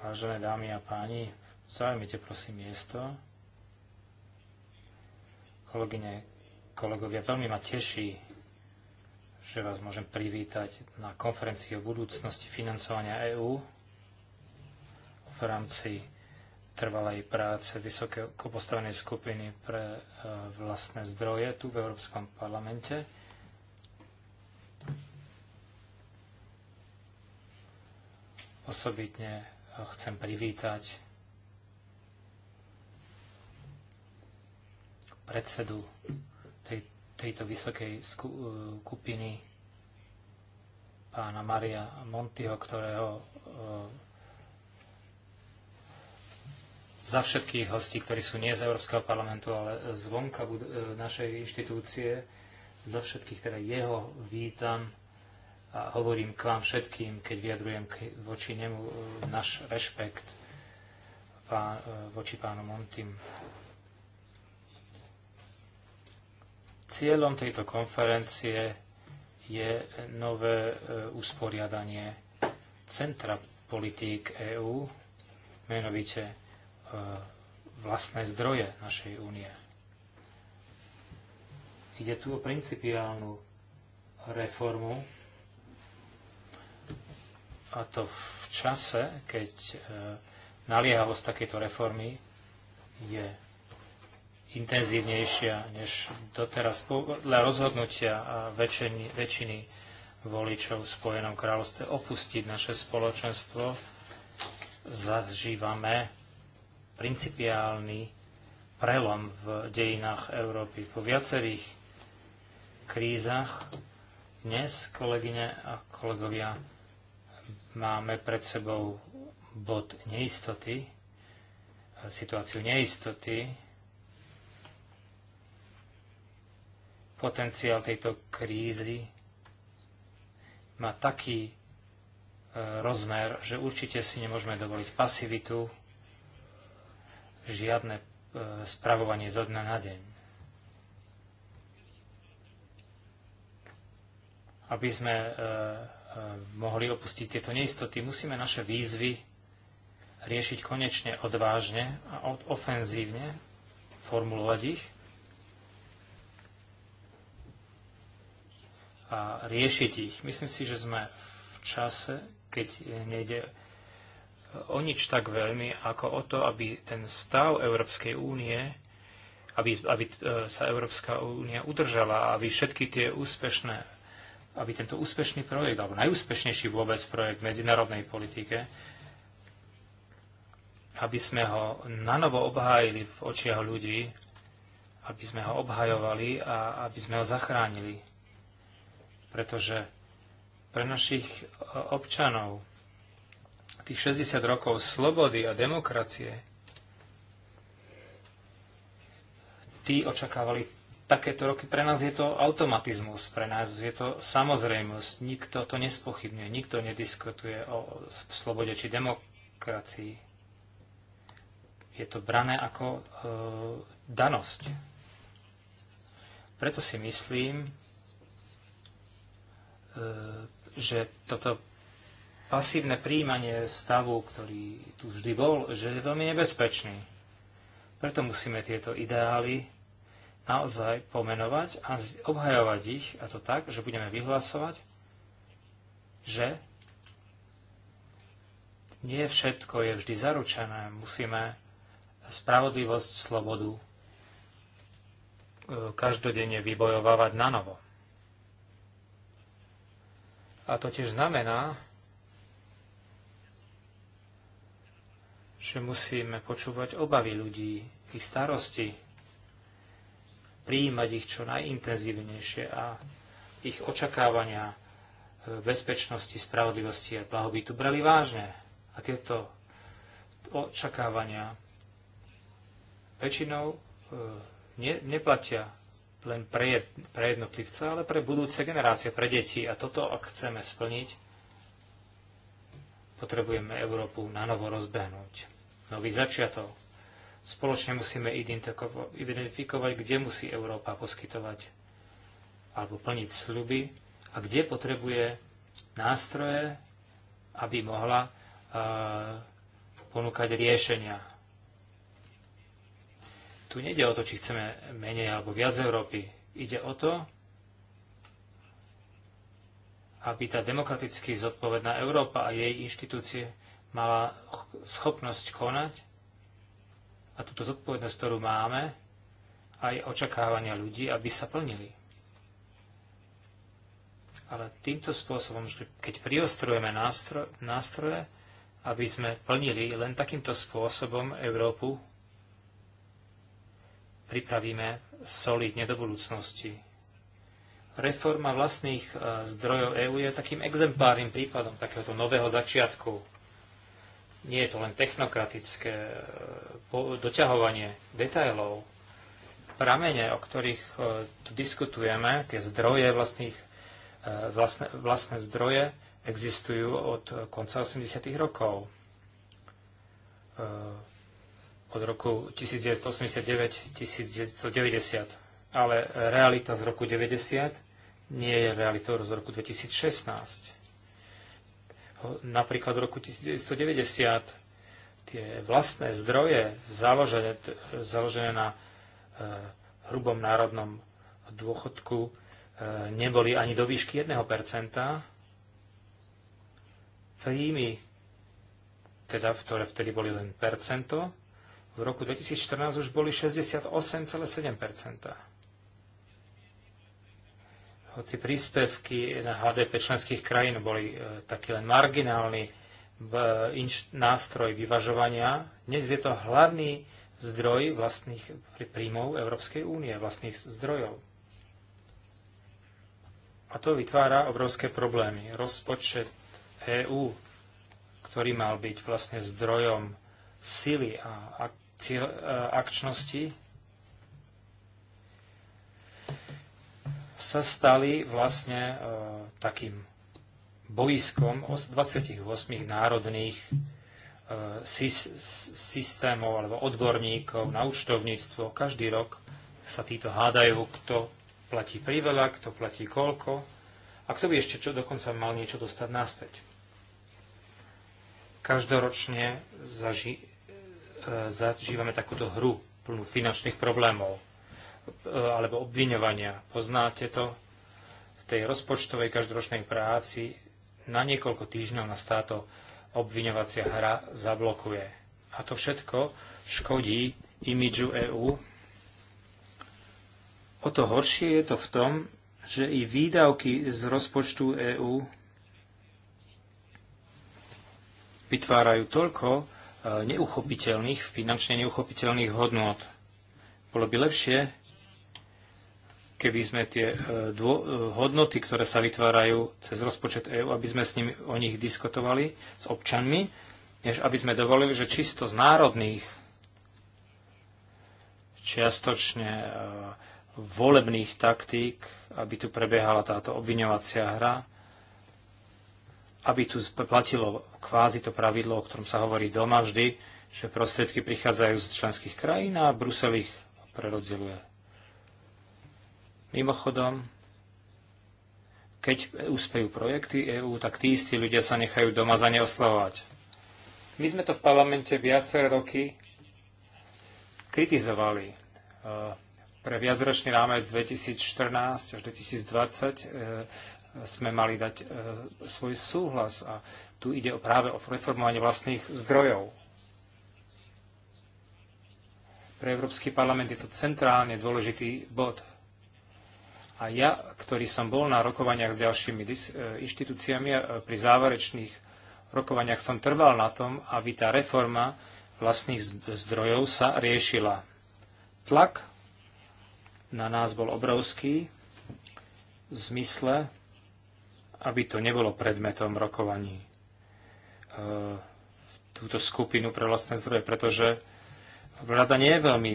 Vážené dámy a páni, zaujímite prosím miesto. Kolegyne, kolegovia, veľmi ma teší, že vás môžem privítať na konferencii o budúcnosti financovania EÚ v rámci trvalej práce vysokej postavenej skupiny pre e, vlastné zdroje tu v Európskom parlamente Osobitne chcem privítať predsedu tej, tejto vysokej e, skupiny pána Maria Montiho, ktorého e, za všetkých hostí, ktorí sú nie z Európskeho parlamentu, ale zvonka e, našej inštitúcie, za všetkých teda jeho vítam a hovorím k vám všetkým, keď vyjadrujem voči nemu e, náš rešpekt pá, e, voči pánu Montim. Cieľom tejto konferencie je nové e, usporiadanie Centra politík EÚ, menovite vlastné zdroje našej únie. Ide tu o principiálnu reformu a to v čase, keď e, naliehavosť takejto reformy je intenzívnejšia než doteraz podľa rozhodnutia a väčšiny, väčšiny voličov v Spojenom kráľovstve opustiť naše spoločenstvo, zažívame principiálny prelom v dejinách Európy. Po viacerých krízach dnes, kolegyne a kolegovia, Máme pred sebou bod neistoty, situáciu neistoty, potenciál tejto krízy má taký e, rozmer, že určite si nemôžeme dovoliť pasivitu, žiadne e, spravovanie zo dňa na deň. Aby sme e, Eh, mohli opustiť tieto neistoty. Musíme naše výzvy riešiť konečne odvážne a ofenzívne, formulovať ich a riešiť ich. Myslím si, že sme v čase, keď nejde o nič tak veľmi, ako o to, aby ten stav Európskej únie, aby, aby eh, sa Európska únia udržala, aby všetky tie úspešné aby tento úspešný projekt, alebo najúspešnejší vôbec projekt v medzinárodnej politike, aby sme ho nanovo obhájili v očiach ľudí, aby sme ho obhajovali a aby sme ho zachránili. Pretože pre našich e, občanov tých 60 rokov slobody a demokracie, tí očakávali takéto roky, pre nás je to automatizmus, pre nás je to samozrejmosť. Nikto to nespochybňuje, nikto nediskutuje o slobode či demokracii. Je to brané ako e, danosť. Preto si myslím, e, že toto pasívne príjmanie stavu, ktorý tu vždy bol, že je veľmi nebezpečný. Preto musíme tieto ideály naozaj pomenovať a obhajovať ich, a to tak, že budeme vyhlasovať, že nie všetko je vždy zaručené. Musíme spravodlivosť, slobodu e, každodenne vybojovávať na novo. A to tiež znamená, že musíme počúvať obavy ľudí, ich starosti, prijímať ich čo najintenzívnejšie a ich očakávania e, bezpečnosti, spravodlivosti a blahobytu brali vážne. A tieto očakávania väčšinou e, ne, neplatia len pre, jed, pre jednotlivca, ale pre budúce generácie, pre deti. A toto, ak chceme splniť, potrebujeme Európu na novo rozbehnúť. Nový začiatok. Spoločne musíme identifikovať, kde musí Európa poskytovať alebo plniť sľuby a kde potrebuje nástroje, aby mohla e, ponúkať riešenia. Tu nejde o to, či chceme menej alebo viac Európy. Ide o to, aby tá demokraticky zodpovedná Európa a jej inštitúcie mala schopnosť konať a túto zodpovednosť, ktorú máme, aj očakávania ľudí, aby sa plnili. Ale týmto spôsobom, že keď priostrujeme nástroj, nástroje, aby sme plnili len takýmto spôsobom Európu, pripravíme solidne do budúcnosti. Reforma vlastných e, zdrojov EÚ je takým exemplárnym prípadom takéhoto nového začiatku nie je to len technokratické e, doťahovanie detajlov. Pramene, o ktorých e, tu diskutujeme, tie zdroje vlastných, e, vlastne, vlastné zdroje, existujú od konca 80. rokov. Od roku 1989-1990. Ale realita z roku 90 nie je realitou z roku 2016 napríklad v roku 1990 tie vlastné zdroje založené, založené na eh, hrubom národnom dôchodku eh, neboli ani do výšky 1%. Príjmy, teda ktoré vtedy boli len percento, v roku 2014 už boli 68,7% hoci príspevky na HDP členských krajín boli e, taký len marginálny e, nástroj vyvažovania, dnes je to hlavný zdroj vlastných príjmov Európskej únie, vlastných zdrojov. A to vytvára obrovské problémy. Rozpočet EÚ, ktorý mal byť vlastne zdrojom sily a e, akčnosti, sa stali vlastne e, takým bojskom 28 národných e, systémov alebo odborníkov na účtovníctvo. Každý rok sa títo hádajú, kto platí priveľa, kto platí koľko a kto by ešte čo dokonca mal niečo dostať naspäť. Každoročne zaži, e, zažívame takúto hru plnú finančných problémov Eh, alebo obviňovania. Poznáte to v tej rozpočtovej každoročnej práci na niekoľko týždňov nás táto obviňovacia hra zablokuje. A to všetko škodí imidžu EÚ. O to horšie je to v tom, že i výdavky z rozpočtu EÚ vytvárajú toľko eh, neuchopiteľných, finančne neuchopiteľných hodnot. Bolo by lepšie, keby sme tie e, e, hodnoty, ktoré sa vytvárajú cez rozpočet EÚ, aby sme s nimi o nich diskutovali s občanmi, než aby sme dovolili, že čisto z národných čiastočne e, volebných taktík, aby tu prebiehala táto obviňovacia hra, aby tu platilo kvázi to pravidlo, o ktorom sa hovorí doma vždy, že prostriedky prichádzajú z členských krajín a Brusel ich prerozdeľuje Mimochodom, keď úspejú projekty EÚ, tak tí istí ľudia sa nechajú doma za ne oslavovať. My sme to v parlamente viaceré roky kritizovali. E, pre viacročný rámec 2014 až 2020 e, sme mali dať e, svoj súhlas a tu ide práve o reformovanie vlastných zdrojov. Pre Európsky parlament je to centrálne dôležitý bod a ja, ktorý som bol na rokovaniach s ďalšími e, inštitúciami e, pri záverečných rokovaniach som trval na tom, aby tá reforma vlastných zdrojov sa riešila. Tlak na nás bol obrovský v zmysle, aby to nebolo predmetom rokovaní e, túto skupinu pre vlastné zdroje, pretože Rada nie je veľmi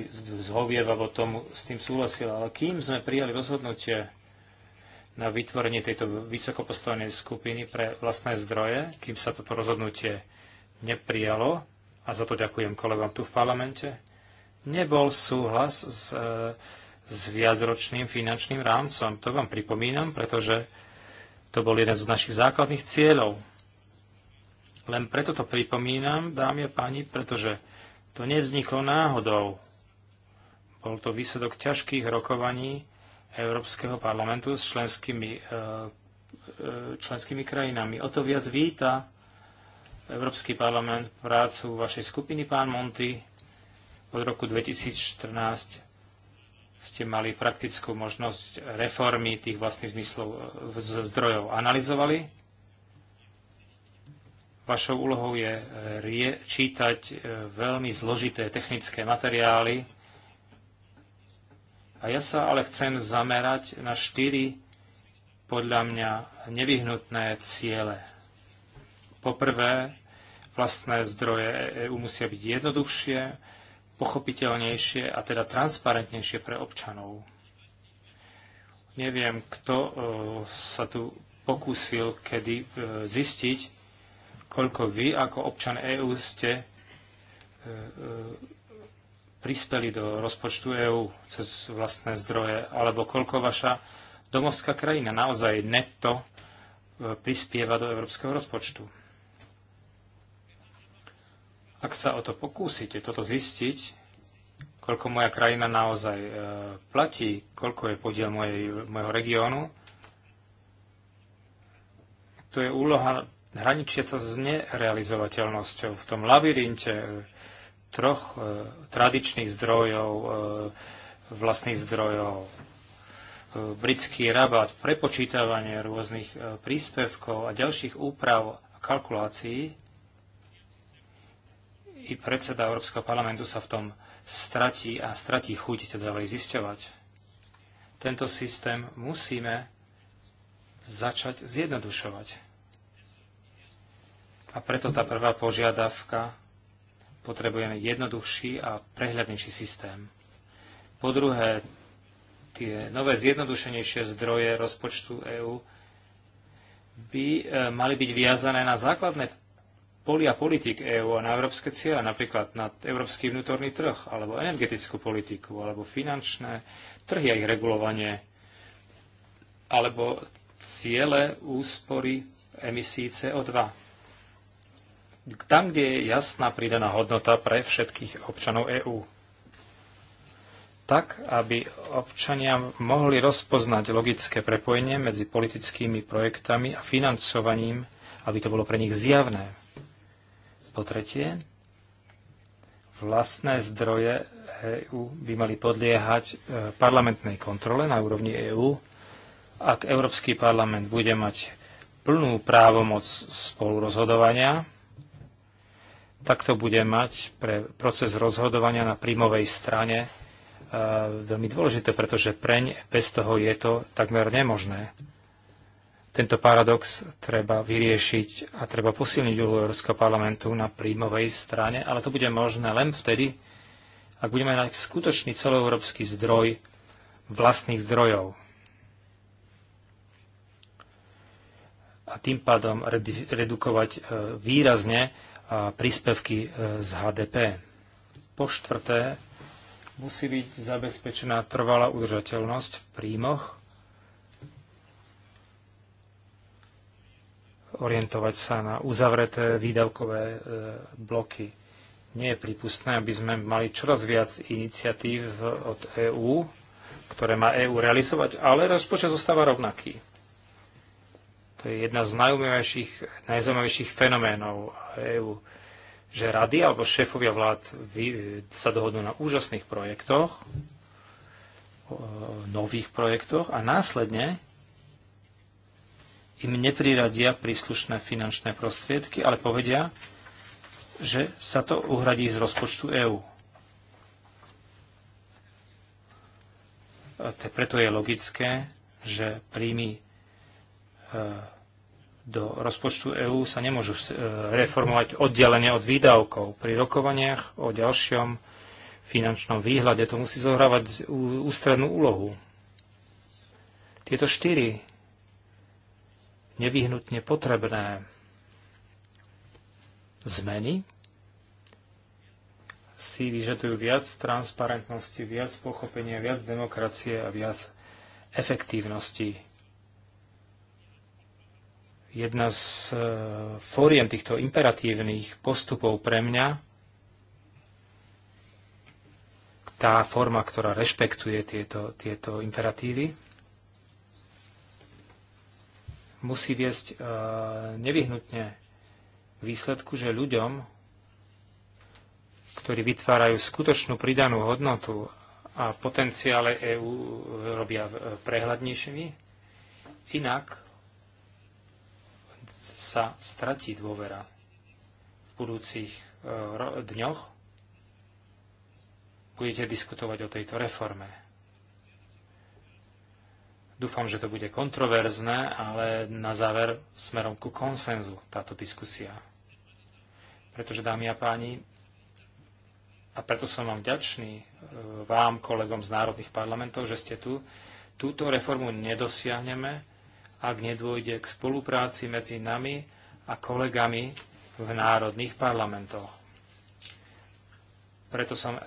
zhovievavo tomu, s tým súhlasila, ale kým sme prijali rozhodnutie na vytvorenie tejto vysokopostavenej skupiny pre vlastné zdroje, kým sa toto rozhodnutie neprijalo, a za to ďakujem kolegom tu v parlamente, nebol súhlas s, e, s viacročným finančným rámcom. To vám pripomínam, pretože to bol jeden z našich základných cieľov. Len preto to pripomínam, dámy a páni, pretože to nevzniklo náhodou. Bol to výsledok ťažkých rokovaní Európskeho parlamentu s členskými, e, e, členskými krajinami. O to viac víta Európsky parlament prácu vašej skupiny, pán Monty. Od roku 2014 ste mali praktickú možnosť reformy tých vlastných zmyslov e, zdrojov. analyzovali. Vašou úlohou je e, čítať e, veľmi zložité technické materiály. A ja sa ale chcem zamerať na štyri podľa mňa nevyhnutné ciele. Poprvé, vlastné zdroje EU musia byť jednoduchšie, pochopiteľnejšie a teda transparentnejšie pre občanov. Neviem, kto e, sa tu pokúsil kedy zistiť, koľko vy ako občan EÚ ste e, e, prispeli do rozpočtu EÚ cez vlastné zdroje, alebo koľko vaša domovská krajina naozaj netto e, prispieva do európskeho rozpočtu. Ak sa o to pokúsite, toto zistiť, koľko moja krajina naozaj platí, koľko je podiel mojej, mojho regiónu, to je úloha hraničia sa s nerealizovateľnosťou. V tom labyrinte e, troch e, tradičných zdrojov, e, vlastných zdrojov, e, britský rabat, prepočítavanie rôznych e, príspevkov a ďalších úprav a kalkulácií, i predseda Európskeho parlamentu sa v tom stratí a stratí chuť to ďalej zisťovať. Tento systém musíme začať zjednodušovať a preto tá prvá požiadavka potrebujeme jednoduchší a prehľadnejší systém. Po druhé, tie nové zjednodušenejšie zdroje rozpočtu EÚ by e, mali byť viazané na základné polia politik EÚ a na európske ciele, napríklad na európsky vnútorný trh, alebo energetickú politiku, alebo finančné trhy a ich regulovanie, alebo ciele úspory emisí CO2 tam, kde je jasná pridaná hodnota pre všetkých občanov EÚ. Tak, aby občania mohli rozpoznať logické prepojenie medzi politickými projektami a financovaním, aby to bolo pre nich zjavné. Po tretie, vlastné zdroje EÚ by mali podliehať e, parlamentnej kontrole na úrovni EÚ, ak Európsky parlament bude mať plnú právomoc spolurozhodovania Takto bude mať pre proces rozhodovania na príjmovej strane e, veľmi dôležité, pretože preň bez toho je to takmer nemožné. Tento paradox treba vyriešiť a treba posilniť úlohu Európskeho parlamentu na príjmovej strane, ale to bude možné len vtedy, ak budeme mať skutočný celoeurópsky zdroj vlastných zdrojov. A tým pádom redukovať e, výrazne a príspevky e, z HDP. Po štvrté, musí byť zabezpečená trvalá udržateľnosť v príjmoch, orientovať sa na uzavreté výdavkové e, bloky. Nie je prípustné, aby sme mali čoraz viac iniciatív od EÚ, ktoré má EÚ realizovať, ale rozpočet zostáva rovnaký. To je jedna z najzaujímavejších fenoménov EÚ, že rady alebo šéfovia vlád e, sa dohodnú na úžasných projektoch, nových projektoch a následne im nepriradia príslušné finančné prostriedky, ale povedia, že sa to uhradí z rozpočtu EÚ. Preto je logické, že príjmy E, do rozpočtu EÚ sa nemôžu e, reformovať oddelenie od výdavkov. Pri rokovaniach o ďalšom finančnom výhľade to musí zohrávať ústrednú úlohu. Tieto štyri nevyhnutne potrebné zmeny si vyžadujú viac transparentnosti, viac pochopenia, viac demokracie a viac efektívnosti Jedna z e, fóriem týchto imperatívnych postupov pre mňa, tá forma, ktorá rešpektuje tieto, tieto imperatívy, musí viesť e, nevyhnutne výsledku, že ľuďom, ktorí vytvárajú skutočnú pridanú hodnotu a potenciále EÚ robia e, prehľadnejšími, inak sa stratí dôvera v budúcich e, dňoch, budete diskutovať o tejto reforme. Dúfam, že to bude kontroverzné, ale na záver smerom ku konsenzu táto diskusia. Pretože, dámy a páni, a preto som vám vďačný, e, vám, kolegom z národných parlamentov, že ste tu, túto reformu nedosiahneme, ak nedôjde k spolupráci medzi nami a kolegami v národných parlamentoch. Preto som e,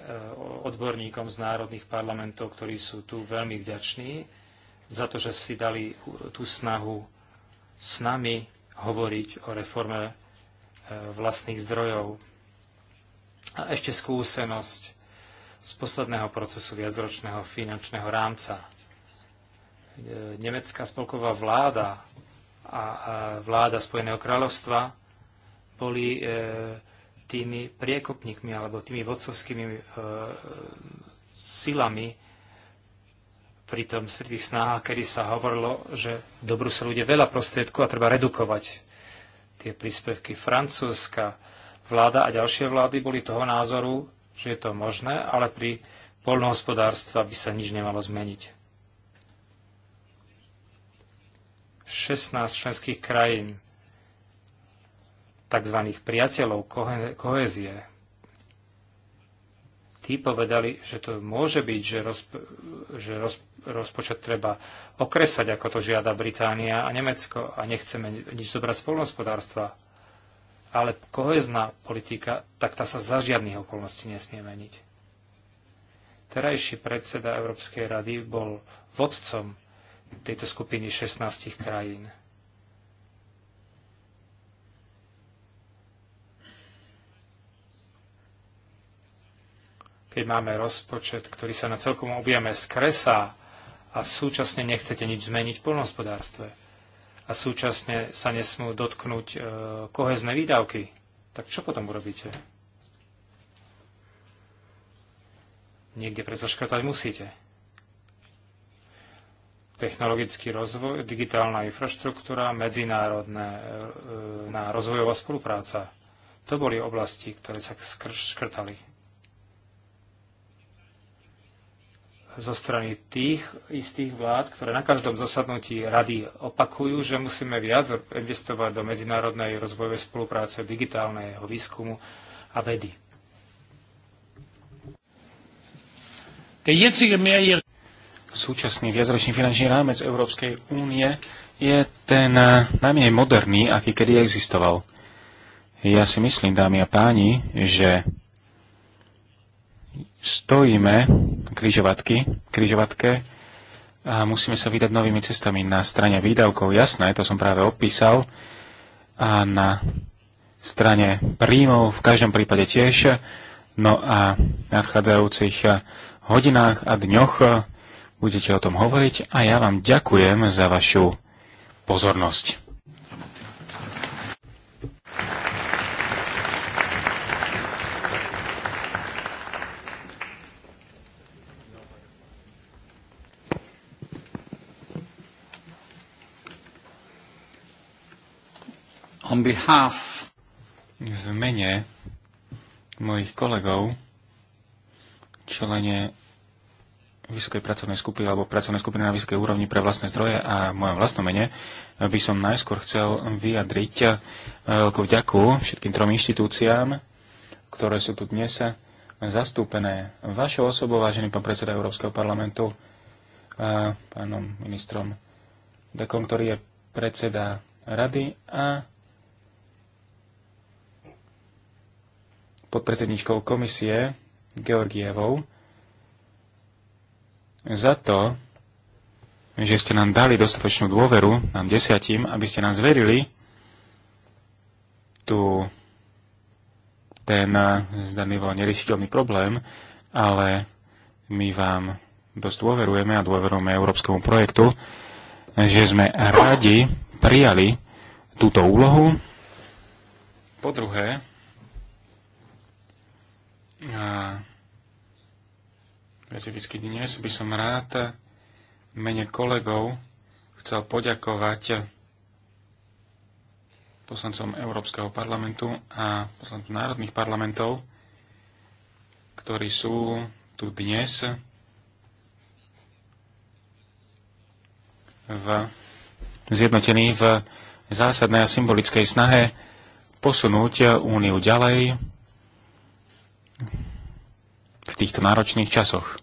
odborníkom z národných parlamentov, ktorí sú tu veľmi vďační za to, že si dali tú snahu s nami hovoriť o reforme e, vlastných zdrojov. A ešte skúsenosť z posledného procesu viacročného finančného rámca. E, nemecká spolková vláda a, vláda Spojeného kráľovstva boli e, tými priekopníkmi alebo tými vodcovskými e, silami pri, tom, pri tých snahách, kedy sa hovorilo, že do Bruselu ide veľa prostriedkov a treba redukovať tie príspevky. Francúzska vláda a ďalšie vlády boli toho názoru, že je to možné, ale pri polnohospodárstva by sa nič nemalo zmeniť. 16 členských krajín tzv. priateľov kohézie, tí povedali, že to môže byť, že, rozp- že rozp- rozpočet treba okresať, ako to žiada Británia a Nemecko a nechceme nič zobrať spolnospodárstva. Ale kohezná politika, tak tá sa za žiadnych okolností nesmie meniť. Terajší predseda Európskej rady bol vodcom tejto skupiny 16 krajín. Keď máme rozpočet, ktorý sa na celkom objeme skresá a súčasne nechcete nič zmeniť v polnohospodárstve a súčasne sa nesmú dotknúť e, kohezné výdavky, tak čo potom urobíte? Niekde predsa musíte technologický rozvoj, digitálna infraštruktúra, medzinárodná e, na rozvojová spolupráca. To boli oblasti, ktoré sa škrtali. Zo strany tých istých vlád, ktoré na každom zasadnutí rady opakujú, že musíme viac investovať do medzinárodnej rozvojovej spolupráce, digitálneho výskumu a vedy. Der jetzige mehrjährige súčasný viacročný finančný rámec Európskej únie je ten najmenej moderný, aký kedy existoval. Ja si myslím, dámy a páni, že stojíme križovatky, križovatke a musíme sa vydať novými cestami na strane výdavkov. Jasné, to som práve opísal. A na strane príjmov v každom prípade tiež. No a v nadchádzajúcich hodinách a dňoch budete o tom hovoriť a ja vám ďakujem za vašu pozornosť. On behalf v mene mojich kolegov, členie vysokej pracovnej skupiny alebo pracovnej skupiny na vysokej úrovni pre vlastné zdroje a mojom vlastnom mene by som najskôr chcel vyjadriť eh, veľkú vďaku všetkým trom inštitúciám, ktoré sú tu dnes zastúpené vašou osobou, vážený pán predseda Európskeho parlamentu, a eh, pánom ministrom Dekom, ktorý je predseda rady a podpredsedničkou komisie Georgievou za to, že ste nám dali dostatočnú dôveru, nám desiatim, aby ste nám zverili tu ten eh, zdaný bol neriešiteľný problém, ale my vám dosť dôverujeme a dôverujeme európskemu projektu, že sme radi prijali túto úlohu. Po druhé, a špecificky dnes by som rád mene kolegov chcel poďakovať poslancom Európskeho parlamentu a poslancom národných parlamentov, ktorí sú tu dnes v, zjednotení v zásadnej a symbolickej snahe posunúť Úniu ďalej v týchto náročných časoch.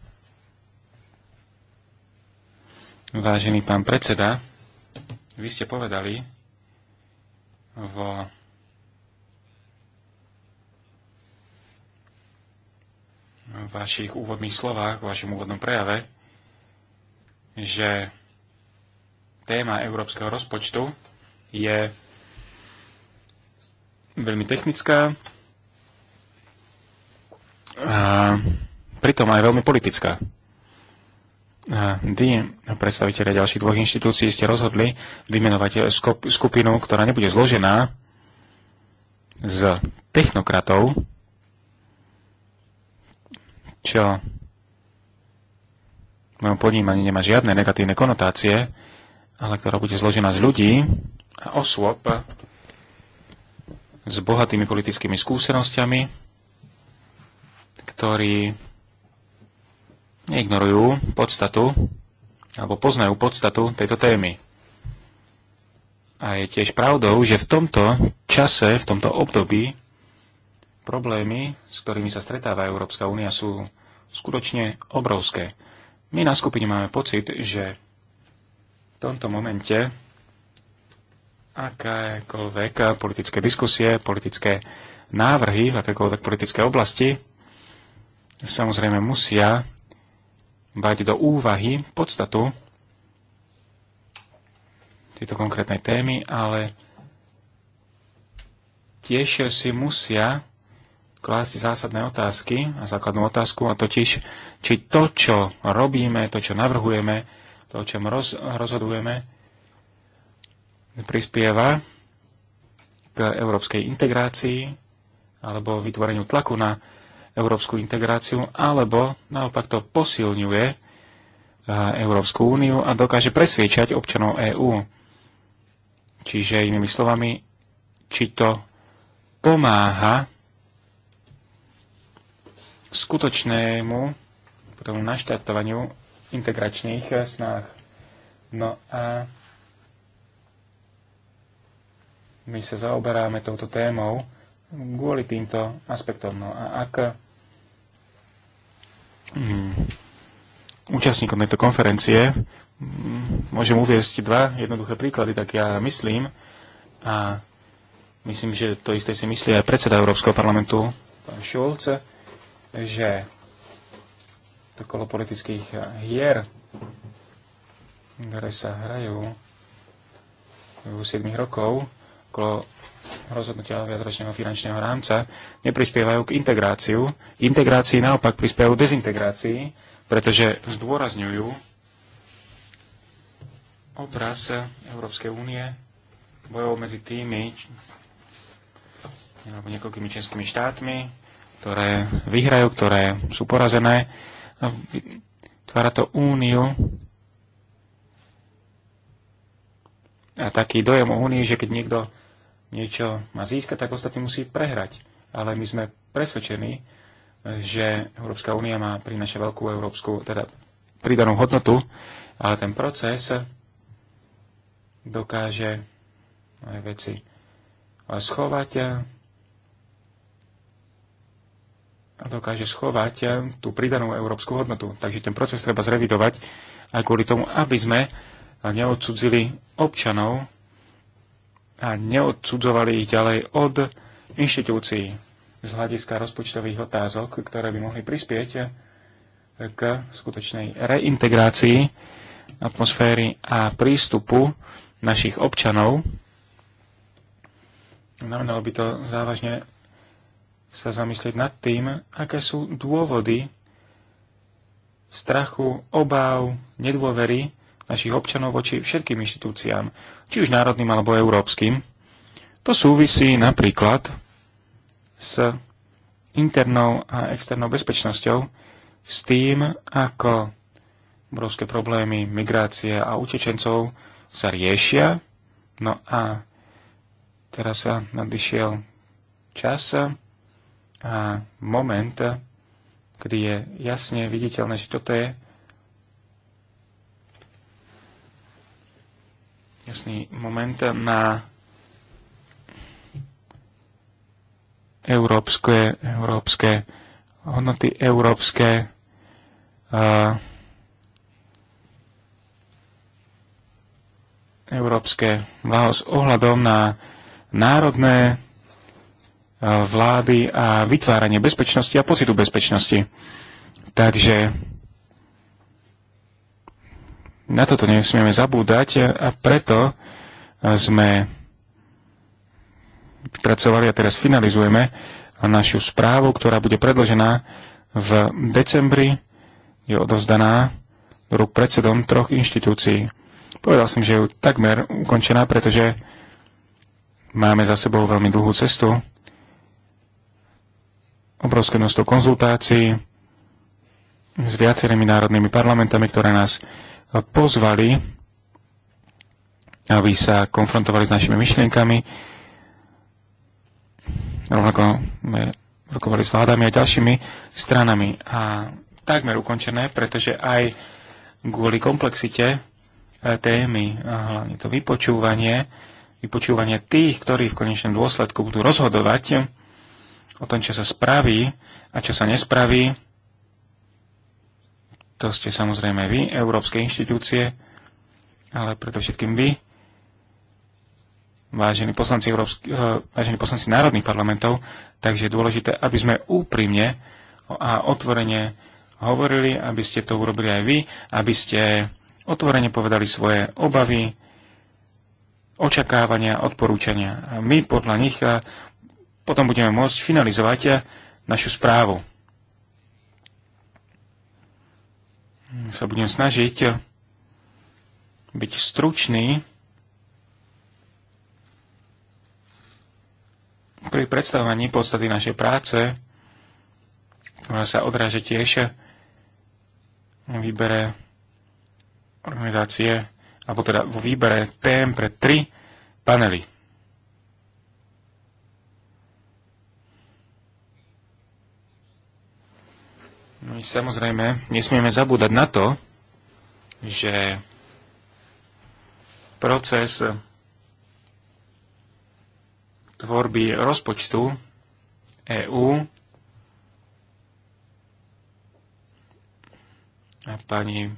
Vážený pán predseda, vy ste povedali vo vašich úvodných slovách, v vašom úvodnom prejave, že téma európskeho rozpočtu je veľmi technická a pritom aj veľmi politická vy, predstaviteľe ďalších dvoch inštitúcií, ste rozhodli vymenovať skupinu, ktorá nebude zložená z technokratov, čo v mojom podnímaní nemá žiadne negatívne konotácie, ale ktorá bude zložená z ľudí a osôb s bohatými politickými skúsenosťami, ktorí neignorujú podstatu alebo poznajú podstatu tejto témy. A je tiež pravdou, že v tomto čase, v tomto období problémy, s ktorými sa stretáva Európska únia, sú skutočne obrovské. My na skupine máme pocit, že v tomto momente akékoľvek politické diskusie, politické návrhy v akékoľvek politické oblasti samozrejme musia brať do úvahy podstatu tejto konkrétnej témy, ale tiež si musia klásť zásadné otázky a základnú otázku, a totiž, či to, čo robíme, to, čo navrhujeme, to, o čom roz, rozhodujeme, prispieva k európskej integrácii alebo vytvoreniu tlaku na európsku integráciu, alebo naopak to posilňuje eh, Európsku úniu a dokáže presviečať občanov EÚ. Čiže inými slovami, či to pomáha skutočnému potom naštartovaniu integračných eh, snách. No a my sa zaoberáme touto témou kvôli týmto aspektom. No a ak Mm. účastníkom tejto konferencie, mm, môžem uviesť dva jednoduché príklady, tak ja myslím a myslím, že to isté si myslí aj predseda Európskeho parlamentu, pán Šulc, že to kolo politických hier, ktoré sa hrajú v 7 rokov, kolo rozhodnutia viacročného finančného rámca neprispievajú k integráciu. Integrácii naopak prispievajú dezintegrácii, pretože zdôrazňujú obraz Európskej únie bojov medzi tými alebo niekoľkými českými štátmi, ktoré vyhrajú, ktoré sú porazené. Tvára to úniu a taký dojem o únii, že keď niekto niečo má získať, tak ostatní musí prehrať. Ale my sme presvedčení, že Európska únia má prinaša veľkú európsku, teda pridanú hodnotu, ale ten proces dokáže aj veci schovať a dokáže schovať tú pridanú európsku hodnotu. Takže ten proces treba zrevidovať aj kvôli tomu, aby sme neodsudzili občanov a neodsudzovali ich ďalej od inštitúcií z hľadiska rozpočtových otázok, ktoré by mohli prispieť k skutočnej reintegrácii atmosféry a prístupu našich občanov. Znamenalo by to závažne sa zamyslieť nad tým, aké sú dôvody strachu, obáv, nedôvery, našich občanov voči všetkým inštitúciám, či už národným alebo európskym. To súvisí napríklad s internou a externou bezpečnosťou, s tým, ako obrovské problémy migrácie a utečencov sa riešia. No a teraz sa nadišiel čas a moment, kedy je jasne viditeľné, že toto je jasný moment na európske, európske hodnoty, európske uh, európske vláho s ohľadom na národné vlády a vytváranie bezpečnosti a pocitu bezpečnosti. Takže na toto nesmieme zabúdať a preto sme pracovali a teraz finalizujeme našu správu, ktorá bude predložená v decembri, je odovzdaná rúk predsedom troch inštitúcií. Povedal som, že je takmer ukončená, pretože máme za sebou veľmi dlhú cestu, obrovské množstvo konzultácií s viacerými národnými parlamentami, ktoré nás pozvali, aby sa konfrontovali s našimi myšlienkami. Rovnako sme rokovali s vládami a ďalšími stranami. A takmer ukončené, pretože aj kvôli komplexite e, témy, a hlavne to vypočúvanie, vypočúvanie tých, ktorí v konečnom dôsledku budú rozhodovať o tom, čo sa spraví a čo sa nespraví, to ste samozrejme vy, európske inštitúcie, ale predovšetkým vy, vážení poslanci, Európsky, eh, vážení poslanci národných parlamentov, takže je dôležité, aby sme úprimne a otvorene hovorili, aby ste to urobili aj vy, aby ste otvorene povedali svoje obavy, očakávania, odporúčania. A my podľa nich eh, potom budeme môcť finalizovať eh, našu správu. sa budem snažiť byť stručný pri predstavovaní podstaty našej práce, ktorá sa odráže tiež výbere organizácie, alebo teda vo výbere tém pre tri panely. My no samozrejme nesmieme zabúdať na to, že proces tvorby rozpočtu EÚ a pani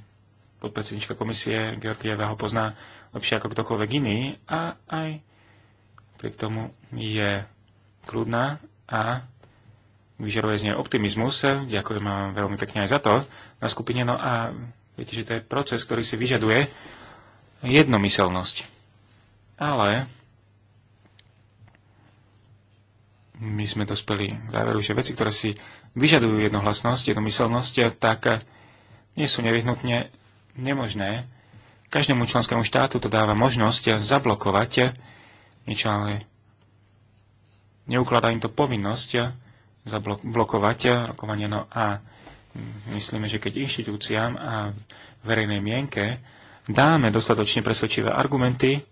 podpredsednička komisie Georgieva ho pozná lepšie ako ktokoľvek iný a aj pri tomu je kľudná a vyžaruje z nej optimizmus. Ďakujem vám veľmi pekne aj za to na skupine. No a viete, že to je proces, ktorý si vyžaduje jednomyselnosť. Ale my sme dospeli k záveru, že veci, ktoré si vyžadujú jednohlasnosť, jednomyselnosť, tak nie sú nevyhnutne nemožné. Každému členskému štátu to dáva možnosť zablokovať niečo, ale neukladá im to povinnosť zablokovať rokovanie. Eh, no a myslíme, že keď inštitúciám a verejnej mienke dáme dostatočne presvedčivé argumenty,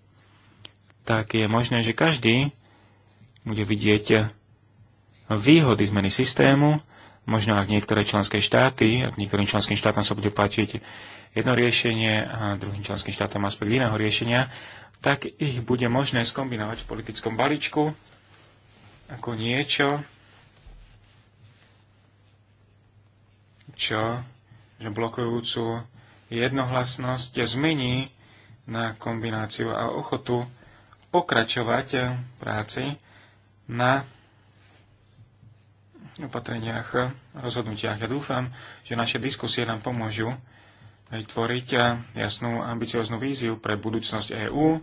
tak je možné, že každý bude vidieť eh, výhody zmeny systému, možno ak niektoré členské štáty, ak niektorým členským štátom sa bude platiť jedno riešenie a druhým členským štátom aspekt iného riešenia, tak ich bude možné skombinovať v politickom balíčku ako niečo, čo že blokujúcu jednohlasnosť zmení na kombináciu a ochotu pokračovať v práci na opatreniach, rozhodnutiach. Ja dúfam, že naše diskusie nám pomôžu vytvoriť jasnú ambicioznú víziu pre budúcnosť EÚ,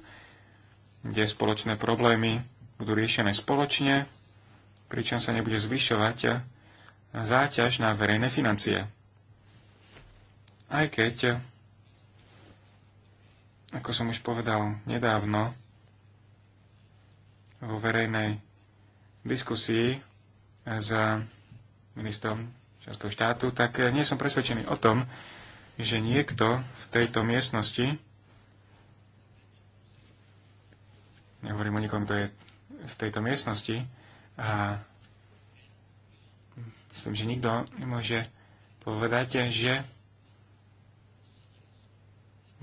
kde spoločné problémy budú riešené spoločne, pričom sa nebude zvyšovať záťaž na verejné financie. Aj keď, ako som už povedal nedávno, vo verejnej diskusii s ministrom Českého štátu, tak nie som presvedčený o tom, že niekto v tejto miestnosti, nehovorím o nikom, kto je v tejto miestnosti, a Myslím, že nikto nemôže povedať, že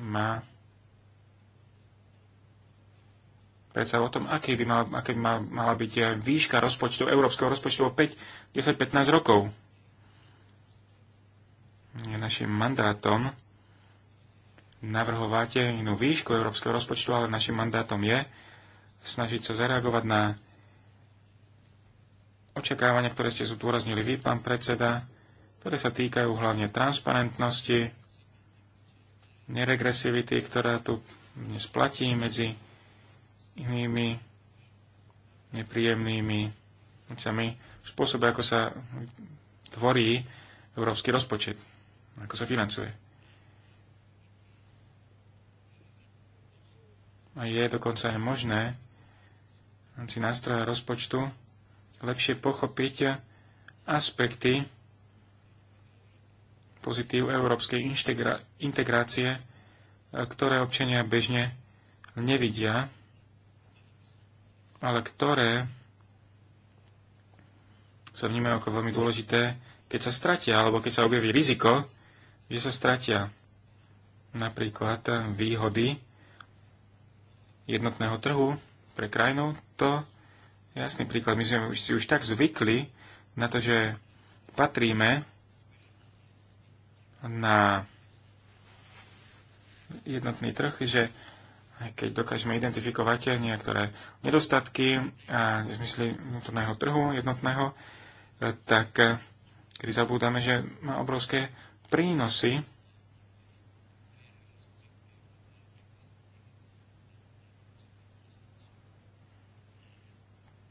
má predsa o tom, aký by mala, aké by mala byť výška rozpočtu, európskeho rozpočtu o 5, 10, 15 rokov. Je našim mandátom navrhovať inú výšku európskeho rozpočtu, ale našim mandátom je snažiť sa zareagovať na očakávania, ktoré ste zúdôraznili vy, pán predseda, ktoré sa týkajú hlavne transparentnosti, neregresivity, ktorá tu dnes platí medzi inými nepríjemnými vecami, spôsobe, ako sa tvorí európsky rozpočet, ako sa financuje. A je dokonca aj možné v rámci nástroja rozpočtu lepšie pochopiť aspekty pozitív európskej integrácie, e, ktoré občania bežne nevidia, ale ktoré sa vnímajú ako veľmi dôležité, keď sa stratia, alebo keď sa objaví riziko, že sa stratia napríklad e, výhody jednotného trhu pre krajinu, to jasný príklad. My sme si už tak zvykli na to, že patríme na jednotný trh, že aj keď dokážeme identifikovať niektoré nedostatky a v zmysle vnútorného trhu jednotného, eh, tak eh, kedy zabúdame, že má obrovské prínosy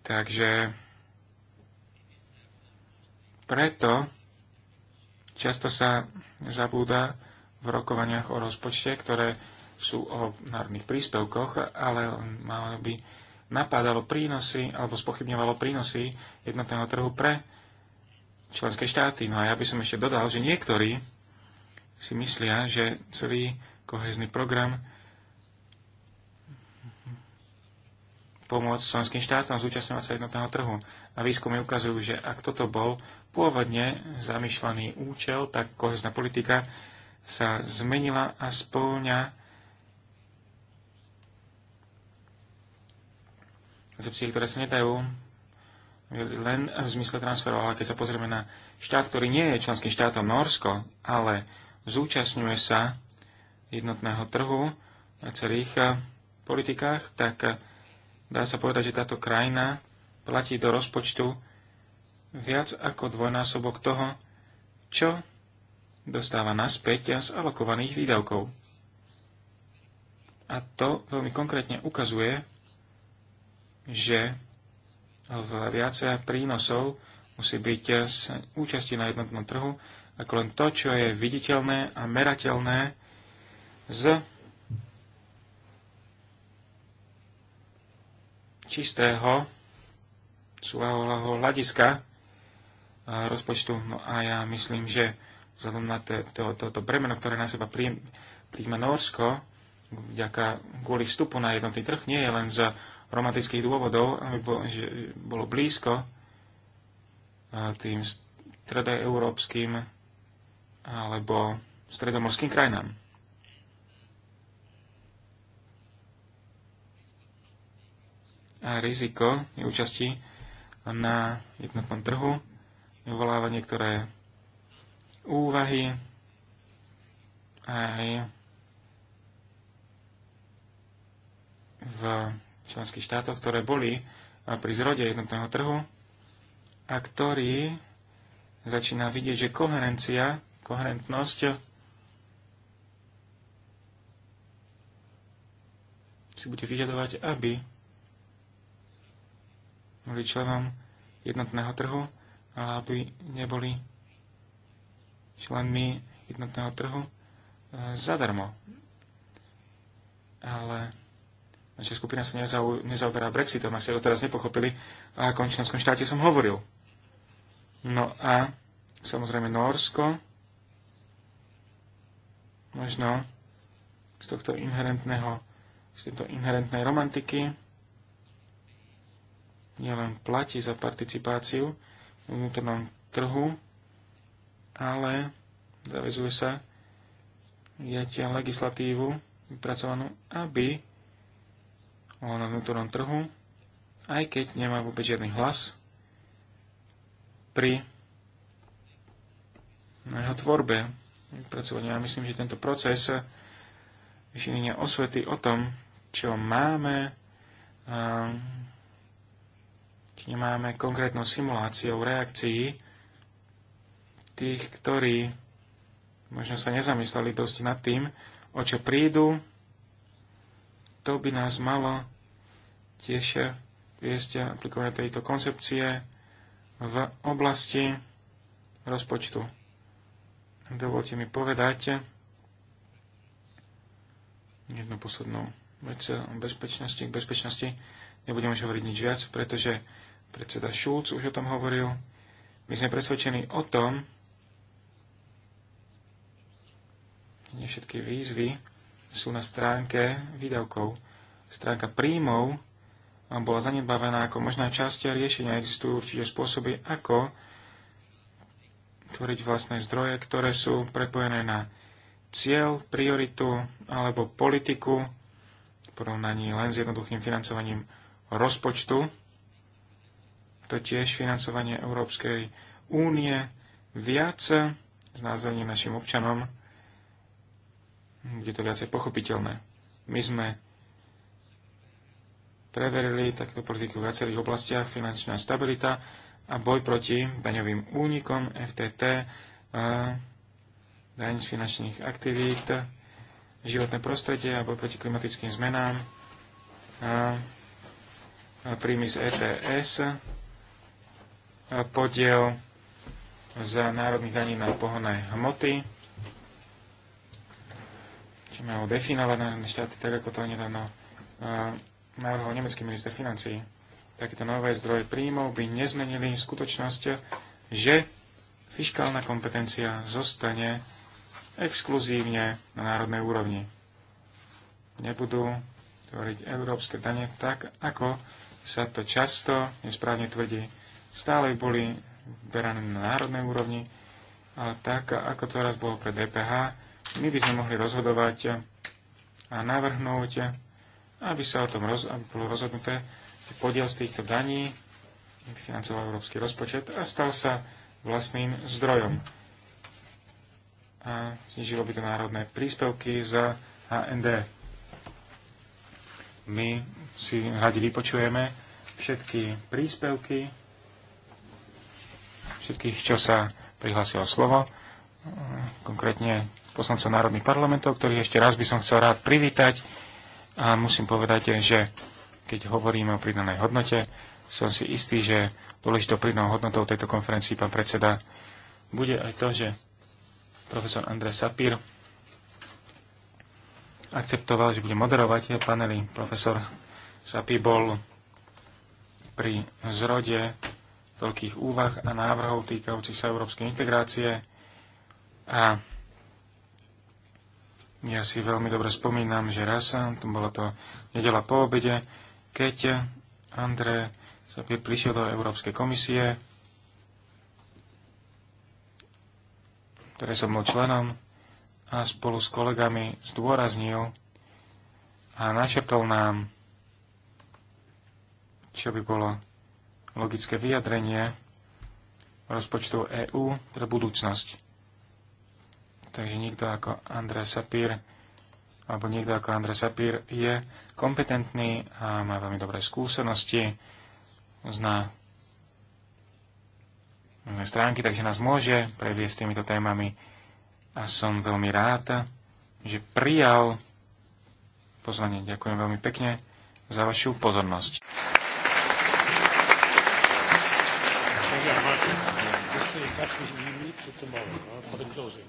Takže preto často sa zabúda v rokovaniach o rozpočte, ktoré sú o národných príspevkoch, ale malo by napádalo prínosy alebo spochybňovalo prínosy jednotného trhu pre členské štáty. No a ja by som ešte dodal, že niektorí si myslia, že celý kohezný program pomôcť členským štátom zúčastňovať sa jednotného trhu. A výskumy ukazujú, že ak toto bol pôvodne zamýšľaný účel, tak kohezná politika sa zmenila a spĺňa zepsie, ktoré sa nedajú len v zmysle transferov, ale keď sa pozrieme na štát, ktorý nie je členským štátom Norsko, ale zúčastňuje sa jednotného trhu na celých politikách, tak Dá sa povedať, že táto krajina platí do rozpočtu viac ako dvojnásobok toho, čo dostáva naspäť z alokovaných výdavkov. A to veľmi konkrétne ukazuje, že v viacej prínosov musí byť z účasti na jednotnom trhu, ako len to, čo je viditeľné a merateľné z čistého súvahového hľadiska rozpočtu. No a ja myslím, že vzhľadom na toto to, to bremeno, ktoré na seba príjme Norsko, vďaka kvôli vstupu na jednotný trh, nie je len z romantických dôvodov, aby bolo, že bolo blízko tým stredoeurópskym alebo stredomorským krajinám. a riziko neúčasti na jednotnom trhu vyvoláva niektoré úvahy aj v členských štátoch, ktoré boli pri zrode jednotného trhu a ktorý začína vidieť, že koherencia, koherentnosť si bude vyžadovať, aby boli členom jednotného trhu, ale aby neboli členmi jednotného trhu e, zadarmo. Ale naša skupina sa nezau, nezaoberá Brexitom, ak ste to teraz nepochopili, a o končnom štáte som hovoril. No a samozrejme Norsko, možno z tohto inherentného, z tejto inherentnej romantiky, nielen platí za participáciu v vnútornom trhu, ale zavezuje sa jatia legislatívu vypracovanú, aby bolo na vnútornom trhu, aj keď nemá vôbec žiadny hlas pri jeho tvorbe vypracovania. Ja myslím, že tento proces šírenia osvety o tom, čo máme, Nemáme konkrétnu simuláciu reakcií tých, ktorí možno sa nezamysleli dosť nad tým, o čo prídu, to by nás malo tiež viesť aplikovať tejto koncepcie v oblasti rozpočtu. Dovolte mi povedať jednu poslednú vec o bezpečnosti. K bezpečnosti nebudem už hovoriť nič viac, pretože Predseda Šulc už o tom hovoril. My sme presvedčení o tom, že všetky výzvy sú na stránke výdavkov. Stránka príjmov bola zanedbavená ako možná časť riešenia. Existujú určite spôsoby, ako tvoriť vlastné zdroje, ktoré sú prepojené na cieľ, prioritu alebo politiku v porovnaní len s jednoduchým financovaním rozpočtu to tiež financovanie Európskej únie viac znázorne našim občanom, kde to viac je pochopiteľné. My sme preverili takto politiku v viacerých oblastiach, finančná stabilita a boj proti daňovým únikom, FTT, eh, daň z finančných aktivít, životné prostredie a boj proti klimatickým zmenám, eh, príjmy z ETS, podiel z národných daní na pohonné hmoty. Čo majú definovať národné štáty, tak ako to nedávno e, navrhol nemecký minister financí. Takéto nové zdroje príjmov by nezmenili skutočnosť, že fiškálna kompetencia zostane exkluzívne na národnej úrovni. Nebudú tvoriť európske dane tak, ako sa to často nesprávne tvrdí stále boli berané na národnej úrovni, ale tak, ako to raz bolo pre DPH, my by sme mohli rozhodovať a navrhnúť, aby sa o tom roz, aby bolo rozhodnuté, že podiel z týchto daní financoval európsky rozpočet a stal sa vlastným zdrojom. A znižilo by to národné príspevky za HND. My si radi vypočujeme všetky príspevky, všetkých, čo sa prihlásilo slovo, konkrétne poslancov národných parlamentov, ktorých ešte raz by som chcel rád privítať. A musím povedať, že keď hovoríme o pridanej hodnote, som si istý, že dôležitou pridanou hodnotou tejto konferencii, pán predseda, bude aj to, že profesor Andrej Sapir akceptoval, že bude moderovať panely. Profesor Sapir bol pri zrode veľkých úvah a návrhov týkajúcich sa európskej integrácie a ja si veľmi dobre spomínam, že raz, to bola to nedela po obede, keď André sa prišiel do Európskej komisie, ktoré som bol členom a spolu s kolegami zdôraznil a načrtol nám, čo by bolo logické vyjadrenie rozpočtov EÚ pre budúcnosť. Takže niekto ako André Sapir alebo niekto ako André Sapir je kompetentný a má veľmi dobré skúsenosti, zná stránky, takže nás môže previesť týmito témami a som veľmi rád, že prijal pozvanie. Ďakujem veľmi pekne za vašu pozornosť. Yeah, Martin. Just stay in touch with to tomorrow uh, for the closing.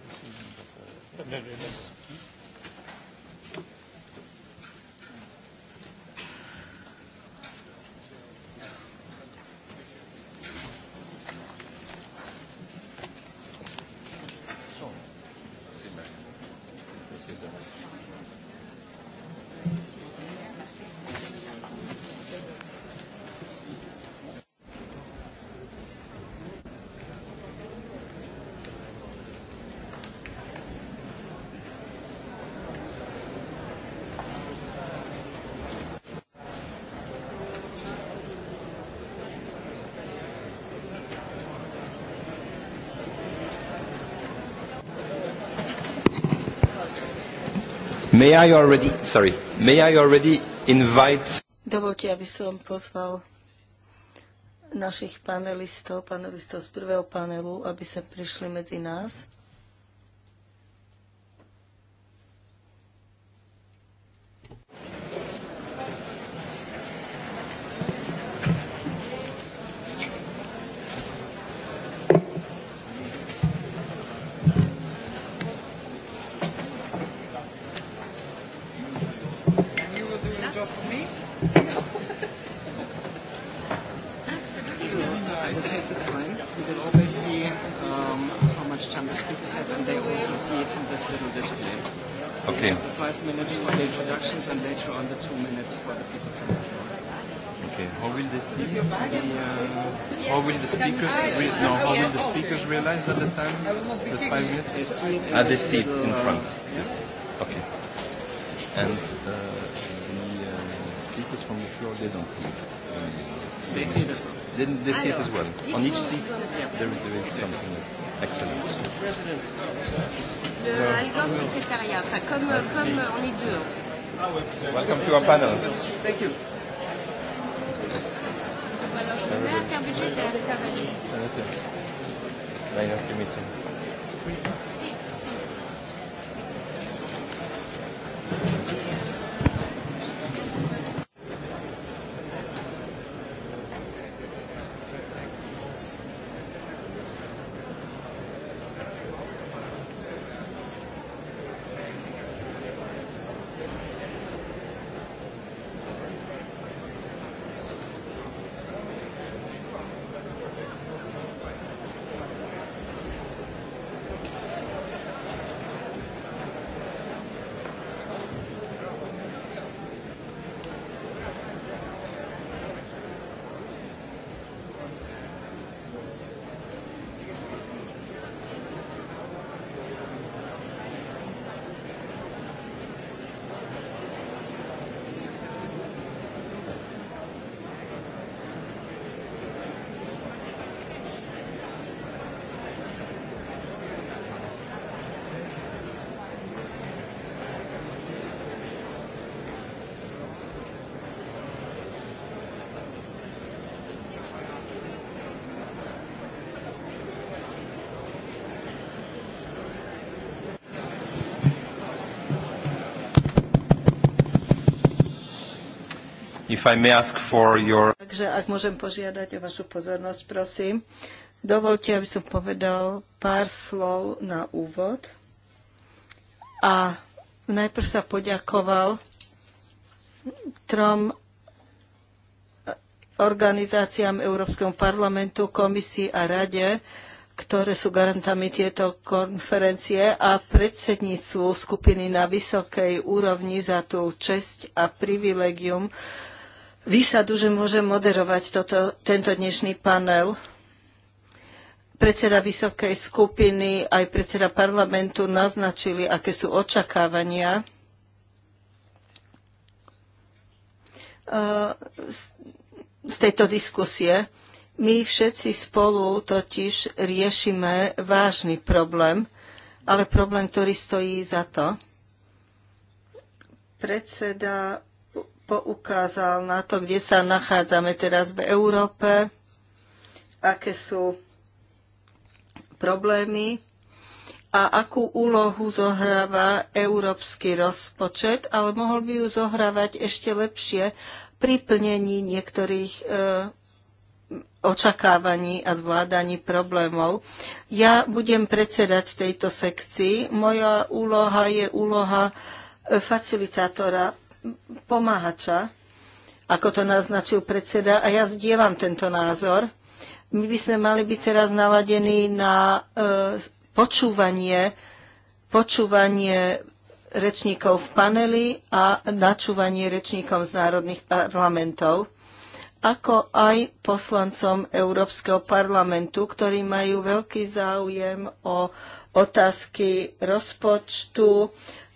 May I already, sorry, may I already invite... Dovolte, aby som pozval našich panelistov, panelistov z prvého panelu, aby sa prišli medzi nás. little disciplined. So okay. the five minutes for the introductions and later on the two minutes for the people from the floor. Okay. How will they see the uh, how will the speakers re- no, how will the speakers realize that the time the five minutes is at ah, the seat in uh, front. Yes. Okay. And uh, the uh, speakers from the floor they don't see. Um, they see this. Then they see it as ah, well. No. On each seat there, there is something. Like Excellent. Le, le Algan Secrétariat, enfin, comme, comme on est deux. Welcome to our panel. Thank you. Alors, je me à faire budgétaire. Là, il reste Dimitri. Si. your... Takže ak môžem požiadať o vašu pozornosť, prosím. Dovolte, aby som povedal pár slov na úvod. A najprv sa poďakoval trom eh, organizáciám Európskeho parlamentu, komisii a rade, ktoré sú garantami tieto konferencie a predsedníctvu skupiny na vysokej úrovni za tú česť a privilegium výsadu, že môžem moderovať toto, tento dnešný panel. Predseda vysokej skupiny aj predseda parlamentu naznačili, aké sú očakávania z tejto diskusie. My všetci spolu totiž riešime vážny problém, ale problém, ktorý stojí za to. Predseda poukázal na to, kde sa nachádzame teraz v Európe, aké sú problémy a akú úlohu zohráva európsky rozpočet, ale mohol by ju zohrávať ešte lepšie pri plnení niektorých e, očakávaní a zvládaní problémov. Ja budem predsedať tejto sekcii. Moja úloha je úloha e, facilitátora pomáhača, ako to naznačil predseda, a ja zdieľam tento názor. My by sme mali byť teraz naladení na e, počúvanie, počúvanie rečníkov v paneli a načúvanie rečníkom z národných parlamentov ako aj poslancom Európskeho parlamentu, ktorí majú veľký záujem o otázky rozpočtu,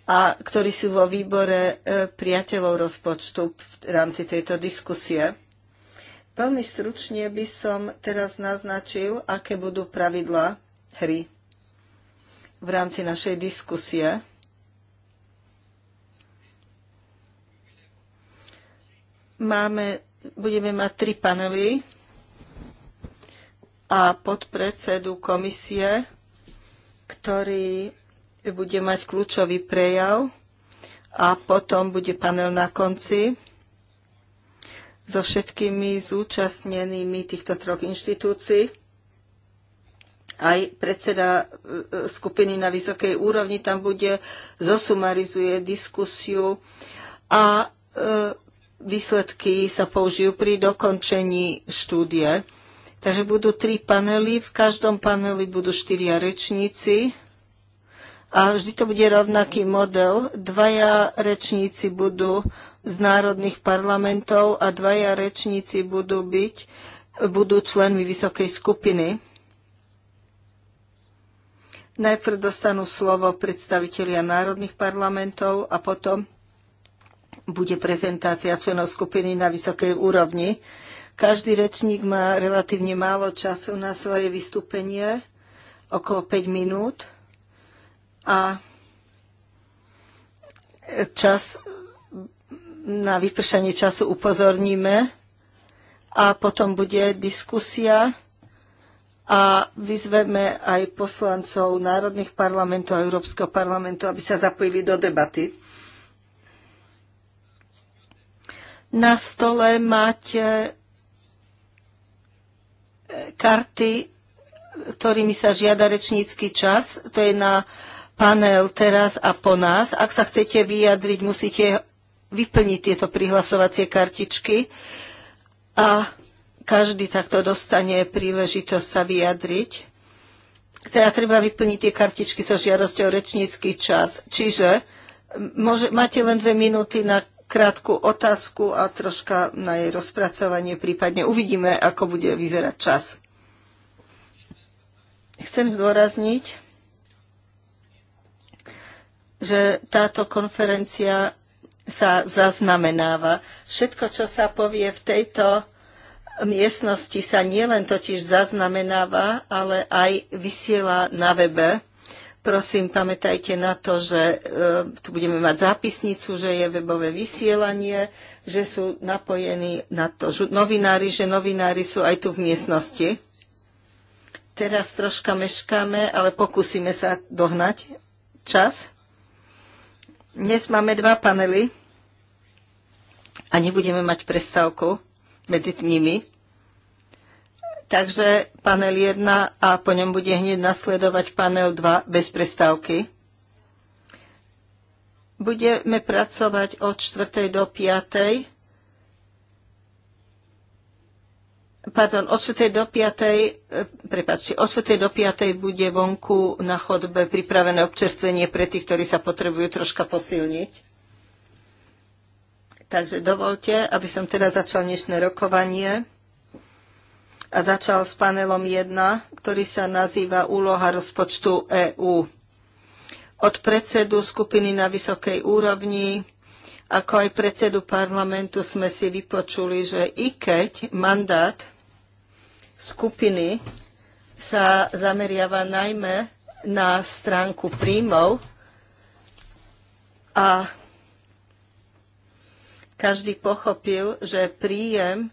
a ktorí sú vo výbore e, priateľov rozpočtu v rámci tejto diskusie. Veľmi stručne by som teraz naznačil, aké budú pravidla hry v rámci našej diskusie. Máme, budeme mať tri panely a podpredsedu komisie, ktorý bude mať kľúčový prejav a potom bude panel na konci so všetkými zúčastnenými týchto troch inštitúcií. Aj predseda e, skupiny na vysokej úrovni tam bude, zosumarizuje diskusiu a e, výsledky sa použijú pri dokončení štúdie. Takže budú tri panely, v každom paneli budú štyria rečníci a vždy to bude rovnaký model. Dvaja rečníci budú z národných parlamentov a dvaja rečníci budú byť, budú členmi vysokej skupiny. Najprv dostanú slovo predstavitelia národných parlamentov a potom bude prezentácia členov skupiny na vysokej úrovni. Každý rečník má relatívne málo času na svoje vystúpenie, okolo 5 minút a čas na vypršanie času upozorníme a potom bude diskusia a vyzveme aj poslancov národných parlamentov a Európskeho parlamentu, aby sa zapojili do debaty. Na stole máte eh, karty, ktorými sa žiada rečnícky čas. To je na panel teraz a po nás. Ak sa chcete vyjadriť, musíte vyplniť tieto prihlasovacie kartičky a každý takto dostane príležitosť sa vyjadriť. Teda treba vyplniť tie kartičky so žiarosťou rečnícky čas. Čiže môže, máte len dve minúty na krátku otázku a troška na jej rozpracovanie, prípadne uvidíme, ako bude vyzerať čas. Chcem zdôrazniť, že táto konferencia sa zaznamenáva. Všetko, čo sa povie v tejto miestnosti, sa nielen totiž zaznamenáva, ale aj vysiela na webe. Prosím, pamätajte na to, že e, tu budeme mať zápisnicu, že je webové vysielanie, že sú napojení na to že novinári, že novinári sú aj tu v miestnosti. Teraz troška meškáme, ale pokúsime sa dohnať čas. Dnes máme dva panely a nebudeme mať prestávku medzi nimi. Takže panel 1 a po ňom bude hneď nasledovať panel 2 bez prestávky. Budeme pracovať od 4. do 5. pardon, od 4. do 5. E, prepáčte, od 4. do 5. bude vonku na chodbe pripravené občerstvenie pre tých, ktorí sa potrebujú troška posilniť. Takže dovolte, aby som teda začal dnešné rokovanie a začal s panelom 1, ktorý sa nazýva Úloha rozpočtu EÚ. Od predsedu skupiny na vysokej úrovni ako aj predsedu parlamentu sme si vypočuli, že i keď mandát skupiny sa zameriava najmä na stránku príjmov a každý pochopil, že príjem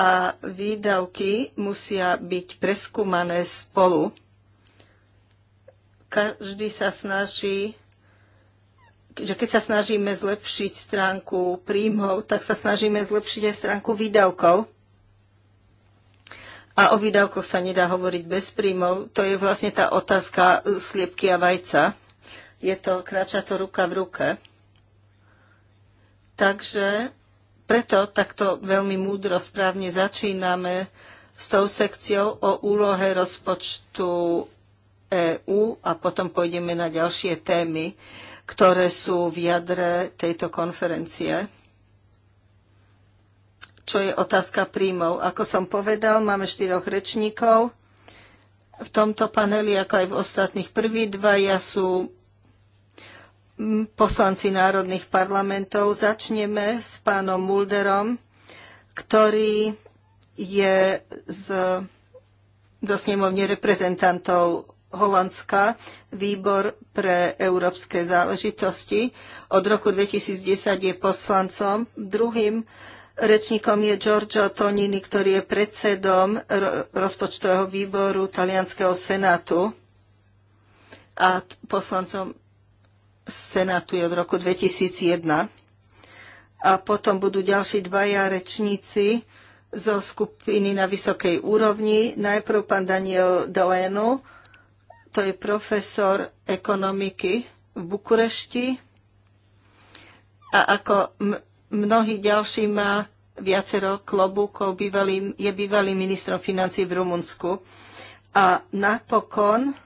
a výdavky musia byť preskúmané spolu. Každý sa snaží že keď sa snažíme zlepšiť stránku príjmov, tak sa snažíme zlepšiť aj stránku výdavkov a o výdavkoch sa nedá hovoriť bez príjmov. To je vlastne tá otázka e, sliepky a vajca. Je to, kráča to ruka v ruke. Takže preto takto veľmi múdro, správne začíname s tou sekciou o úlohe rozpočtu EÚ a potom pôjdeme na ďalšie témy, ktoré sú v jadre tejto konferencie čo je otázka príjmov. Ako som povedal, máme štyroch rečníkov. V tomto paneli, ako aj v ostatných, prví ja sú mm, poslanci národných parlamentov. Začneme s pánom Mulderom, ktorý je z, zo snemovne reprezentantov Holandska, výbor pre európske záležitosti. Od roku 2010 je poslancom. Druhým Rečníkom je Giorgio Tonini, ktorý je predsedom rozpočtového výboru Talianského senátu a poslancom senátu je od roku 2001. A potom budú ďalší dvaja rečníci zo skupiny na vysokej úrovni. Najprv pán Daniel Delenu, to je profesor ekonomiky v Bukurešti a ako Mnohí ďalším má viacero klobúkov, bývalý, je bývalý ministrom financí v Rumunsku. A napokon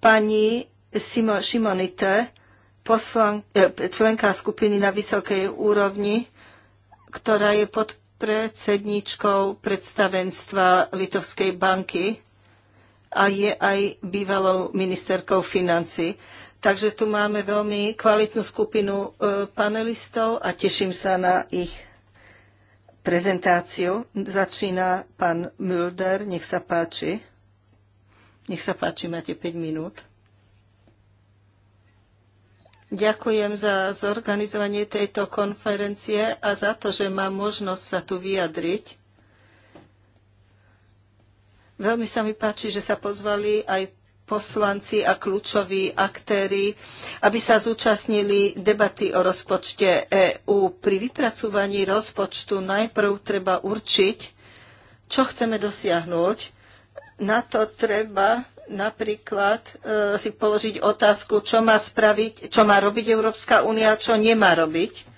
pani Simo, Šimonite, poslan, eh, členka skupiny na vysokej úrovni, ktorá je predsedničkou predstavenstva Litovskej banky a je aj bývalou ministerkou financí. Takže tu máme veľmi kvalitnú skupinu e, panelistov a teším sa na ich prezentáciu. Začína pán Mulder, nech sa páči. Nech sa páči, máte 5 minút. Ďakujem za zorganizovanie tejto konferencie a za to, že mám možnosť sa tu vyjadriť. Veľmi sa mi páči, že sa pozvali aj poslanci a kľúčoví aktéry, aby sa zúčastnili debaty o rozpočte EÚ. Pri vypracúvaní rozpočtu najprv treba určiť, čo chceme dosiahnuť. Na to treba napríklad e, si položiť otázku, čo má spraviť, čo má robiť Európska únia, čo nemá robiť.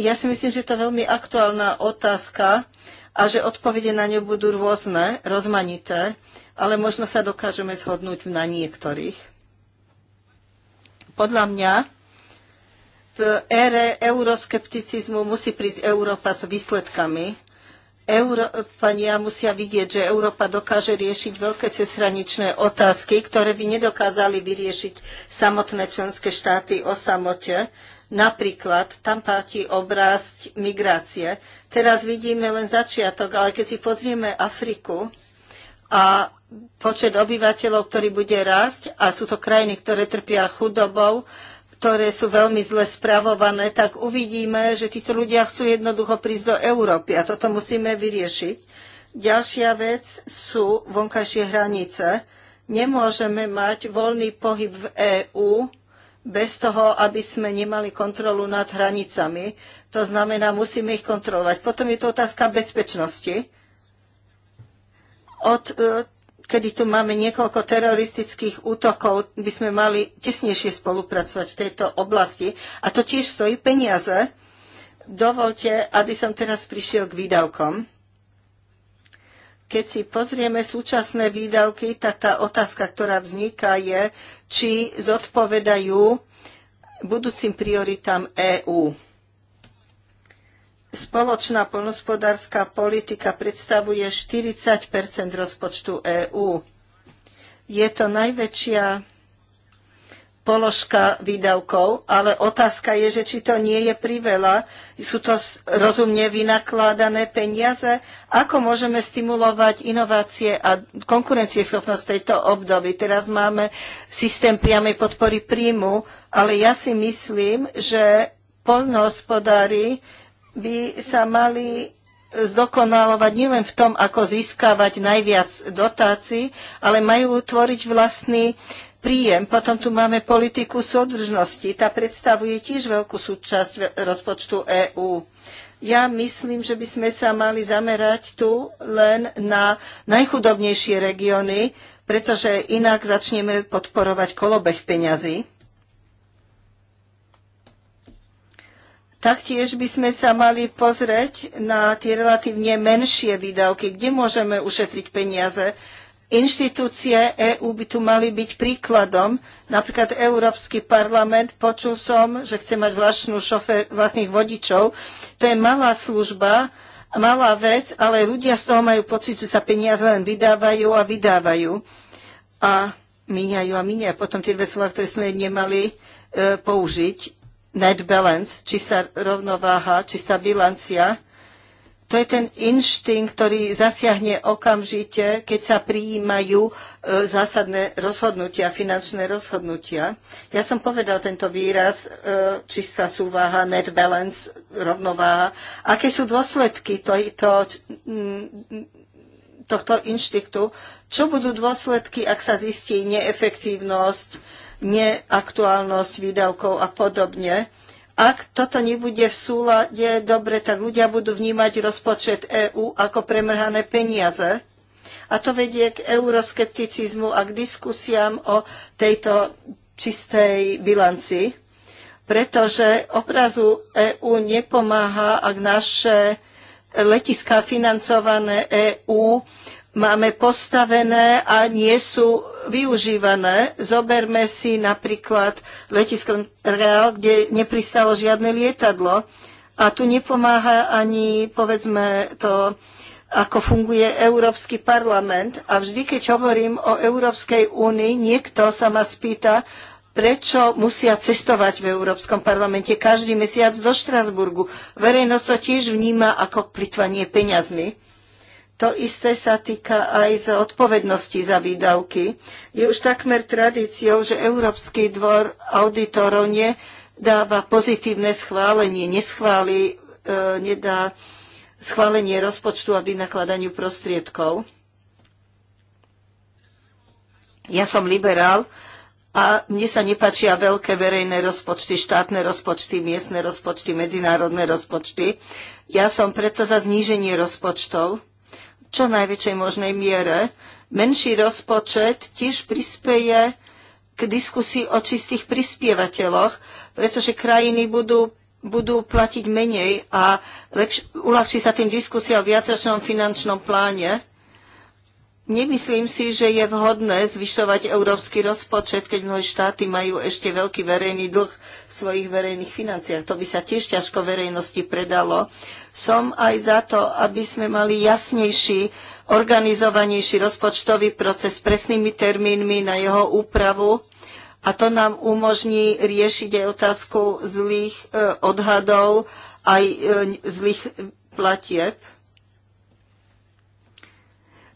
Ja si myslím, že to je veľmi aktuálna otázka a že odpovede na ňu budú rôzne, rozmanité ale možno sa dokážeme zhodnúť na niektorých. Podľa mňa v ére euroskepticizmu musí prísť Európa s výsledkami. Európania musia vidieť, že Európa dokáže riešiť veľké cezhraničné otázky, ktoré by nedokázali vyriešiť samotné členské štáty o samote. Napríklad tam platí obrázť migrácie. Teraz vidíme len začiatok, ale keď si pozrieme Afriku, a počet obyvateľov, ktorý bude rásť a sú to krajiny, ktoré trpia chudobou, ktoré sú veľmi zle spravované, tak uvidíme, že títo ľudia chcú jednoducho prísť do Európy a toto musíme vyriešiť. Ďalšia vec sú vonkajšie hranice. Nemôžeme mať voľný pohyb v EÚ bez toho, aby sme nemali kontrolu nad hranicami. To znamená, musíme ich kontrolovať. Potom je to otázka bezpečnosti od e, kedy tu máme niekoľko teroristických útokov, by sme mali tesnejšie spolupracovať v tejto oblasti. A to tiež stojí peniaze. Dovolte, aby som teraz prišiel k výdavkom. Keď si pozrieme súčasné výdavky, tak tá otázka, ktorá vzniká, je, či zodpovedajú budúcim prioritám EÚ. Spoločná poľnospodárska politika predstavuje 40 rozpočtu EÚ. Je to najväčšia položka výdavkov, ale otázka je, že či to nie je priveľa, sú to rozumne vynakladané peniaze, ako môžeme stimulovať inovácie a konkurencieschopnosť tejto obdoby. Teraz máme systém priamej podpory príjmu, ale ja si myslím, že poľnohospodári by sa mali zdokonalovať nielen v tom, ako získavať najviac dotácií, ale majú tvoriť vlastný príjem. Potom tu máme politiku súdržnosti. Tá predstavuje tiež veľkú súčasť rozpočtu EÚ. Ja myslím, že by sme sa mali zamerať tu len na najchudobnejšie regióny, pretože inak začneme podporovať kolobeh peňazí. Taktiež by sme sa mali pozrieť na tie relatívne menšie výdavky, kde môžeme ušetriť peniaze. Inštitúcie EÚ by tu mali byť príkladom. Napríklad Európsky parlament, počul som, že chce mať vlastnú šofé vlastných vodičov. To je malá služba, malá vec, ale ľudia z toho majú pocit, že sa peniaze len vydávajú a vydávajú. A míňajú a míňajú. Potom tie veselá, ktoré sme nemali e, použiť net balance, čistá rovnováha, čistá bilancia. To je ten inštinkt, ktorý zasiahne okamžite, keď sa prijímajú e, zásadné rozhodnutia, finančné rozhodnutia. Ja som povedal tento výraz, e, čistá súvaha, net balance, rovnováha. Aké sú dôsledky tohto, tohto inštinktu? Čo budú dôsledky, ak sa zistí neefektívnosť, neaktuálnosť výdavkov a podobne. Ak toto nebude v súlade dobre, tak ľudia budú vnímať rozpočet EÚ ako premrhané peniaze. A to vedie k euroskepticizmu a k diskusiám o tejto čistej bilanci, pretože obrazu EÚ nepomáha, ak naše letiská financované EÚ máme postavené a nie sú využívané. Zoberme si napríklad letisko Real, kde nepristalo žiadne lietadlo a tu nepomáha ani, povedzme, to, ako funguje Európsky parlament. A vždy, keď hovorím o Európskej únii, niekto sa ma spýta, prečo musia cestovať v Európskom parlamente každý mesiac do Štrasburgu. Verejnosť to tiež vníma ako plitvanie peňazmi. To isté sa týka aj z odpovednosti za výdavky. Je už takmer tradíciou, že Európsky dvor auditorov nedáva pozitívne schválenie, neschváli, e, nedá schválenie rozpočtu a vynakladaniu prostriedkov. Ja som liberál a mne sa nepačia veľké verejné rozpočty, štátne rozpočty, miestne rozpočty, medzinárodné rozpočty. Ja som preto za zníženie rozpočtov čo najväčšej možnej miere. Menší rozpočet tiež prispieje k diskusii o čistých prispievateľoch, pretože krajiny budú, budú platiť menej a lepš- uľahčí sa tým diskusia o viacročnom finančnom pláne. Nemyslím si, že je vhodné zvyšovať európsky rozpočet, keď mnohé štáty majú ešte veľký verejný dlh v svojich verejných financiách. To by sa tiež ťažko verejnosti predalo. Som aj za to, aby sme mali jasnejší, organizovanejší rozpočtový proces s presnými termínmi na jeho úpravu a to nám umožní riešiť aj otázku zlých e, odhadov aj e, zlých platieb.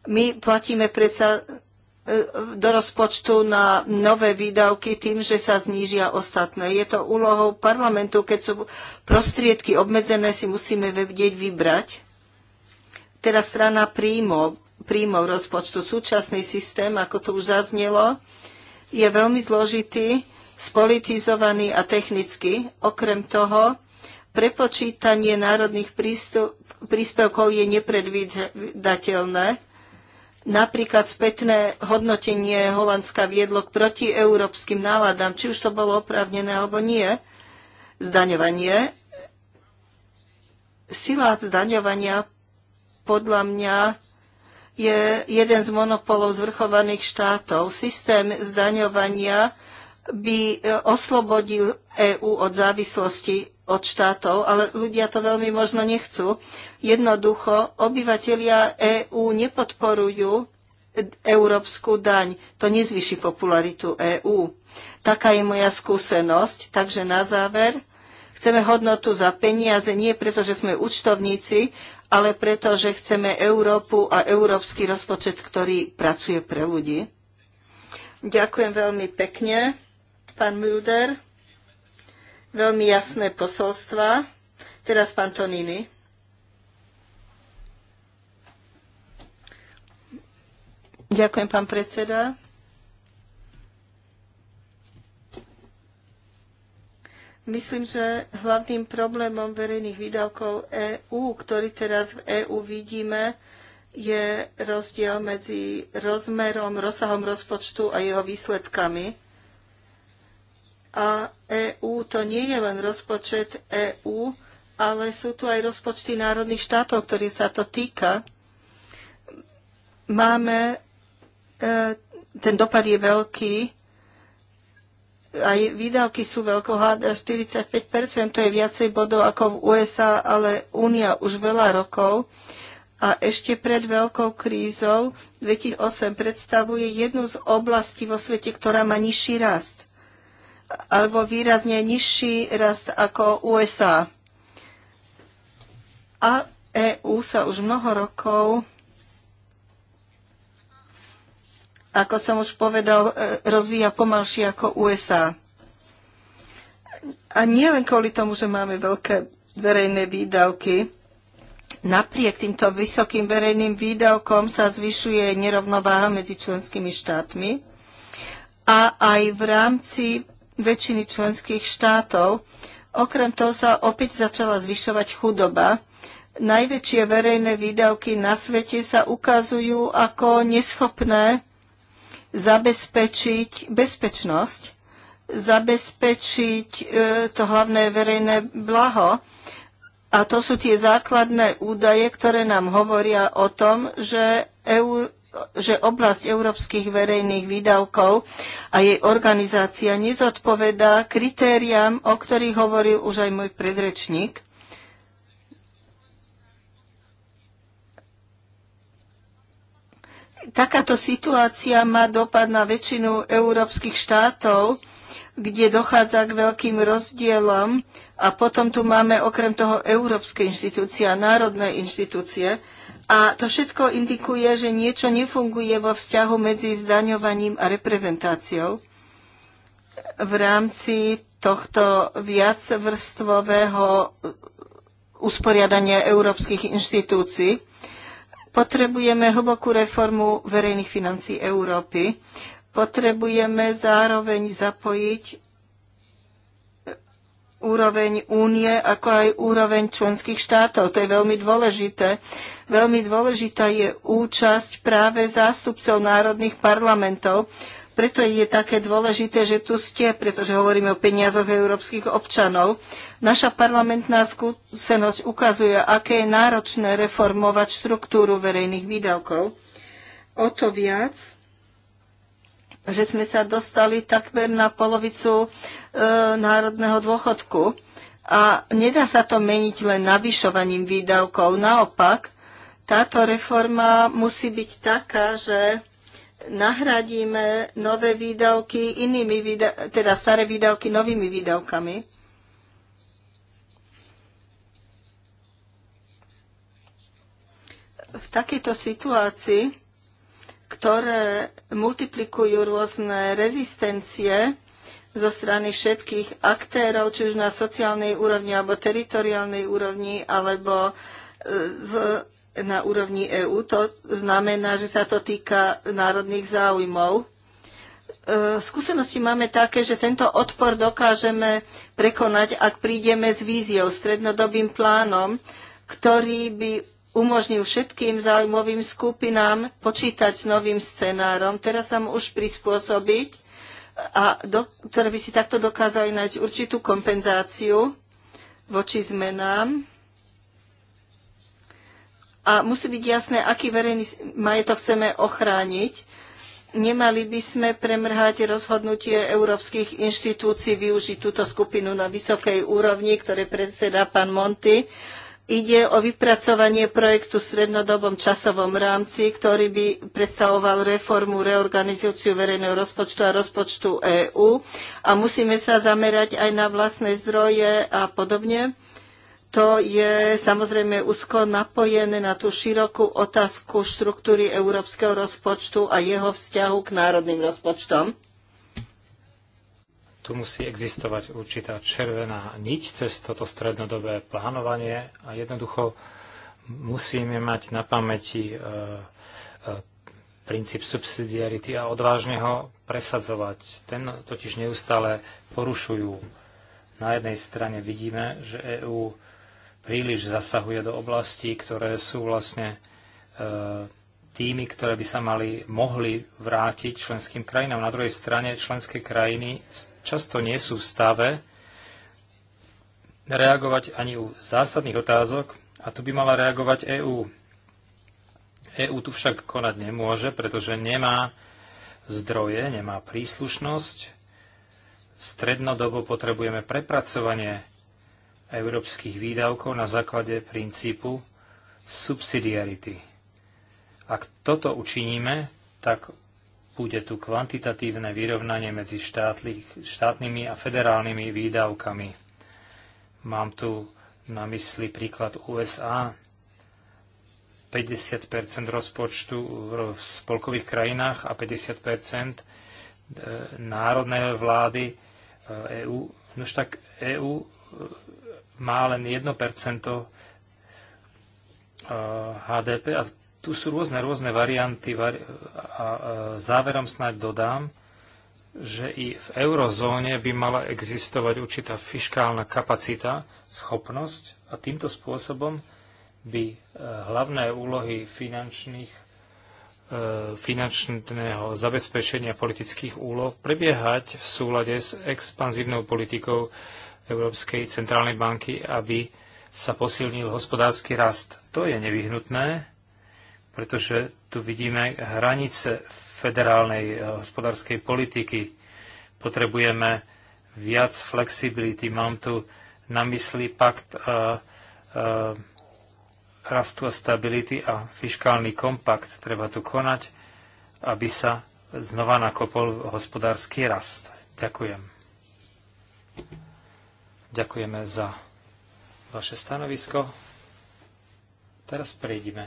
My platíme predsa do rozpočtu na nové výdavky tým, že sa znížia ostatné. Je to úlohou parlamentu, keď sú prostriedky obmedzené, si musíme vedieť vybrať. Teda strana príjmov, príjmov rozpočtu. Súčasný systém, ako to už zaznelo, je veľmi zložitý, spolitizovaný a technicky. Okrem toho, prepočítanie národných príspevkov je nepredvídateľné Napríklad spätné hodnotenie Holandska viedlo k protieurópskym náladám, či už to bolo oprávnené alebo nie. Zdaňovanie. Sila zdaňovania podľa mňa je jeden z monopolov zvrchovaných štátov. Systém zdaňovania by e, oslobodil EÚ od závislosti od štátov, ale ľudia to veľmi možno nechcú. Jednoducho, obyvatelia EÚ nepodporujú európsku daň. To nezvyši popularitu EÚ. Taká je moja skúsenosť. Takže na záver, chceme hodnotu za peniaze nie preto, že sme účtovníci, ale preto, že chceme Európu a európsky rozpočet, ktorý pracuje pre ľudí. Ďakujem veľmi pekne, pán Mulder veľmi jasné posolstva. Teraz pán Tonini. Ďakujem, pán predseda. Myslím, že hlavným problémom verejných výdavkov EÚ, ktorý teraz v EÚ vidíme, je rozdiel medzi rozmerom, rozsahom rozpočtu a jeho výsledkami. A EÚ to nie je len rozpočet EÚ, ale sú tu aj rozpočty národných štátov, ktorých sa to týka. Máme, e, ten dopad je veľký, aj výdavky sú veľké. 45%, to je viacej bodov ako v USA, ale Únia už veľa rokov. A ešte pred veľkou krízou 2008 predstavuje jednu z oblastí vo svete, ktorá má nižší rast alebo výrazne nižší rast ako USA. A EÚ sa už mnoho rokov, ako som už povedal, e, rozvíja pomalšie ako USA. A nie len kvôli tomu, že máme veľké verejné výdavky, Napriek týmto vysokým verejným výdavkom sa zvyšuje nerovnováha medzi členskými štátmi a aj v rámci väčšiny členských štátov. Okrem toho sa opäť začala zvyšovať chudoba. Najväčšie verejné výdavky na svete sa ukazujú ako neschopné zabezpečiť bezpečnosť, zabezpečiť e, to hlavné verejné blaho. A to sú tie základné údaje, ktoré nám hovoria o tom, že EU, že oblasť európskych verejných výdavkov a jej organizácia nezodpovedá kritériám, o ktorých hovoril už aj môj predrečník. Takáto situácia má dopad na väčšinu európskych štátov, kde dochádza k veľkým rozdielom a potom tu máme okrem toho európske inštitúcie a národné inštitúcie, a to všetko indikuje, že niečo nefunguje vo vzťahu medzi zdaňovaním a reprezentáciou v rámci tohto viacvrstvového usporiadania európskych inštitúcií. Potrebujeme hlbokú reformu verejných financí Európy. Potrebujeme zároveň zapojiť úroveň únie, ako aj úroveň členských štátov. To je veľmi dôležité. Veľmi dôležitá je účasť práve zástupcov národných parlamentov. Preto je také dôležité, že tu ste, pretože hovoríme o peniazoch európskych občanov. Naša parlamentná skúsenosť ukazuje, aké je náročné reformovať štruktúru verejných výdavkov. O to viac že sme sa dostali takmer na polovicu e, národného dôchodku. A nedá sa to meniť len navyšovaním výdavkov. Naopak, táto reforma musí byť taká, že nahradíme nové výdavky inými výda- teda staré výdavky novými výdavkami. V takejto situácii ktoré multiplikujú rôzne rezistencie zo strany všetkých aktérov, či už na sociálnej úrovni alebo teritoriálnej úrovni, alebo e, v, na úrovni EÚ. To znamená, že sa to týka národných záujmov. E, skúsenosti máme také, že tento odpor dokážeme prekonať, ak prídeme s víziou, strednodobým plánom, ktorý by umožnil všetkým záujmovým skupinám počítať s novým scenárom, teraz sa mu už prispôsobiť, a do, ktoré by si takto dokázali nájsť určitú kompenzáciu voči zmenám. A musí byť jasné, aký verejný majetok chceme ochrániť. Nemali by sme premrhať rozhodnutie európskych inštitúcií využiť túto skupinu na vysokej úrovni, ktoré predseda pán Monty Ide o vypracovanie projektu v strednodobom časovom rámci, ktorý by predstavoval reformu, reorganizáciu verejného rozpočtu a rozpočtu EÚ a musíme sa zamerať aj na vlastné zdroje a podobne. To je samozrejme úzko napojené na tú širokú otázku štruktúry európskeho rozpočtu a jeho vzťahu k národným rozpočtom. Tu musí existovať určitá červená niť cez toto strednodobé plánovanie a jednoducho musíme mať na pamäti e, e, princíp subsidiarity a odvážne ho presadzovať. Ten totiž neustále porušujú. Na jednej strane vidíme, že EÚ príliš zasahuje do oblastí, ktoré sú vlastne e, tými, ktoré by sa mali, mohli vrátiť členským krajinám. Na druhej strane členské krajiny často nie sú v stave reagovať ani u zásadných otázok a tu by mala reagovať EÚ. EÚ tu však konať nemôže, pretože nemá zdroje, nemá príslušnosť. Strednodobo potrebujeme prepracovanie európskych výdavkov na základe princípu subsidiarity. Ak toto učiníme, tak bude tu kvantitatívne vyrovnanie medzi štátli, štátnymi a federálnymi výdavkami. Mám tu na mysli príklad USA. 50 rozpočtu v spolkových krajinách a 50 e, národné vlády EÚ. E Nož tak EÚ e, má len 1 HDP a tu sú rôzne, rôzne varianty vari- a e, záverom snáď dodám, že i v eurozóne by mala existovať určitá fiskálna kapacita, schopnosť a týmto spôsobom by e, hlavné úlohy finančných, e, finančného zabezpečenia politických úloh prebiehať v súlade s expanzívnou politikou Európskej centrálnej banky, aby sa posilnil hospodársky rast. To je nevyhnutné, pretože tu vidíme hranice federálnej eh, hospodárskej politiky. Potrebujeme viac flexibility. Mám tu na mysli pakt a, eh, a, eh, rastu a stability a fiskálny kompakt. Treba tu konať, aby sa znova nakopol hospodársky rast. Ďakujem. Ďakujeme za vaše stanovisko. Teraz prejdeme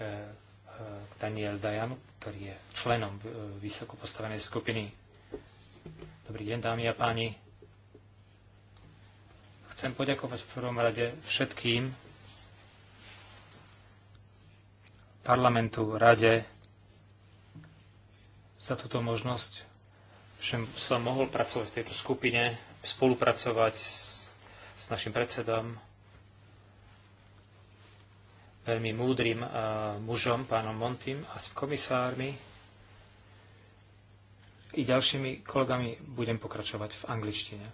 E, e, Daniel Dajan, ktorý je členom e, vysoko postavenej skupiny. Dobrý deň, dámy a páni. Chcem poďakovať v prvom rade všetkým parlamentu, rade za túto možnosť, že som mohol pracovať v tejto skupine, spolupracovať s, s našim predsedom, veľmi múdrym eh, mužom, pánom Montim a s komisármi i ďalšími kolegami budem pokračovať v angličtine.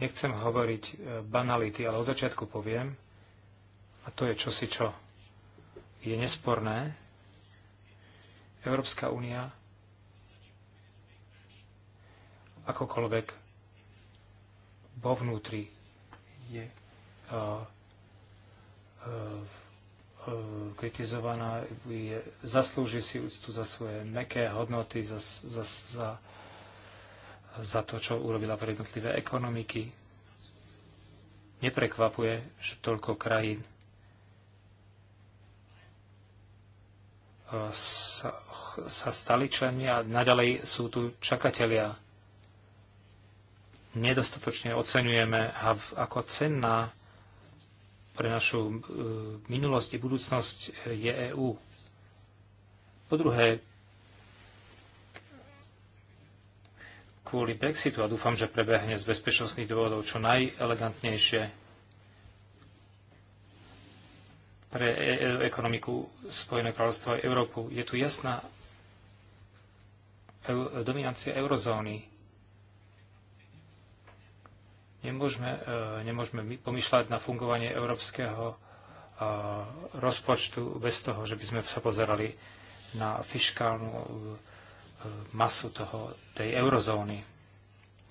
Nechcem hovoriť eh, banality, ale od začiatku poviem, a to je čosi, čo je nesporné, Európska únia akokoľvek vo vnútri je uh, uh, kritizovaná, je, zaslúži si úctu za svoje meké hodnoty, za, za, za, za to, čo urobila pre jednotlivé ekonomiky. Neprekvapuje, že toľko krajín sa, sa stali členmi a naďalej sú tu čakatelia nedostatočne oceňujeme a ako cenná pre našu e, minulosť i budúcnosť je EÚ. Po druhé, kvôli Brexitu, a dúfam, že prebehne z bezpečnostných dôvodov čo najelegantnejšie, pre e, e, ekonomiku Spojené kráľovstvo a Európu. Je tu jasná dominancia eurozóny. Nemôžeme, e, nemôžeme pomýšľať na fungovanie európskeho e, rozpočtu bez toho, že by sme sa pozerali na fiskálnu e, masu toho, tej eurozóny.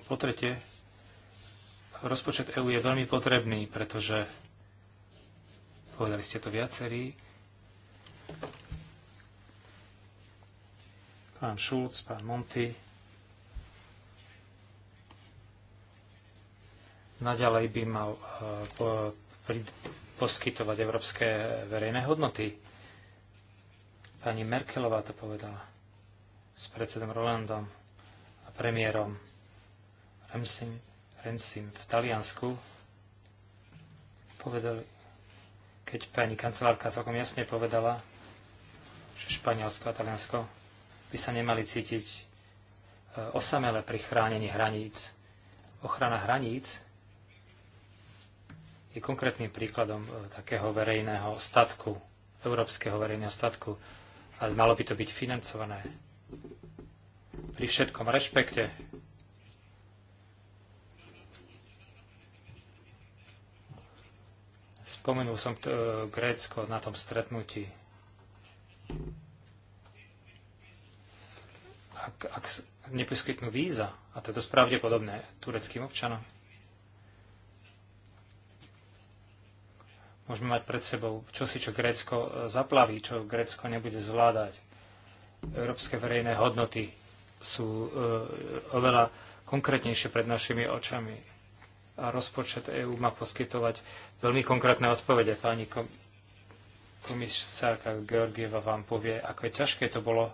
Po tretie, rozpočet EÚ je veľmi potrebný, pretože, povedali ste to viacerí, pán Šulc, pán Monty, naďalej by mal eh, po, pri, poskytovať európske verejné hodnoty. Pani Merkelová to povedala s predsedom Rolandom a premiérom Remsim, Remsim v Taliansku. Povedali, keď pani kancelárka celkom jasne povedala, že Španielsko a Taliansko by sa nemali cítiť eh, osamele pri chránení hraníc. Ochrana hraníc je konkrétnym príkladom e, takého verejného statku, európskeho verejného statku, ale malo by to byť financované pri všetkom rešpekte. Spomenul som t- e, Grécko na tom stretnutí. Ak, ak neposkytnú víza, a to je dosť pravdepodobné tureckým občanom, Môžeme mať pred sebou čosi, čo Grécko e, zaplaví, čo Grécko nebude zvládať. Európske verejné hodnoty sú e, oveľa konkrétnejšie pred našimi očami. A rozpočet EÚ má poskytovať veľmi konkrétne odpovede. Pani kom- komisárka Georgieva vám povie, ako je ťažké to bolo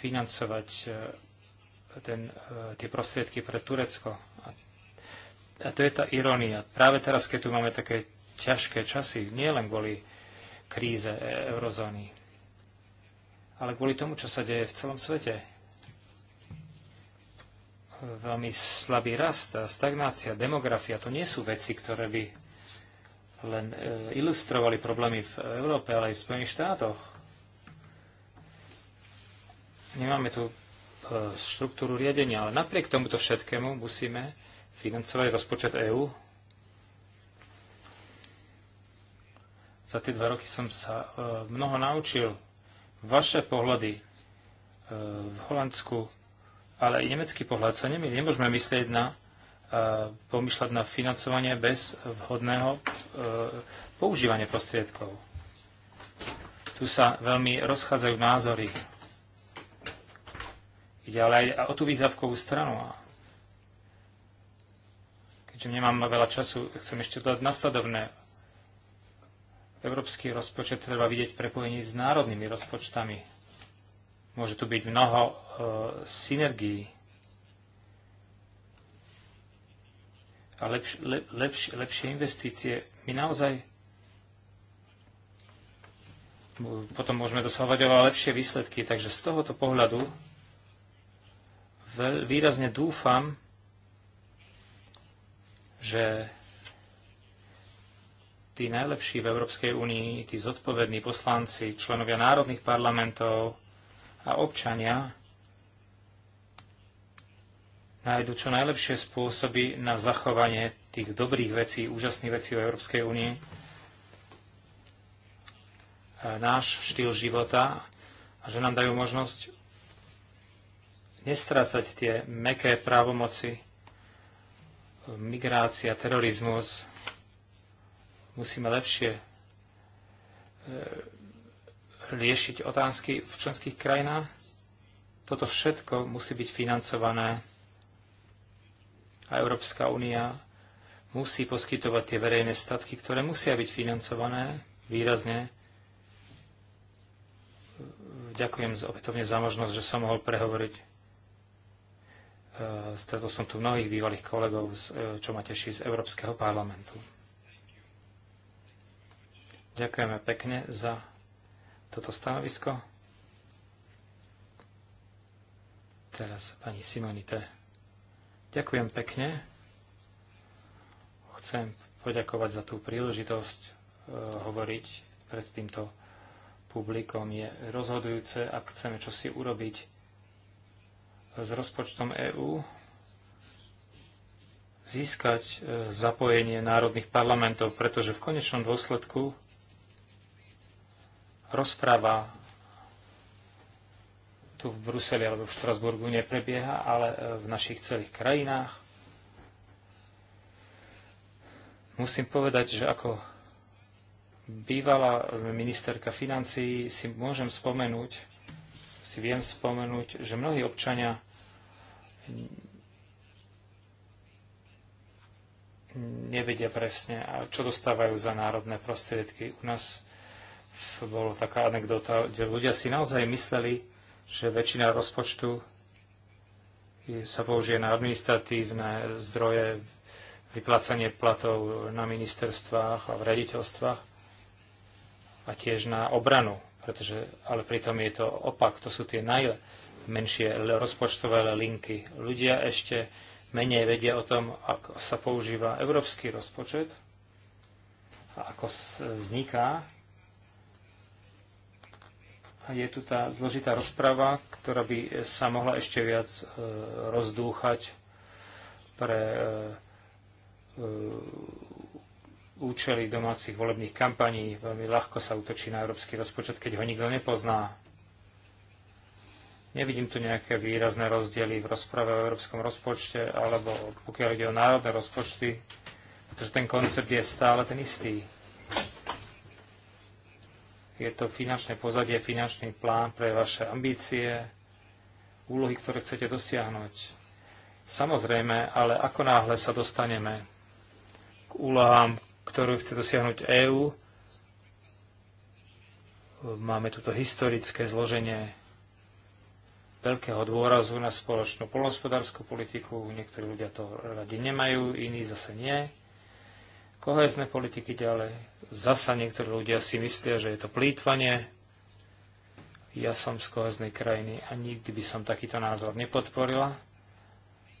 financovať e, ten, e, tie prostriedky pre Turecko a to je tá irónia. Práve teraz, keď tu máme také ťažké časy, nie len kvôli kríze e, eurozóny, ale kvôli tomu, čo sa deje v celom svete. Veľmi slabý rast, stagnácia, demografia, to nie sú veci, ktoré by len e, ilustrovali problémy v Európe, ale aj v Spojených štátoch. Nemáme tu e, štruktúru riadenia, ale napriek tomuto všetkému musíme financovali rozpočet EÚ. Za tie dva roky som sa e, mnoho naučil. Vaše pohľady e, v Holandsku, ale i nemecký pohľad sa nemý, Nemôžeme myslieť na, e, pomýšľať na financovanie bez vhodného používania prostriedkov. Tu sa veľmi rozchádzajú názory. Ide ale aj o tú výzavkovú stranu keďže nemám veľa času, chcem ešte dodať nasledovné. Európsky rozpočet treba vidieť v prepojení s národnými rozpočtami. Môže tu byť mnoho e, synergií. A lepš, le, lepš, lepšie investície. My naozaj potom môžeme dosahovať oveľa lepšie výsledky. Takže z tohoto pohľadu veľ, výrazne dúfam, že tí najlepší v Európskej únii, tí zodpovední poslanci, členovia národných parlamentov a občania nájdu čo najlepšie spôsoby na zachovanie tých dobrých vecí, úžasných vecí v Európskej únii. Náš štýl života a že nám dajú možnosť nestrácať tie meké právomoci, migrácia, terorizmus. Musíme lepšie e, riešiť otázky v členských krajinách. Toto všetko musí byť financované a Európska únia musí poskytovať tie verejné statky, ktoré musia byť financované výrazne. Ďakujem opätovne za možnosť, že som mohol prehovoriť. Eh, stretol som tu mnohých bývalých kolegov, eh, čo ma teší z Európskeho parlamentu. Ďakujeme pekne za toto stanovisko. Teraz pani Simonite. Ďakujem pekne. Chcem poďakovať za tú príležitosť eh, hovoriť pred týmto publikom. Je rozhodujúce, ak chceme čosi urobiť s rozpočtom EÚ získať e, zapojenie národných parlamentov, pretože v konečnom dôsledku rozpráva tu v Bruseli alebo v Štrasburgu neprebieha, ale e, v našich celých krajinách. Musím povedať, že ako bývalá ministerka financií si môžem spomenúť, si viem spomenúť, že mnohí občania nevedia presne, čo dostávajú za národné prostriedky. U nás bola taká anekdota, že ľudia si naozaj mysleli, že väčšina rozpočtu sa použije na administratívne zdroje, vyplácanie platov na ministerstvách a v raditeľstvách a tiež na obranu, pretože, ale pritom je to opak, to sú tie najlepšie menšie rozpočtové linky. Ľudia ešte menej vedia o tom, ako sa používa európsky rozpočet a ako vzniká. A je tu tá zložitá rozprava, ktorá by sa mohla ešte viac e, rozdúchať pre e, e, účely domácich volebných kampaní. Veľmi ľahko sa útočí na európsky rozpočet, keď ho nikto nepozná Nevidím tu nejaké výrazné rozdiely v rozprave o európskom rozpočte alebo pokiaľ ide o národné rozpočty, pretože ten koncept je stále ten istý. Je to finančné pozadie, finančný plán pre vaše ambície, úlohy, ktoré chcete dosiahnuť. Samozrejme, ale ako náhle sa dostaneme k úlohám, ktorú chce dosiahnuť EÚ, máme toto historické zloženie veľkého dôrazu na spoločnú polnospodárskú politiku. Niektorí ľudia to radi nemajú, iní zase nie. Kohezné politiky ďalej. Zasa niektorí ľudia si myslia, že je to plýtvanie. Ja som z koheznej krajiny a nikdy by som takýto názor nepodporila.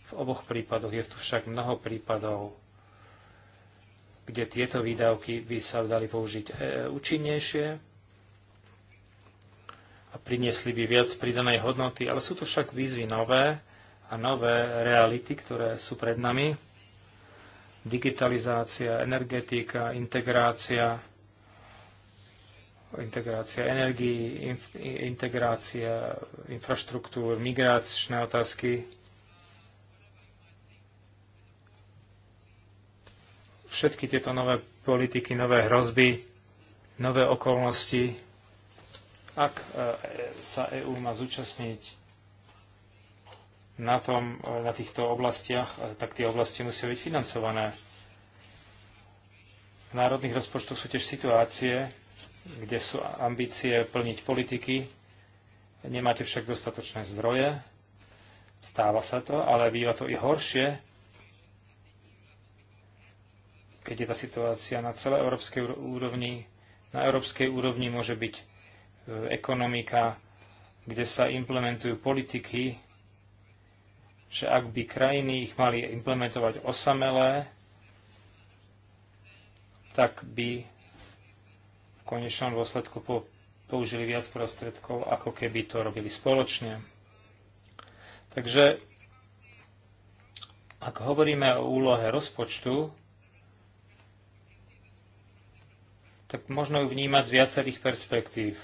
V oboch prípadoch je tu však mnoho prípadov, kde tieto výdavky by sa dali použiť e, účinnejšie, a priniesli by viac pridanej hodnoty, ale sú to však výzvy nové a nové reality, ktoré sú pred nami. Digitalizácia, energetika, integrácia, integrácia energií, inf, integrácia infraštruktúr, migračné otázky. Všetky tieto nové politiky, nové hrozby, nové okolnosti ak e, sa EÚ má zúčastniť na, tom, e, na týchto oblastiach, e, tak tie oblasti musia byť financované. V národných rozpočtoch sú tiež situácie, kde sú ambície plniť politiky, nemáte však dostatočné zdroje, stáva sa to, ale býva to i horšie, keď je tá situácia na celej európskej úrovni. Na európskej úrovni môže byť E, ekonomika, kde sa implementujú politiky, že ak by krajiny ich mali implementovať osamelé, tak by v konečnom dôsledku použili viac prostredkov ako keby to robili spoločne. Takže ak hovoríme o úlohe rozpočtu, tak možno ju vnímať z viacerých perspektív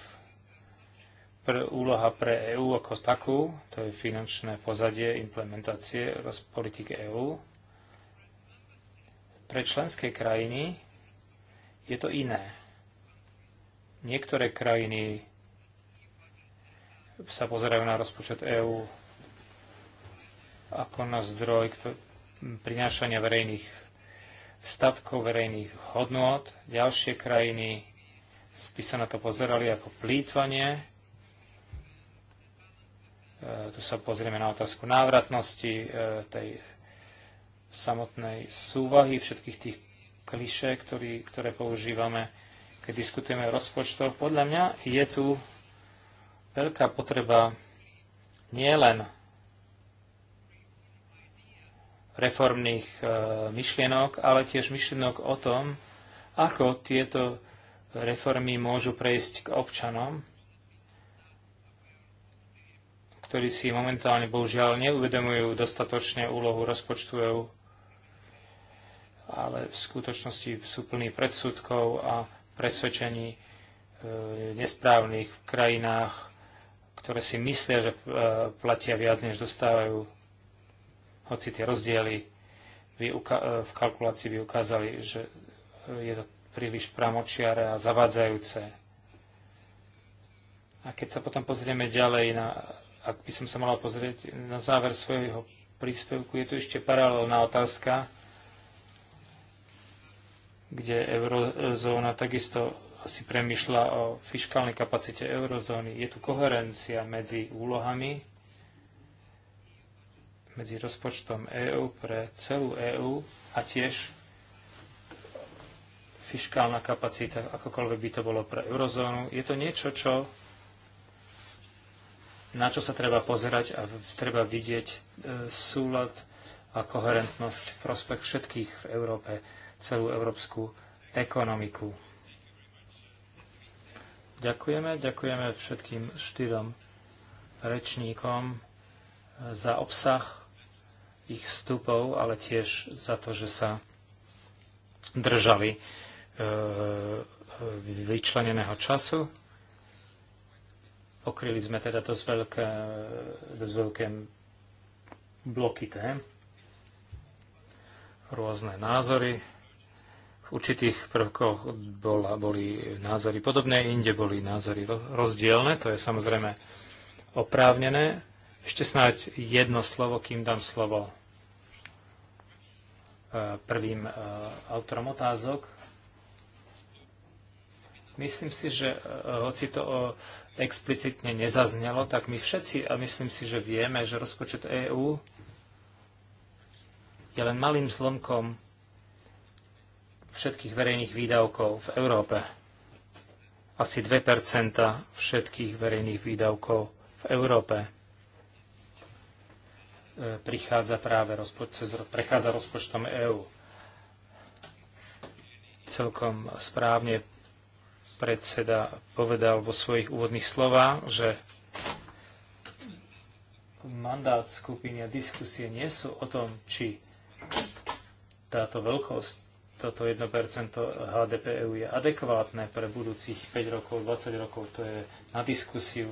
pr- úloha pre EÚ ako takú, to je finančné pozadie implementácie politiky EÚ. Pre členské krajiny je to iné. Niektoré krajiny sa pozerajú na rozpočet EÚ ako na zdroj prinášania verejných statkov, verejných hodnôt. Ďalšie krajiny by sa na to pozerali ako plýtvanie E, tu sa pozrieme na otázku návratnosti e, tej samotnej súvahy všetkých tých klišé, ktorý, ktoré používame, keď diskutujeme o rozpočtoch. Podľa mňa je tu veľká potreba nielen reformných e, myšlienok, ale tiež myšlienok o tom, ako tieto reformy môžu prejsť k občanom ktorí si momentálne bohužiaľ neuvedomujú dostatočne úlohu rozpočtu EU, ale v skutočnosti sú plní predsudkov a presvedčení e, nesprávnych v krajinách, ktoré si myslia, že e, platia viac, než dostávajú. Hoci tie rozdiely by e, v kalkulácii by ukázali, že e, je to príliš pramočiare a zavádzajúce. A keď sa potom pozrieme ďalej na ak by som sa mala pozrieť na záver svojho príspevku, je tu ešte paralelná otázka, kde eurozóna takisto asi premyšľa o fiskálnej kapacite eurozóny. Je tu koherencia medzi úlohami, medzi rozpočtom EÚ pre celú EÚ a tiež fiskálna kapacita, akokoľvek by to bolo pre eurozónu. Je to niečo, čo na čo sa treba pozerať a treba vidieť e, súlad a koherentnosť v prospech všetkých v Európe, celú európsku ekonomiku. Ďakujeme, ďakujeme všetkým štyrom rečníkom e, za obsah ich vstupov, ale tiež za to, že sa držali e, vyčleneného času. Okryli sme teda dosť veľké, dosť veľké bloky tém, rôzne názory. V určitých prvkoch bola, boli názory podobné, inde boli názory rozdielne, to je samozrejme oprávnené. Ešte snáď jedno slovo, kým dám slovo e, prvým e, autorom otázok. Myslím si, že e, hoci to explicitne nezaznelo, tak my všetci, a myslím si, že vieme, že rozpočet EÚ je len malým zlomkom všetkých verejných výdavkov v Európe. Asi 2 všetkých verejných výdavkov v Európe e, prichádza práve prechádza rozpočtom EÚ. Celkom správne predseda povedal vo svojich úvodných slovách, že mandát skupiny a diskusie nie sú o tom, či táto veľkosť, toto 1% HDP EU je adekvátne pre budúcich 5 rokov, 20 rokov. To je na diskusiu,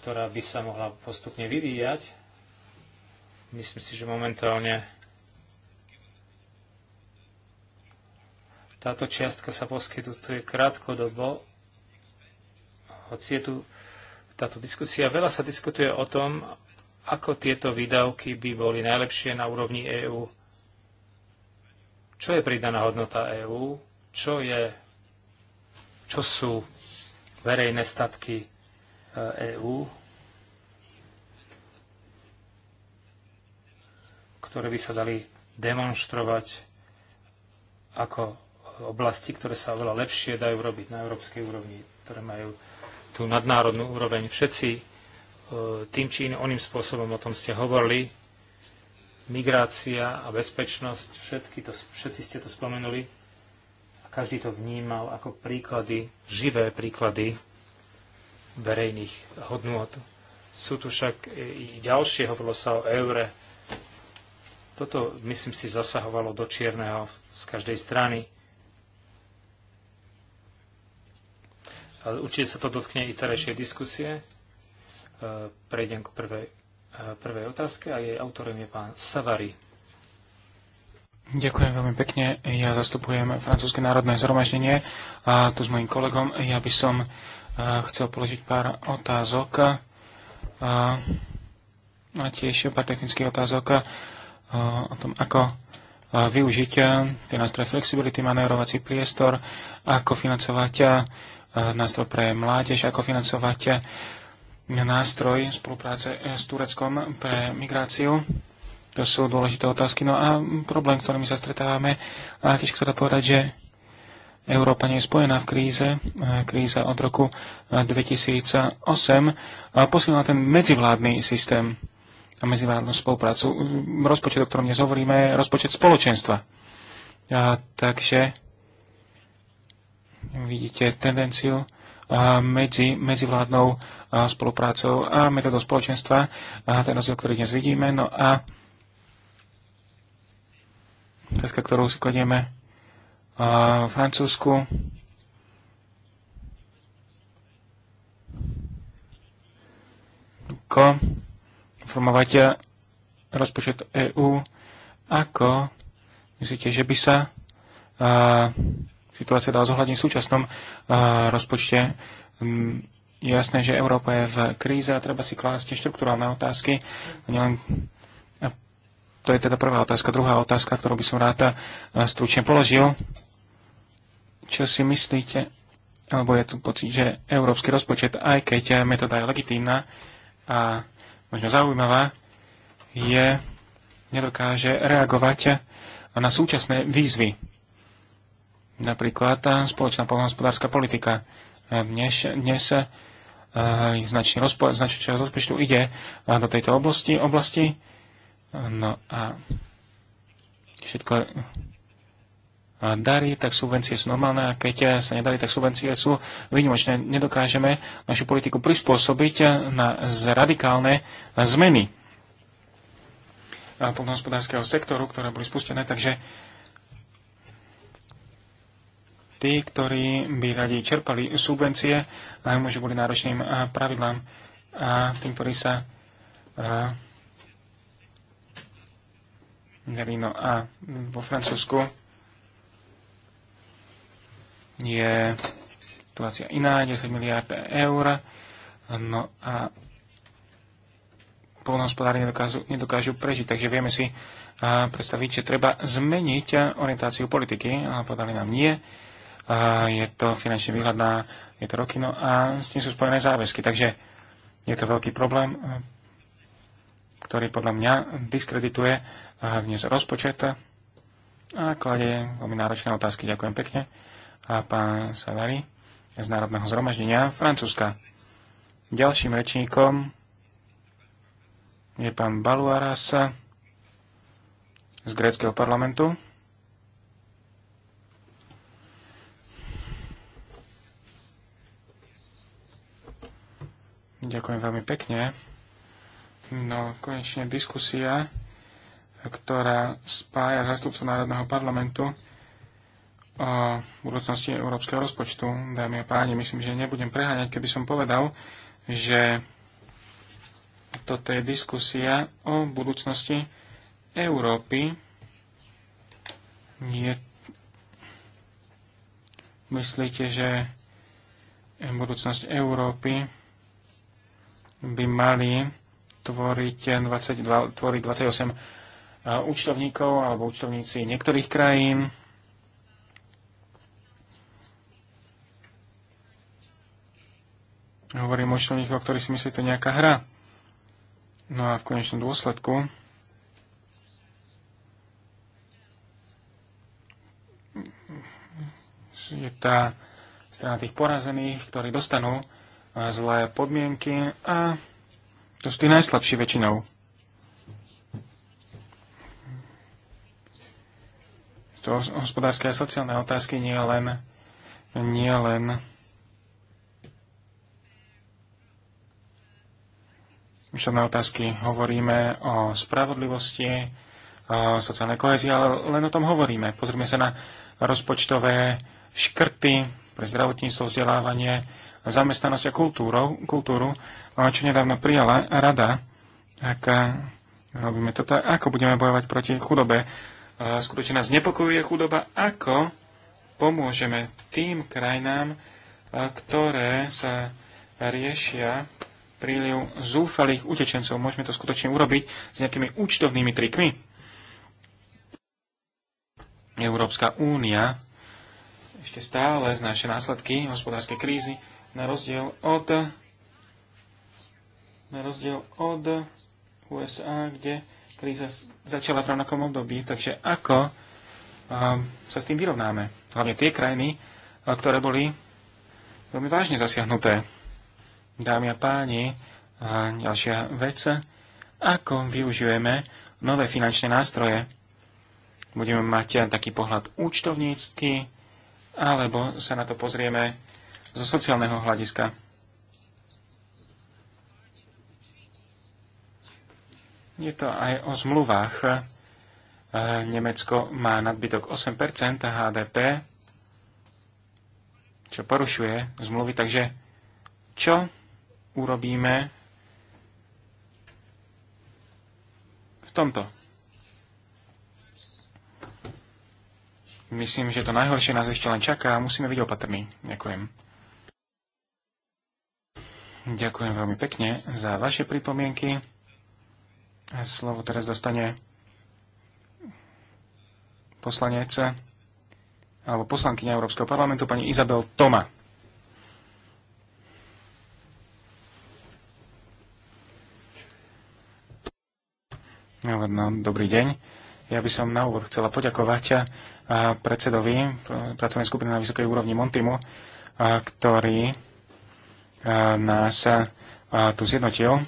ktorá by sa mohla postupne vyvíjať. Myslím si, že momentálne Táto čiastka sa poskytuje krátkodobo, hoci je tu táto diskusia. Veľa sa diskutuje o tom, ako tieto výdavky by boli najlepšie na úrovni EÚ. Čo je pridaná hodnota EÚ? Čo, je, čo sú verejné statky EÚ, e ktoré by sa dali demonstrovať ako oblasti, ktoré sa oveľa lepšie dajú robiť na európskej úrovni, ktoré majú tú nadnárodnú úroveň. Všetci e, tým či oným spôsobom, o tom ste hovorili, migrácia a bezpečnosť, všetky to, všetci ste to spomenuli a každý to vnímal ako príklady, živé príklady verejných hodnôt. Sú tu však i ďalšie, hovorilo sa o eure. Toto, myslím si, zasahovalo do čierneho z každej strany. určite sa to dotkne i terajšej diskusie. E, prejdem k prvej, e, prvej otázke a jej autorom je pán Savary. Ďakujem veľmi pekne. Ja zastupujem Francúzske národné zhromaždenie a tu s mojim kolegom. Ja by som e, chcel položiť pár otázok a, a tiež pár technických otázok o tom, ako využiť tie nástroje flexibility, manévrovací priestor, ako financovať nástroj pre mládež, ako financovať nástroj spolupráce s Tureckom pre migráciu. To sú dôležité otázky. No a problém, ktorými sa stretávame, a tiež chcem povedať, že Európa nie je spojená v kríze. Kríza od roku 2008 posilnila ten medzivládny systém a medzivládnu spoluprácu. Rozpočet, o ktorom dnes hovoríme, je rozpočet spoločenstva. A, takže vidíte tendenciu medzi medzivládnou spoluprácou a metodou spoločenstva, a ten rozdiel, ktorý dnes vidíme. No a otázka, ktorú si kladieme v Francúzsku, ako formovať rozpočet EÚ, ako myslíte, že by sa situácia dá zohľadniť v súčasnom eh, rozpočte. Mm, je jasné, že Európa je v kríze a treba si klásť štruktúrálne otázky. Nelen... to je teda prvá otázka. Druhá otázka, ktorú by som rád eh, stručne položil. Čo si myslíte, alebo je tu pocit, že európsky rozpočet, aj keď metóda je legitímna a možno zaujímavá, je, nedokáže reagovať na súčasné výzvy Napríklad eh, spoločná poľnohospodárska politika. Eh, dnes, dnes eh, značný, rozpo, rozpočtu ide do tejto oblasti. oblasti. No a všetko darí, tak subvencie sú normálne a keď sa nedarí, tak subvencie sú výnimočné. Nedokážeme našu politiku prispôsobiť na radikálne zmeny poľnohospodárskeho sektoru, ktoré boli spustené, takže tí, ktorí by radi čerpali subvencie, aj môže boli náročným pravidlám a tým, ktorí sa nevíno, a vo Francúzsku je situácia iná, 10 miliard eur, no a polnohospodári nedokážu, nedokážu prežiť, takže vieme si predstaviť, že treba zmeniť orientáciu politiky, ale povedali nám nie je to finančný výhľad na, je to roky, no a s tým sú spojené záväzky. Takže je to veľký problém, eh, ktorý podľa mňa diskredituje eh, dnes rozpočet a kladie veľmi náročné otázky. Ďakujem pekne. A pán Savary z Národného zhromaždenia Francúzska. Ďalším rečníkom je pán Baluaras z gréckého parlamentu. Ďakujem veľmi pekne. No, konečne diskusia, ktorá spája zastupcov Národného parlamentu o budúcnosti európskeho rozpočtu. Dámy a páni, myslím, že nebudem preháňať, keby som povedal, že toto je diskusia o budúcnosti Európy. Nie... Myslíte, že budúcnosť Európy by mali tvoriť, 22, eh, tvoriť 28 eh, účtovníkov alebo účtovníci niektorých krajín. Hovorím o účtovníkoch, ktorí si myslí, to je nejaká hra. No a v konečnom dôsledku je tá strana tých porazených, ktorí dostanú zlé podmienky a to sú tí najslabší väčšinou. To hospodárske a sociálne otázky nie len, nie len myšlené otázky. Hovoríme o spravodlivosti, o sociálnej kohezii, ale len o tom hovoríme. Pozrime sa na rozpočtové škrty pre zdravotníctvo, vzdelávanie, zamestnanosť a kultúru kultúru, čo nedávno prijala rada, ak eh, robíme toto, ako budeme bojovať proti chudobe. Eh, skutočne nás nepokojuje chudoba, ako pomôžeme tým krajinám, eh, ktoré sa riešia príliv zúfalých utečencov. Môžeme to skutočne urobiť s nejakými účtovnými trikmi. Európska únia ešte stále znáša následky hospodárskej krízy, na rozdiel od na rozdiel od USA, kde kríza začala v rovnakom období. Takže ako um, sa s tým vyrovnáme? Hlavne tie krajiny, e, ktoré boli veľmi vážne zasiahnuté. Dámy a páni, a e, ďalšia vec, ako využijeme nové finančné nástroje. Budeme mať e, taký pohľad účtovnícky, alebo sa na to pozrieme zo sociálneho hľadiska. Je to aj o zmluvách. E, Nemecko má nadbytok 8 HDP, čo porušuje zmluvy. Takže čo urobíme v tomto? Myslím, že to najhoršie nás ešte len čaká a musíme byť opatrní. Ďakujem. Ďakujem veľmi pekne za vaše pripomienky. A slovo teraz dostane poslanec alebo poslankyňa Európskeho parlamentu pani Izabel Toma. No, dobrý deň. Ja by som na úvod chcela poďakovať predsedovi pracovnej skupiny na vysokej úrovni Montimu, ktorý nás tu zjednotil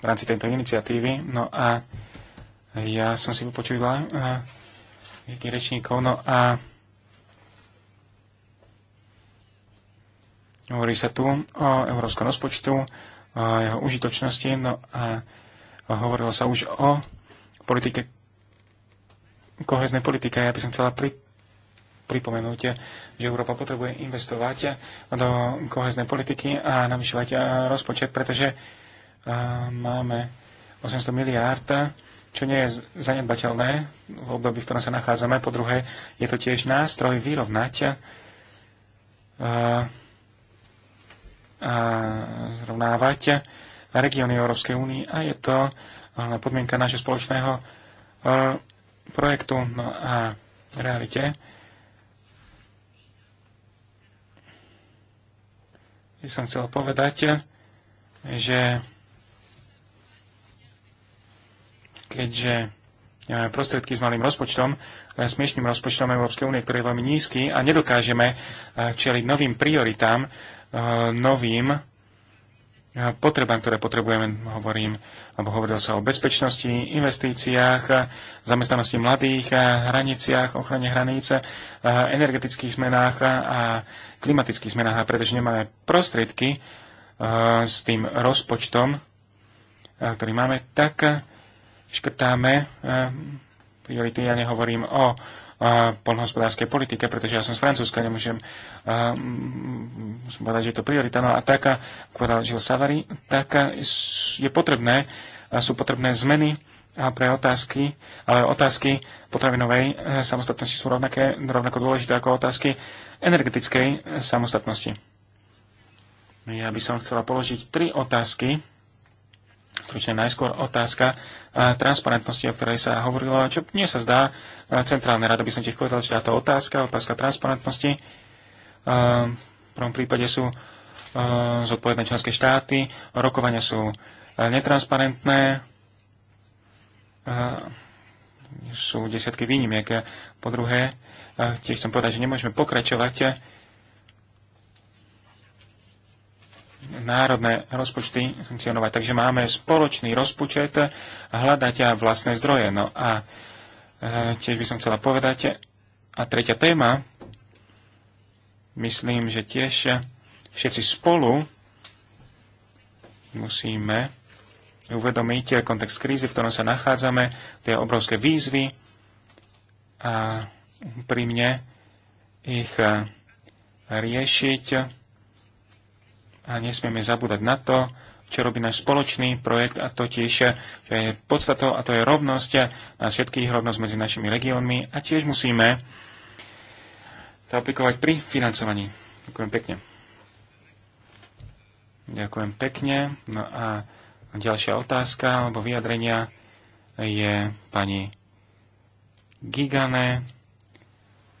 v rámci tejto iniciatívy. No a ja som si vypočula všetkých rečníkov. No a hovorí sa tu o európskom rozpočtu, o jeho užitočnosti. No a hovorilo sa už o politike koheznej politike. Ja by som chcela pri, pripomenúť, že Európa potrebuje investovať do koheznej politiky a navyšovať eh, rozpočet, pretože eh, máme 800 miliárd, čo nie je zanedbateľné v období, v ktorom sa nachádzame. Po druhé, je to tiež nástroj vyrovnať eh, a, zrovnávať regióny Európskej únie a je to podmienka nášho spoločného projektu no a realite. by som chcel povedať, že keďže nemáme prostriedky s malým rozpočtom, len smiešným rozpočtom Európskej únie, ktorý je veľmi nízky a nedokážeme eh, čeliť novým prioritám, eh, novým potrebám, ktoré potrebujeme, hovorím, alebo hovoril sa o bezpečnosti, investíciách, zamestnanosti mladých, hraniciach, ochrane hraníc, energetických zmenách a klimatických zmenách. A pretože nemáme prostriedky s tým rozpočtom, ktorý máme, tak škrtáme priority. Ja nehovorím o polnohospodárskej politike, pretože ja som z Francúzska, nemôžem uh, povedať, že je to priorita. No a taká, povedal Žil Savary, taká je potrebné, sú potrebné zmeny a pre otázky, ale otázky potravinovej e, samostatnosti sú rovnaké, rovnako dôležité ako otázky energetickej samostatnosti. Ja by som chcela položiť tri otázky Stručne najskôr otázka transparentnosti, o ktorej sa hovorilo, čo mne sa zdá, centrálne rada by som tiež povedal, že táto otázka, otázka transparentnosti, v prvom prípade sú zodpovedné členské štáty, rokovania sú netransparentné, sú desiatky výnimiek. Po druhé, tiež chcem povedať, že nemôžeme pokračovať národné rozpočty funkcionovať, Takže máme spoločný rozpočet hľadať a vlastné zdroje. No a e, tiež by som chcela povedať, a tretia téma, myslím, že tiež všetci spolu musíme uvedomiť kontext krízy, v ktorom sa nachádzame, tie obrovské výzvy a pri mne ich riešiť a nesmieme zabúdať na to, čo robí náš spoločný projekt a totiž, že je podstatou a to je rovnosť nás všetkých, rovnosť medzi našimi regiónmi a tiež musíme to aplikovať pri financovaní. Ďakujem pekne. Ďakujem pekne. No a ďalšia otázka alebo vyjadrenia je pani Gigane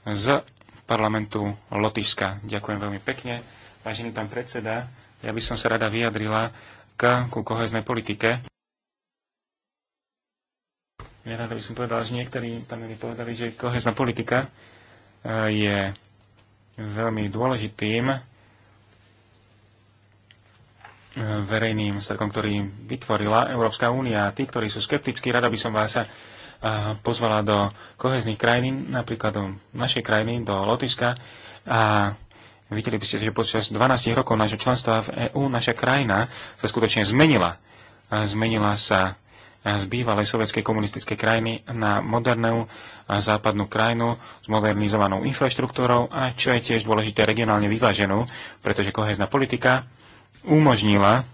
z parlamentu Lotyšska. Ďakujem veľmi pekne. Vážený pán predseda, ja by som sa rada vyjadrila k, ku koheznej politike. Ja rada by som povedal, že niektorí paneli povedali, že kohezná politika e, je veľmi dôležitým e, verejným srdkom, ktorý vytvorila Európska únia. Tí, ktorí sú skeptickí, rada by som vás e, pozvala do koheznej krajín, napríklad do našej krajiny, do Lotyšska a Videli by ste, že počas 12 rokov nášho členstva v EÚ naša krajina sa skutočne zmenila. Zmenila sa z bývalej sovietskej komunistickej krajiny na modernú západnú krajinu s modernizovanou infraštruktúrou a čo je tiež dôležité regionálne vyváženú, pretože kohezná politika umožnila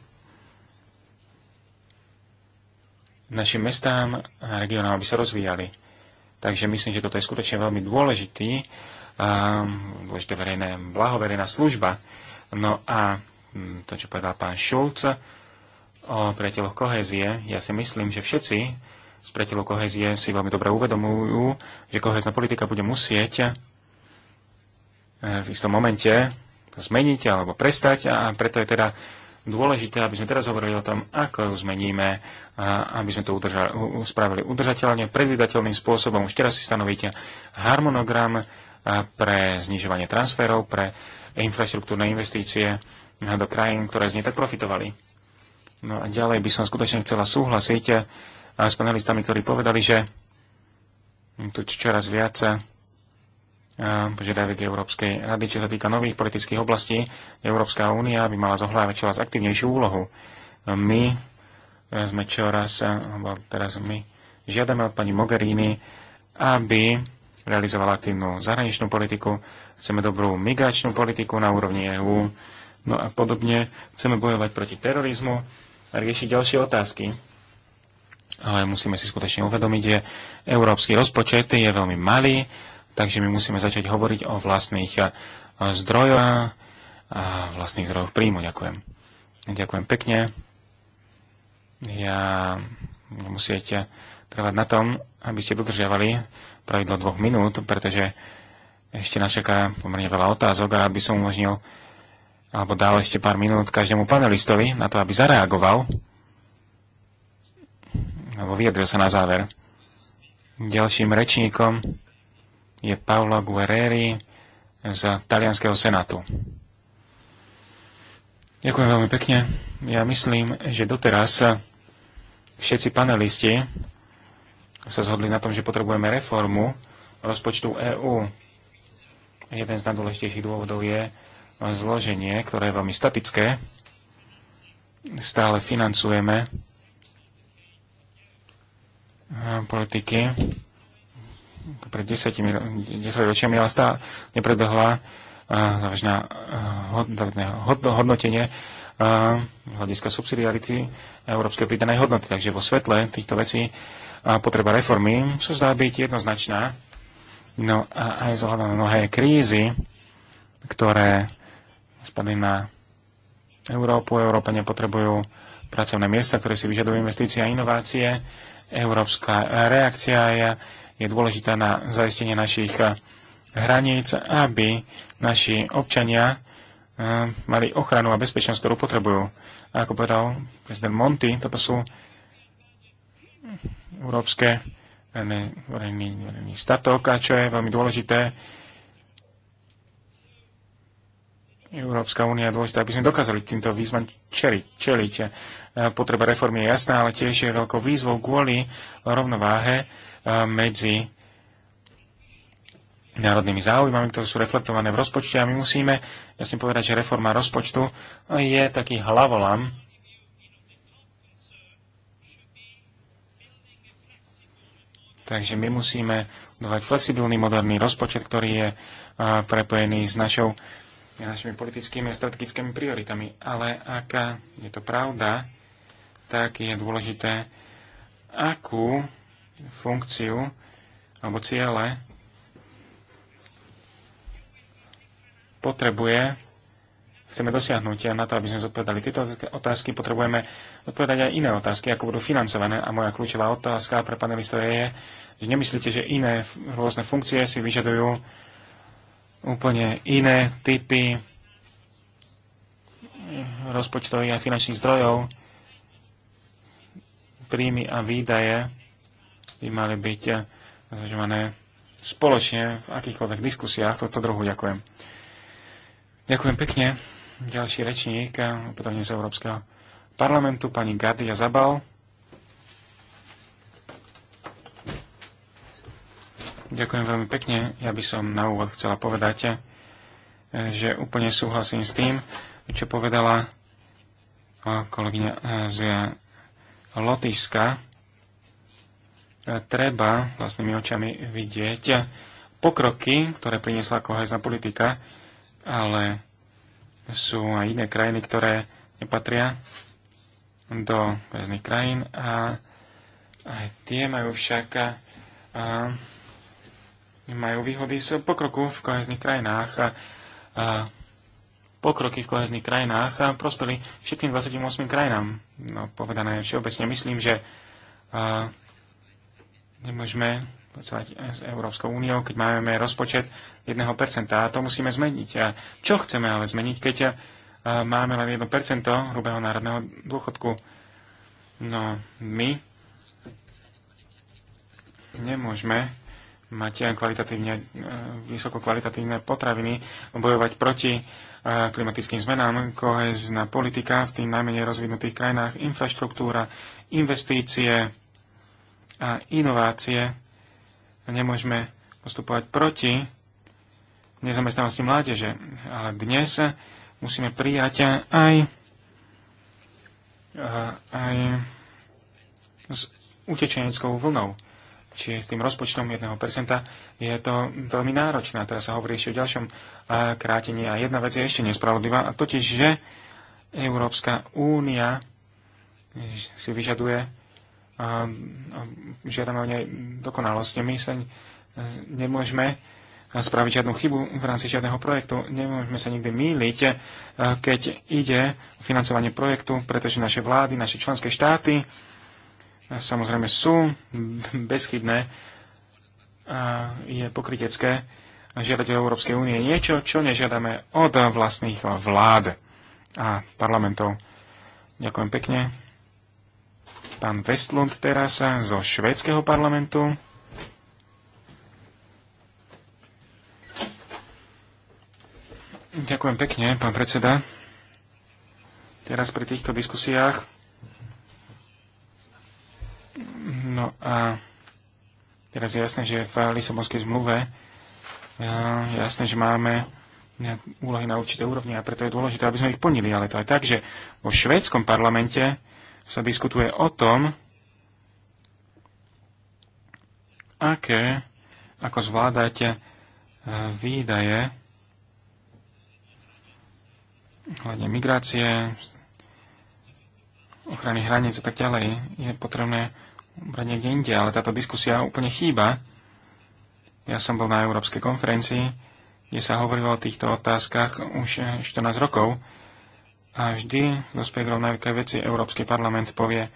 našim mestám a regionám, aby sa rozvíjali. Takže myslím, že toto je skutočne veľmi dôležitý Ehm, dôležité verejné blaho, verejná služba. No a hm, to, čo povedal pán Šulc o priateľoch kohézie, ja si myslím, že všetci z priateľov kohézie si veľmi dobre uvedomujú, že kohézna politika bude musieť eh, v istom momente zmeniť alebo prestať a preto je teda dôležité, aby sme teraz hovorili o tom, ako ju zmeníme, aby sme to udržali, spravili udržateľne, predvydateľným spôsobom. Už teraz si stanovíte harmonogram, pre znižovanie transferov, pre infraštruktúrne investície do krajín, ktoré z nej tak profitovali. No a ďalej by som skutočne chcela súhlasiť eh, s panelistami, ktorí povedali, že tu čoraz viac eh, požiadavek Európskej rady, čo sa týka nových politických oblastí, Európska únia by mala zohľadať čoraz aktívnejšiu úlohu. No my eh, sme čoraz, teraz my žiadame od pani Mogherini, aby realizoval aktívnu zahraničnú politiku, chceme dobrú migračnú politiku na úrovni EÚ, no a podobne chceme bojovať proti terorizmu a riešiť ďalšie otázky. Ale musíme si skutočne uvedomiť, že európsky rozpočet je veľmi malý, takže my musíme začať hovoriť o vlastných zdrojoch a vlastných zdrojoch príjmu. Ďakujem. Ďakujem pekne. Ja musíte trvať na tom, aby ste dodržiavali pravidlo dvoch minút, pretože ešte nás čaká pomerne veľa otázok a aby som umožnil alebo dal ešte pár minút každému panelistovi na to, aby zareagoval alebo vyjadril sa na záver. Ďalším rečníkom je Paolo Guerreri z Talianského senátu. Ďakujem veľmi pekne. Ja myslím, že doteraz všetci panelisti sa zhodli na tom, že potrebujeme reformu rozpočtu EÚ. Jeden z najdôležitejších dôvodov je zloženie, ktoré je veľmi statické. Stále financujeme eh, politiky pred desiatimi, desať ročiami, ale stále neprebehla eh, závažná eh, hodnotenie hľadiska subsidiarity európskej pridanej hodnoty. Takže vo svetle týchto vecí a potreba reformy sa zdá byť jednoznačná. No a aj zohľadom na mnohé krízy, ktoré spadli na Európu. Európa nepotrebujú pracovné miesta, ktoré si vyžadujú investície a inovácie. Európska reakcia je, je dôležitá na zaistenie našich eh, hraníc, aby naši občania e, mali ochranu a bezpečnosť, ktorú potrebujú. A ako povedal prezident Monty, toto sú európske verejný, verejný statok a čo je veľmi dôležité, Európska únia je dôležitá, aby sme dokázali týmto výzvam čeliť. čeliť. Potreba reformy je jasná, ale tiež je veľkou výzvou kvôli rovnováhe medzi národnými záujmami, ktoré sú reflektované v rozpočte a my musíme jasne povedať, že reforma rozpočtu je taký hlavolam Takže my musíme budovať flexibilný moderný rozpočet, ktorý je prepojený s našou, našimi politickými a strategickými prioritami. Ale aká je to pravda, tak je dôležité, akú funkciu alebo ciele potrebuje chceme dosiahnuť. A na to, aby sme zodpovedali tieto otázky, potrebujeme odpovedať aj iné otázky, ako budú financované. A moja kľúčová otázka pre panelistov je, že nemyslíte, že iné rôzne funkcie si vyžadujú úplne iné typy rozpočtových a finančných zdrojov, príjmy a výdaje by mali byť zažované spoločne v akýchkoľvek diskusiách. Toto druhu ďakujem. Ďakujem pekne. Ďalší rečník, eh, opätovne z Európskeho parlamentu, pani Gardia Zabal. Ďakujem veľmi pekne. Ja by som na úvod chcela povedať, eh, že úplne súhlasím s tým, čo povedala eh, kolegyňa z Lotyšska. Treba vlastnými očami vidieť pokroky, ktoré priniesla kohezná politika, ale sú aj iné krajiny, ktoré nepatria do väzných krajín a aj tie majú však a, majú výhody z pokroku v kohezných krajinách a, a pokroky v kohezných krajinách a prospeli všetkým 28 krajinám. No, povedané všeobecne myslím, že a, nemôžeme Eh, s Európskou úniou, keď máme rozpočet 1%. A to musíme zmeniť. A čo chceme ale zmeniť, keď eh, máme len 1% hrubého národného dôchodku? No, my nemôžeme mať kvalitatívne, eh, vysoko kvalitatívne potraviny, bojovať proti klimatickým zmenám, kohezná politika v tých najmenej rozvinutých krajinách, infraštruktúra, investície a inovácie nemôžeme postupovať proti nezamestnanosti mládeže. Ale dnes musíme prijať aj, aj s utečeneckou vlnou. Čiže s tým rozpočtom 1% je to veľmi náročné. teraz sa hovorí ešte o ďalšom krátení. A jedna vec je ešte nespravodlivá, a totiž, že Európska únia si vyžaduje a, a žiadame o nej dokonalosť. My sa nemôžeme spraviť žiadnu chybu v rámci žiadneho projektu. Nemôžeme sa nikdy míliť, e, keď ide o financovanie projektu, pretože naše vlády, naše členské štáty e, samozrejme sú bezchybné a je pokrytecké žiadať o Európskej únie niečo, čo nežiadame od vlastných vlád a parlamentov. Ďakujem pekne. Pán Westlund teraz zo švédskeho parlamentu. Ďakujem pekne, pán predseda. Teraz pri týchto diskusiách. No a teraz je jasné, že v Lisabonskej zmluve eh, je jasné, že máme úlohy na určité úrovni a preto je dôležité, aby sme ich plnili. Ale to je tak, že vo švédskom parlamente sa diskutuje o tom, aké, ako zvládate eh, výdaje hľadne migrácie, ochrany hraníc a tak ďalej. Je potrebné brať niekde inde, ale táto diskusia úplne chýba. Ja som bol na Európskej konferencii, kde sa hovorilo o týchto otázkach už 14 eh, rokov a vždy dospie k rovnakej veci. Európsky parlament povie,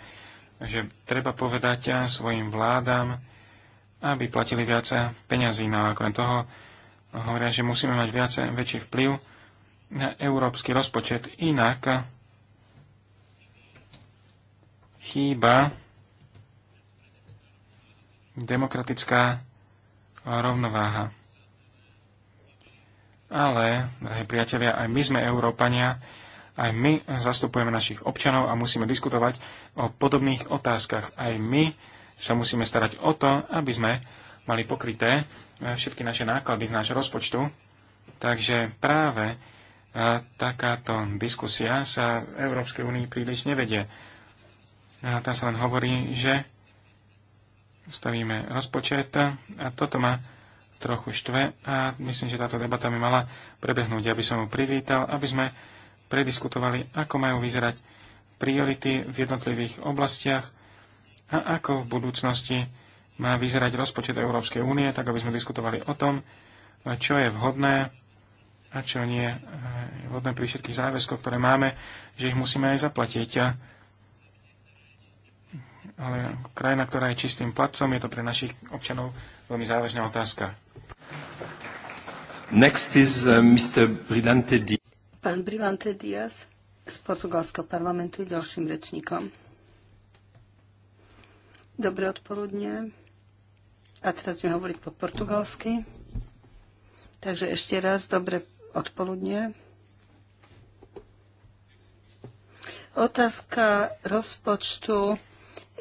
že treba povedať svojim vládam, aby platili viac peňazí. No a okrem toho hovoria, že musíme mať viac, väčší vplyv na európsky rozpočet. Inak chýba demokratická rovnováha. Ale, drahí priatelia, aj my sme Európania aj my zastupujeme našich občanov a musíme diskutovať o podobných otázkach. Aj my sa musíme starať o to, aby sme mali pokryté e, všetky naše náklady z nášho rozpočtu. Takže práve e, takáto diskusia sa v Európskej únii príliš nevedie. A tam sa len hovorí, že stavíme rozpočet a toto ma trochu štve a myslím, že táto debata mi mala prebehnúť, aby som ju privítal, aby sme prediskutovali, ako majú vyzerať priority v jednotlivých oblastiach a ako v budúcnosti má vyzerať rozpočet Európskej únie, tak aby sme diskutovali o tom, čo je vhodné a čo nie je vhodné pri všetkých záväzkoch, ktoré máme, že ich musíme aj zaplatiť. Ale krajina, ktorá je čistým placom, je to pre našich občanov veľmi závažná otázka. Next is uh, e, Mr. Brilante Di Pán Brilante Díaz z portugalského parlamentu je ďalším rečníkom. Dobré odpoludne. A teraz budem hovoriť po portugalsky. Takže ešte raz dobré odpoludne. Otázka rozpočtu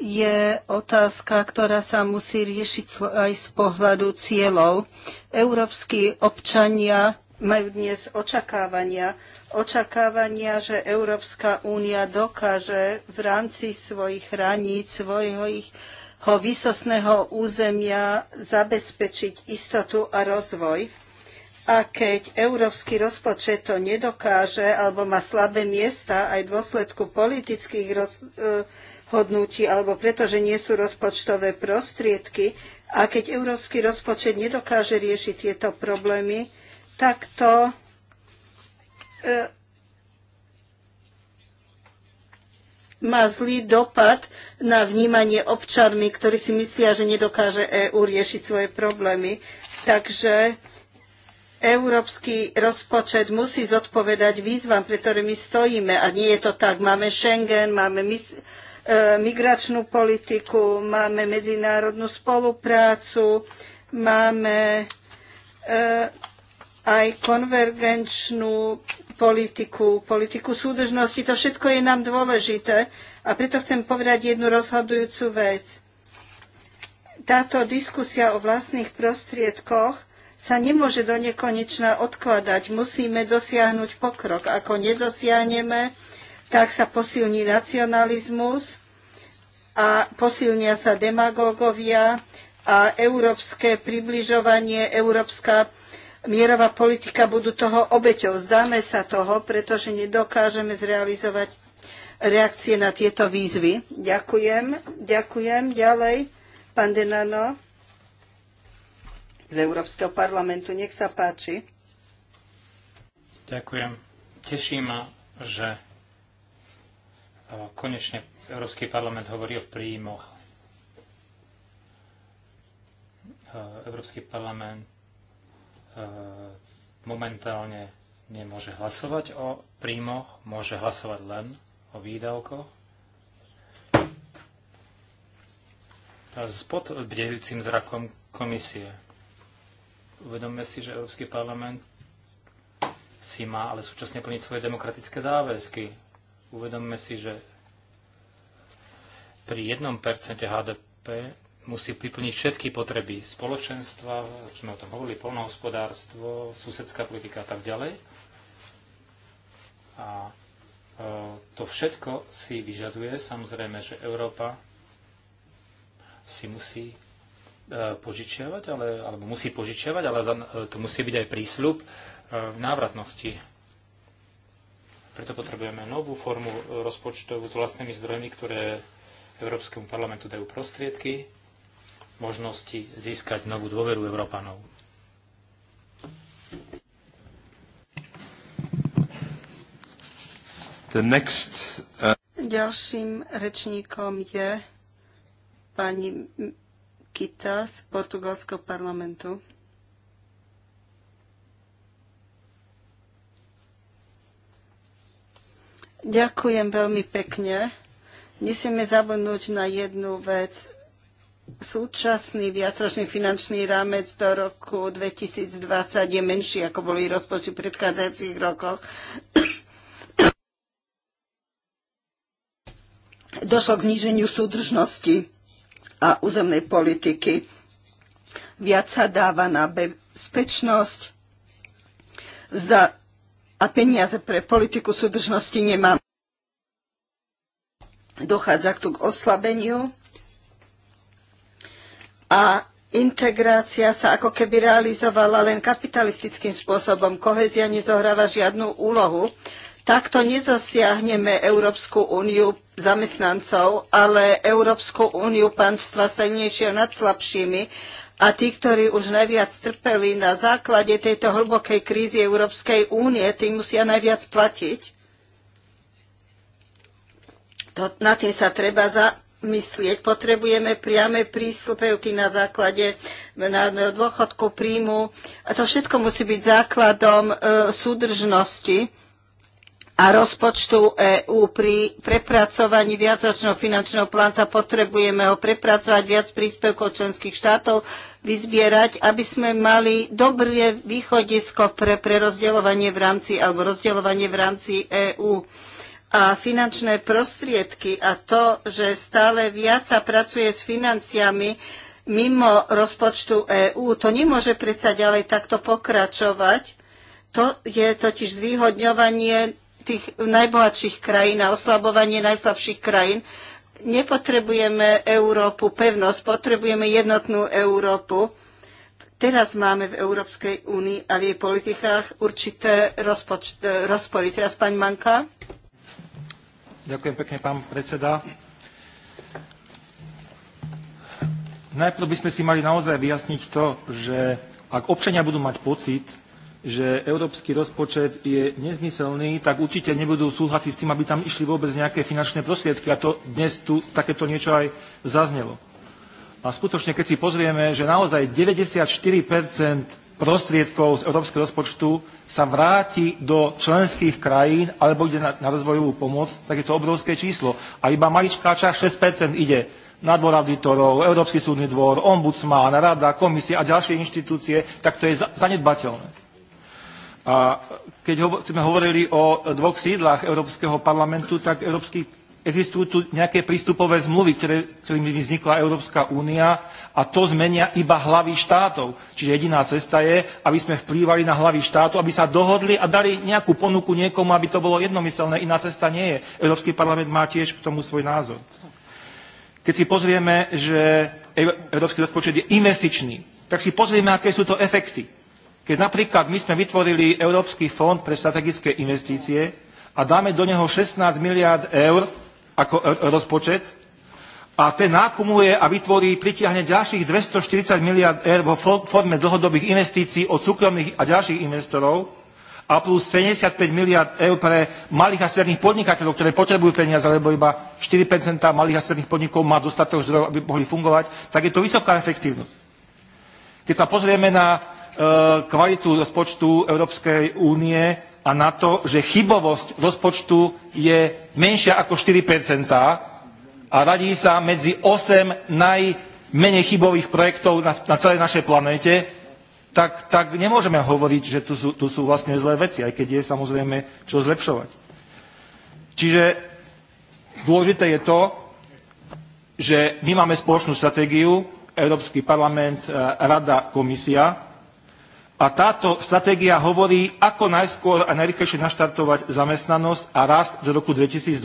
je otázka, ktorá sa musí riešiť aj z pohľadu cieľov. Európsky občania majú dnes očakávania. Očakávania, že Európska únia dokáže v rámci svojich hraníc, svojho ich ho vysosného územia zabezpečiť istotu a rozvoj. A keď európsky rozpočet to nedokáže alebo má slabé miesta aj v dôsledku politických rozhodnutí e, alebo pretože nie sú rozpočtové prostriedky, a keď európsky rozpočet nedokáže riešiť tieto problémy, takto e, má zlý dopad na vnímanie občanmi, ktorí si myslia, že nedokáže EÚ riešiť svoje problémy. Takže európsky rozpočet musí zodpovedať výzvam, pre ktorými stojíme. A nie je to tak. Máme Schengen, máme mis- e, migračnú politiku, máme medzinárodnú spoluprácu, máme e, aj konvergenčnú politiku, politiku súdržnosti. To všetko je nám dôležité a preto chcem povedať jednu rozhodujúcu vec. Táto diskusia o vlastných prostriedkoch sa nemôže do nekonečna odkladať. Musíme dosiahnuť pokrok. Ako nedosiahneme, tak sa posilní nacionalizmus a posilnia sa demagógovia a európske približovanie, európska mierová politika budú toho obeťou. Zdáme sa toho, pretože nedokážeme zrealizovať reakcie na tieto výzvy. Ďakujem, ďakujem. Ďalej, pán Denano z Európskeho parlamentu, nech sa páči. Ďakujem. Teší ma, že e, konečne Európsky parlament hovorí o príjmoch. E, Európsky parlament E, momentálne nemôže hlasovať o príjmoch, môže hlasovať len o výdavkoch. S pod zrakom komisie. Uvedomme si, že Európsky parlament si má ale súčasne plniť svoje demokratické záväzky. Uvedomme si, že pri 1% HDP musí vyplniť všetky potreby spoločenstva, sme o tom hovorili, polnohospodárstvo, susedská politika a tak ďalej. A e, to všetko si vyžaduje, samozrejme, že Európa si musí e, požičiavať, ale, alebo musí požičiavať, ale e, to musí byť aj prísľub návratnosti. Preto potrebujeme novú formu rozpočtov s vlastnými zdrojmi, ktoré Európskemu parlamentu dajú prostriedky, možnosti získať novú dôveru Európanov. The next, uh... Ďalším rečníkom je pani Kita z portugalského parlamentu. Ďakujem veľmi pekne. Nesmieme zabudnúť na jednu vec súčasný viacročný finančný rámec do roku 2020 je menší, ako boli rozpočty v predchádzajúcich rokoch. Došlo k zníženiu súdržnosti a územnej politiky. Viac sa dáva na bezpečnosť Zda a peniaze pre politiku súdržnosti nemá. Dochádza tu k oslabeniu a integrácia sa ako keby realizovala len kapitalistickým spôsobom. Kohezia nezohráva žiadnu úlohu. Takto nezosiahneme Európsku úniu zamestnancov, ale Európsku úniu panstva sa silnejšie nad slabšími a tí, ktorí už najviac trpeli na základe tejto hlbokej krízy Európskej únie, tí musia najviac platiť. To, na tým sa treba za, myslieť. Potrebujeme priame príspevky na základe na dôchodku príjmu. A to všetko musí byť základom e, súdržnosti a rozpočtu EÚ pri prepracovaní viacročného finančného sa potrebujeme ho prepracovať viac príspevkov členských štátov, vyzbierať, aby sme mali dobré východisko pre prerozdeľovanie v rámci alebo rozdeľovanie v rámci EÚ a finančné prostriedky a to, že stále viac sa pracuje s financiami mimo rozpočtu EÚ, to nemôže predsa ďalej takto pokračovať. To je totiž zvýhodňovanie tých najbohatších krajín a oslabovanie najslabších krajín. Nepotrebujeme Európu pevnosť, potrebujeme jednotnú Európu. Teraz máme v Európskej únii a v jej politikách určité rozpočt, rozpory. Teraz pani Manka. Ďakujem pekne, pán predseda. Najprv by sme si mali naozaj vyjasniť to, že ak občania budú mať pocit, že európsky rozpočet je nezmyselný, tak určite nebudú súhlasiť s tým, aby tam išli vôbec nejaké finančné prostriedky. A to dnes tu takéto niečo aj zaznelo. A skutočne, keď si pozrieme, že naozaj 94 prostriedkov z európskeho rozpočtu sa vráti do členských krajín alebo ide na, na rozvojovú pomoc, tak je to obrovské číslo. A iba maličká časť 6% ide na dvor auditorov, Európsky súdny dvor, ombudsman, rada, komisia a ďalšie inštitúcie, tak to je zanedbateľné. A keď sme hovorili o dvoch sídlach Európskeho parlamentu, tak Európsky existujú tu nejaké prístupové zmluvy, ktoré, ktorými vznikla Európska únia a to zmenia iba hlavy štátov. Čiže jediná cesta je, aby sme vplývali na hlavy štátov, aby sa dohodli a dali nejakú ponuku niekomu, aby to bolo jednomyselné. Iná cesta nie je. Európsky parlament má tiež k tomu svoj názor. Keď si pozrieme, že európsky rozpočet je investičný, tak si pozrieme, aké sú to efekty. Keď napríklad my sme vytvorili Európsky fond pre strategické investície a dáme do neho 16 miliard eur, ako e, rozpočet a ten nákumuluje a vytvorí, pritiahne ďalších 240 miliard eur vo forme dlhodobých investícií od súkromných a ďalších investorov a plus 75 miliard eur pre malých a stredných podnikateľov, ktoré potrebujú peniaze, lebo iba 4 malých a stredných podnikov má dostatok zdrojov, aby mohli fungovať, tak je to vysoká efektívnosť. Keď sa pozrieme na e, kvalitu rozpočtu Európskej únie, a na to, že chybovosť rozpočtu je menšia ako 4 a radí sa medzi 8 najmenej chybových projektov na, na celej našej planéte, tak, tak nemôžeme hovoriť, že tu sú, tu sú vlastne zlé veci, aj keď je samozrejme čo zlepšovať. Čiže dôležité je to, že my máme spoločnú stratégiu, Európsky parlament, e, Rada, Komisia, a táto stratégia hovorí, ako najskôr a najrychlejšie naštartovať zamestnanosť a rast do roku 2020,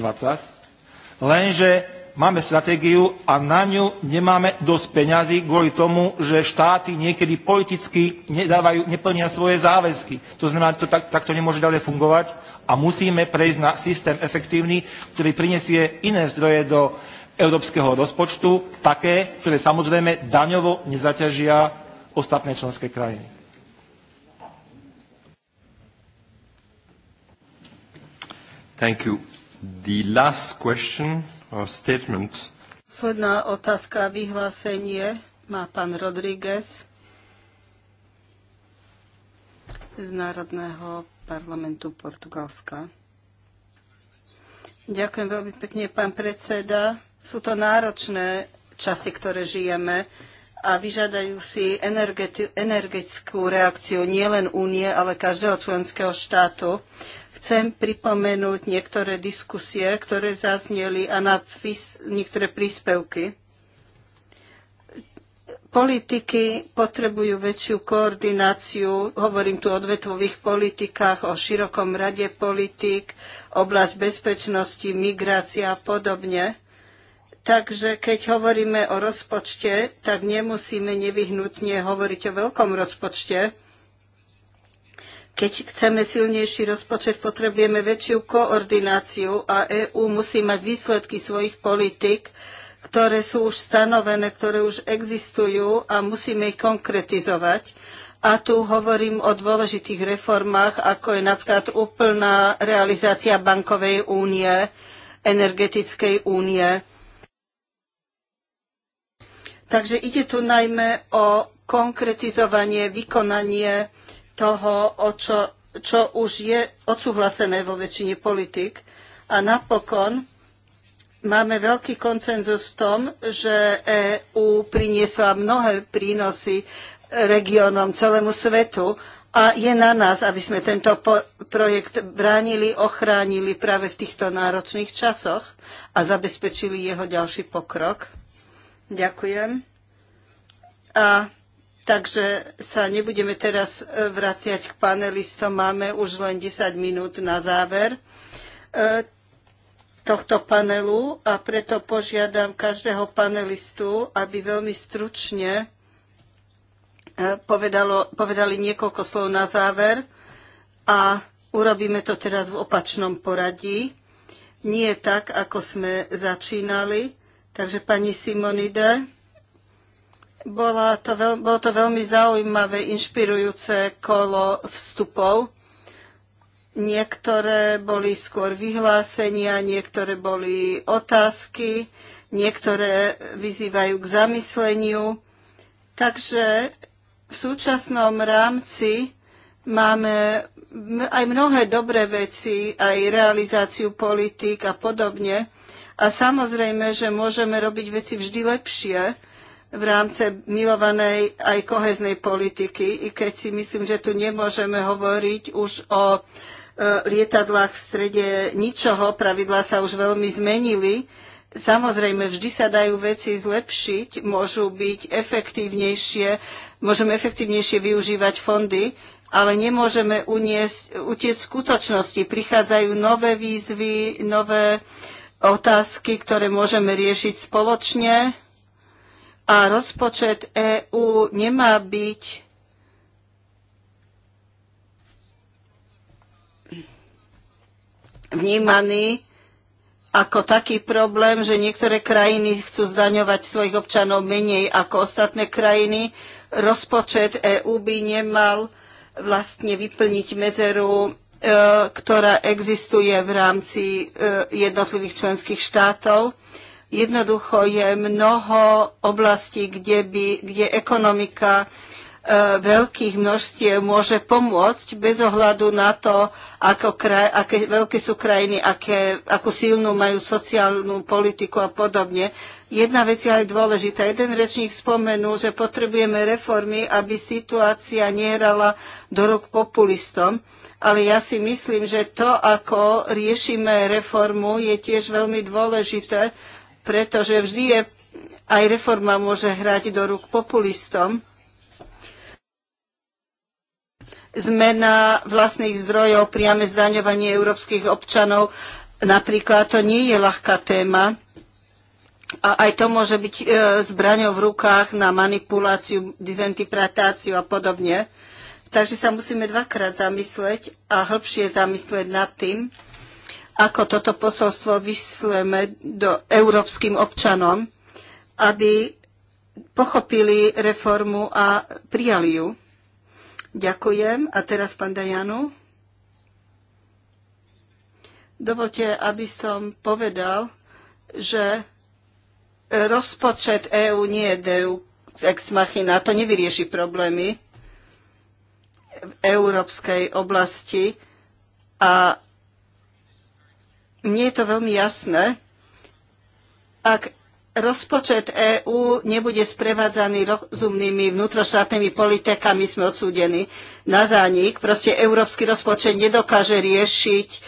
lenže máme stratégiu a na ňu nemáme dosť peňazí kvôli tomu, že štáty niekedy politicky nedávajú, neplnia svoje záväzky. To znamená, to tak, takto nemôže ďalej fungovať a musíme prejsť na systém efektívny, ktorý prinesie iné zdroje do európskeho rozpočtu, také, ktoré samozrejme daňovo nezaťažia ostatné členské krajiny. Thank you. The last question or statement. Posledná otázka, a vyhlásenie má pán Rodríguez z Národného parlamentu Portugalska. Ďakujem veľmi pekne, pán predseda. Sú to náročné časy, ktoré žijeme a vyžadajú si energetickú reakciu nielen únie, ale každého členského štátu. Chcem pripomenúť niektoré diskusie, ktoré zazneli a na niektoré príspevky. Politiky potrebujú väčšiu koordináciu, hovorím tu o odvetvových politikách, o širokom rade politik, oblasť bezpečnosti, migrácia a podobne. Takže keď hovoríme o rozpočte, tak nemusíme nevyhnutne hovoriť o veľkom rozpočte. Keď chceme silnejší rozpočet, potrebujeme väčšiu koordináciu a EÚ musí mať výsledky svojich politik, ktoré sú už stanovené, ktoré už existujú a musíme ich konkretizovať. A tu hovorím o dôležitých reformách, ako je napríklad úplná realizácia bankovej únie, energetickej únie. Takže ide tu najmä o konkretizovanie, vykonanie toho, o čo, čo už je odsúhlasené vo väčšine politik. A napokon máme veľký koncenzus v tom, že EÚ priniesla mnohé prínosy regiónom, celému svetu a je na nás, aby sme tento projekt bránili, ochránili práve v týchto náročných časoch a zabezpečili jeho ďalší pokrok. Ďakujem. A Takže sa nebudeme teraz e, vraciať k panelistom. Máme už len 10 minút na záver e, tohto panelu a preto požiadam každého panelistu, aby veľmi stručne e, povedalo, povedali niekoľko slov na záver a urobíme to teraz v opačnom poradí. Nie tak, ako sme začínali. Takže pani Simonide. Bola to veľ, bolo to veľmi zaujímavé, inšpirujúce kolo vstupov. Niektoré boli skôr vyhlásenia, niektoré boli otázky, niektoré vyzývajú k zamysleniu. Takže v súčasnom rámci máme aj mnohé dobré veci, aj realizáciu politík a podobne. A samozrejme, že môžeme robiť veci vždy lepšie v rámci milovanej aj koheznej politiky, i keď si myslím, že tu nemôžeme hovoriť už o e, lietadlách v strede ničoho, pravidlá sa už veľmi zmenili. Samozrejme, vždy sa dajú veci zlepšiť, môžu byť efektívnejšie, môžeme efektívnejšie využívať fondy, ale nemôžeme uniesť, utiec skutočnosti. Prichádzajú nové výzvy, nové otázky, ktoré môžeme riešiť spoločne a rozpočet EÚ nemá byť vnímaný ako taký problém, že niektoré krajiny chcú zdaňovať svojich občanov menej ako ostatné krajiny. Rozpočet EÚ by nemal vlastne vyplniť medzeru, e, ktorá existuje v rámci e, jednotlivých členských štátov. Jednoducho je mnoho oblastí, kde, by, kde ekonomika e, veľkých množstiev môže pomôcť bez ohľadu na to, ako kraj, aké veľké sú krajiny, aké, akú silnú majú sociálnu politiku a podobne. Jedna vec je aj dôležitá. Jeden rečník spomenul, že potrebujeme reformy, aby situácia nehrala do rúk populistom. Ale ja si myslím, že to, ako riešime reformu, je tiež veľmi dôležité, pretože vždy je, aj reforma môže hrať do rúk populistom. Zmena vlastných zdrojov, priame zdaňovanie európskych občanov, napríklad to nie je ľahká téma. A aj to môže byť e, zbraňou v rukách na manipuláciu, dizentipratáciu a podobne. Takže sa musíme dvakrát zamyslieť a hĺbšie zamyslieť nad tým, ako toto posolstvo vysleme do európskym občanom, aby pochopili reformu a prijali ju. Ďakujem. A teraz pán Dajanu. Dovolte, aby som povedal, že rozpočet EÚ nie je DEU ex machina. To nevyrieši problémy v európskej oblasti a mne je to veľmi jasné, ak rozpočet EÚ nebude sprevádzaný rozumnými vnútroštátnymi politikami, sme odsúdení na zánik. Proste európsky rozpočet nedokáže riešiť e,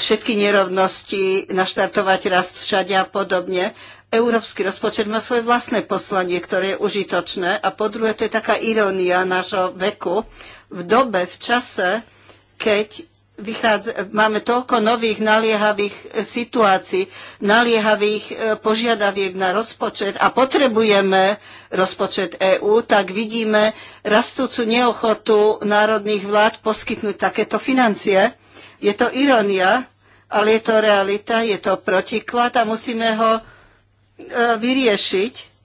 všetky nerovnosti, naštartovať rast všade a podobne. Európsky rozpočet má svoje vlastné poslanie, ktoré je užitočné. A po druhé, to je taká irónia nášho veku. V dobe, v čase, keď vychádza, máme toľko nových naliehavých e, situácií, naliehavých e, požiadaviek na rozpočet a potrebujeme rozpočet EÚ, tak vidíme rastúcu neochotu národných vlád poskytnúť takéto financie. Je to ironia, ale je to realita, je to protiklad a musíme ho e, vyriešiť.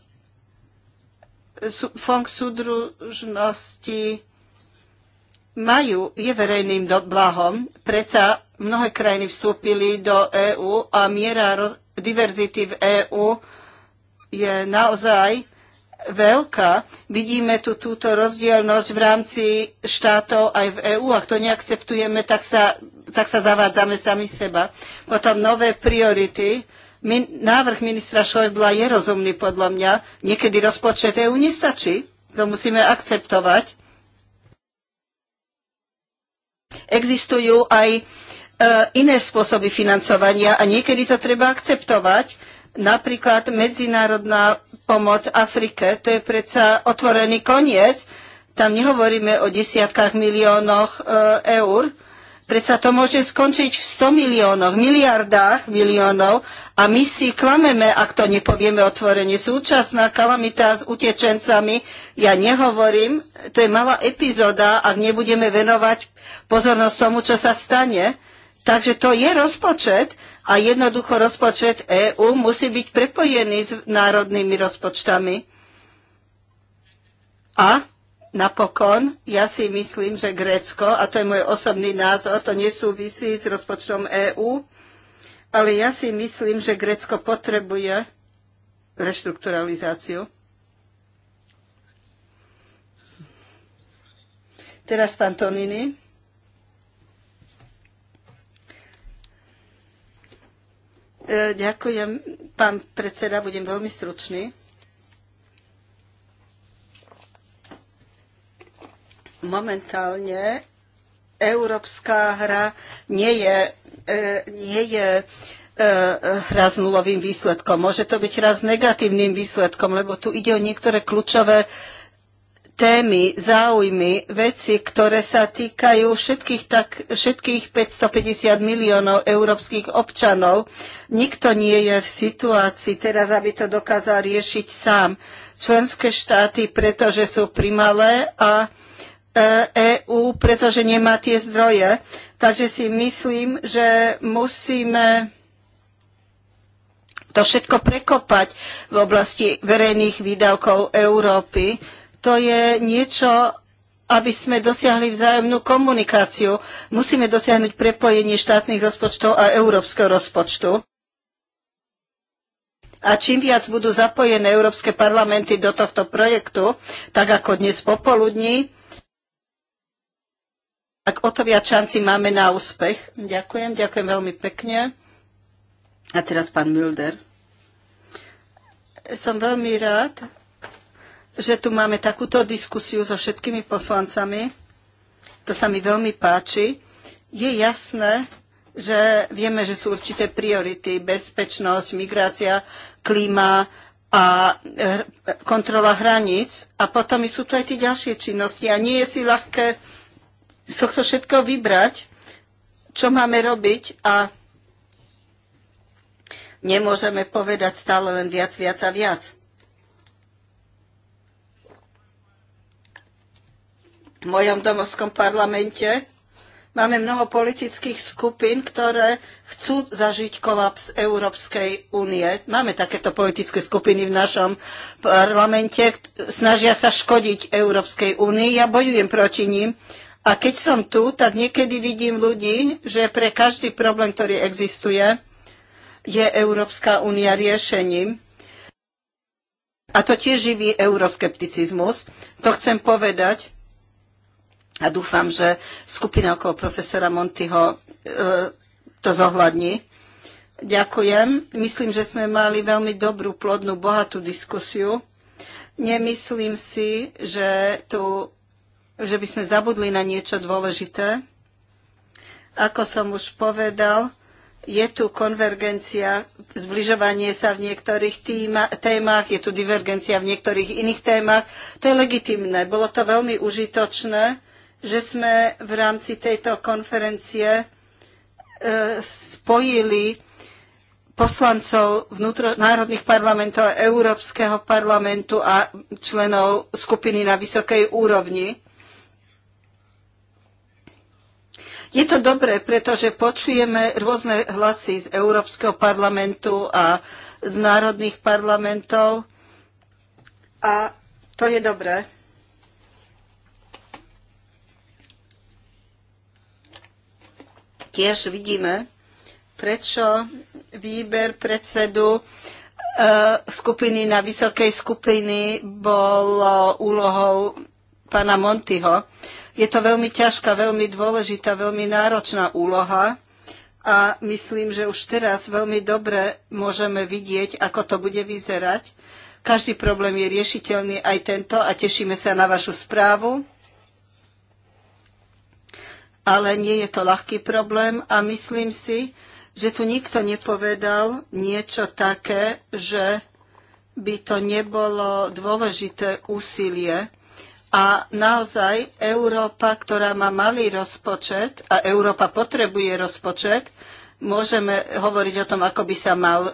Fond súdružnosti majú, je verejným do, blahom. predsa mnohé krajiny vstúpili do EÚ a miera diverzity v EÚ je naozaj veľká. Vidíme tu túto rozdielnosť v rámci štátov aj v EÚ. Ak to neakceptujeme, tak sa, tak sa zavádzame sami seba. Potom nové priority. Min, návrh ministra Šojbla je rozumný podľa mňa. Niekedy rozpočet EÚ nestačí. To musíme akceptovať. Existujú aj e, iné spôsoby financovania a niekedy to treba akceptovať. Napríklad medzinárodná pomoc Afrike, to je predsa otvorený koniec. Tam nehovoríme o desiatkách miliónoch e, eur. Predsa to môže skončiť v 100 miliónoch, miliardách miliónov a my si klameme, ak to nepovieme otvorene. Súčasná kalamita s utečencami, ja nehovorím, to je malá epizóda, ak nebudeme venovať pozornosť tomu, čo sa stane. Takže to je rozpočet a jednoducho rozpočet EÚ musí byť prepojený s národnými rozpočtami. A Napokon, ja si myslím, že Grécko, a to je môj osobný názor, to nesúvisí s rozpočtom EÚ, ale ja si myslím, že Grécko potrebuje reštrukturalizáciu. Teraz pán Tonini. E, ďakujem, pán predseda, budem veľmi stručný. momentálne európska hra nie je, e, nie je e, hra s nulovým výsledkom. Môže to byť hra s negatívnym výsledkom, lebo tu ide o niektoré kľúčové témy, záujmy, veci, ktoré sa týkajú všetkých, tak, všetkých 550 miliónov európskych občanov. Nikto nie je v situácii teraz, aby to dokázal riešiť sám. Členské štáty, pretože sú primalé a EÚ, e pretože nemá tie zdroje. Takže si myslím, že musíme to všetko prekopať v oblasti verejných výdavkov Európy. To je niečo, aby sme dosiahli vzájomnú komunikáciu. Musíme dosiahnuť prepojenie štátnych rozpočtov a európskeho rozpočtu. A čím viac budú zapojené európske parlamenty do tohto projektu, tak ako dnes popoludní, tak o to viac šanci máme na úspech. Ďakujem, ďakujem veľmi pekne. A teraz pán Mulder. Som veľmi rád, že tu máme takúto diskusiu so všetkými poslancami. To sa mi veľmi páči. Je jasné, že vieme, že sú určité priority. Bezpečnosť, migrácia, klíma, a kontrola hraníc. A potom sú tu aj tie ďalšie činnosti. A nie je si ľahké z tohto všetko vybrať, čo máme robiť a nemôžeme povedať stále len viac, viac a viac. V mojom domovskom parlamente máme mnoho politických skupín, ktoré chcú zažiť kolaps Európskej únie. Máme takéto politické skupiny v našom parlamente, snažia sa škodiť Európskej únii. Ja bojujem proti ním, a keď som tu, tak niekedy vidím ľudí, že pre každý problém, ktorý existuje, je Európska únia riešením. A to tiež živý euroskepticizmus. To chcem povedať a dúfam, že skupina okolo profesora Montyho e, to zohľadní. Ďakujem. Myslím, že sme mali veľmi dobrú, plodnú, bohatú diskusiu. Nemyslím si, že tu že by sme zabudli na niečo dôležité. Ako som už povedal, je tu konvergencia, zbližovanie sa v niektorých týma, témach, je tu divergencia v niektorých iných témach. To je legitimné. Bolo to veľmi užitočné, že sme v rámci tejto konferencie e, spojili poslancov vnútro, národných parlamentov, Európskeho parlamentu a členov skupiny na vysokej úrovni. Je to dobré, pretože počujeme rôzne hlasy z Európskeho parlamentu a z národných parlamentov a to je dobré. Tiež vidíme, prečo výber predsedu e, skupiny na vysokej skupiny bolo úlohou pána Montyho. Je to veľmi ťažká, veľmi dôležitá, veľmi náročná úloha a myslím, že už teraz veľmi dobre môžeme vidieť, ako to bude vyzerať. Každý problém je riešiteľný aj tento a tešíme sa na vašu správu. Ale nie je to ľahký problém a myslím si, že tu nikto nepovedal niečo také, že by to nebolo dôležité úsilie a naozaj Európa, ktorá má malý rozpočet a Európa potrebuje rozpočet, môžeme hovoriť o tom, ako by sa mal e,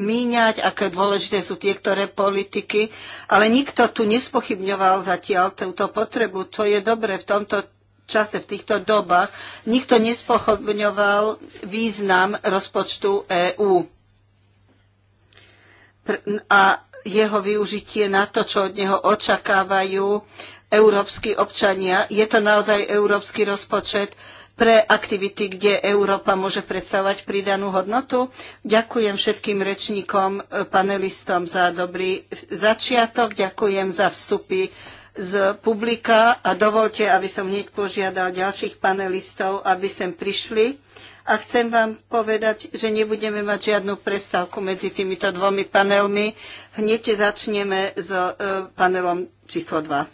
míňať, aké dôležité sú tie, ktoré politiky, ale nikto tu nespochybňoval zatiaľ túto potrebu. To je dobre v tomto čase, v týchto dobách. Nikto nespochybňoval význam rozpočtu EÚ. A jeho využitie na to, čo od neho očakávajú európsky občania. Je to naozaj európsky rozpočet pre aktivity, kde Európa môže predstavovať pridanú hodnotu. Ďakujem všetkým rečníkom, panelistom za dobrý začiatok, ďakujem za vstupy z publika a dovolte, aby som hneď požiadal ďalších panelistov, aby sem prišli. A chcem vám povedať, že nebudeme mať žiadnu prestávku medzi týmito dvomi panelmi. Hneď začneme s so, e, panelom číslo 2.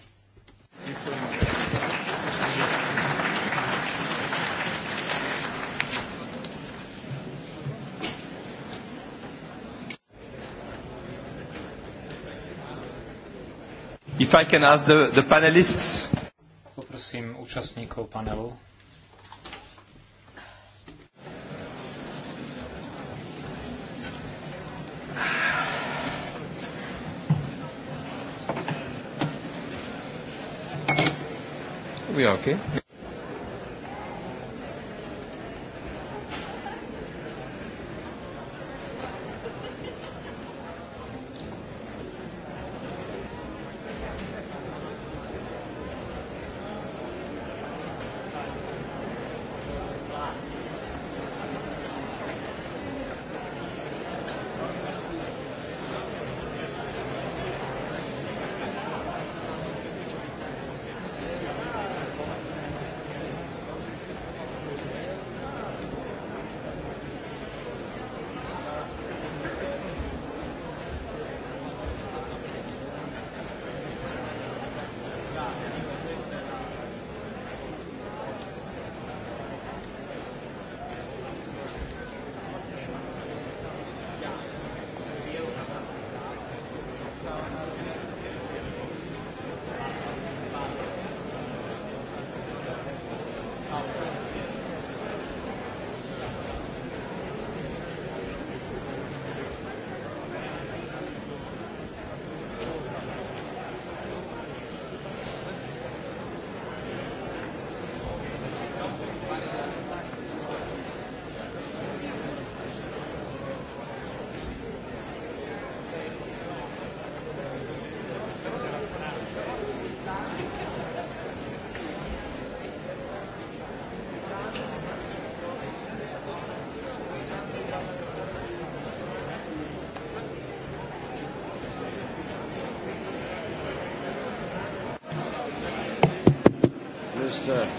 If I can ask the, the panelists. Poprosím účastníkov panelu, We are okay.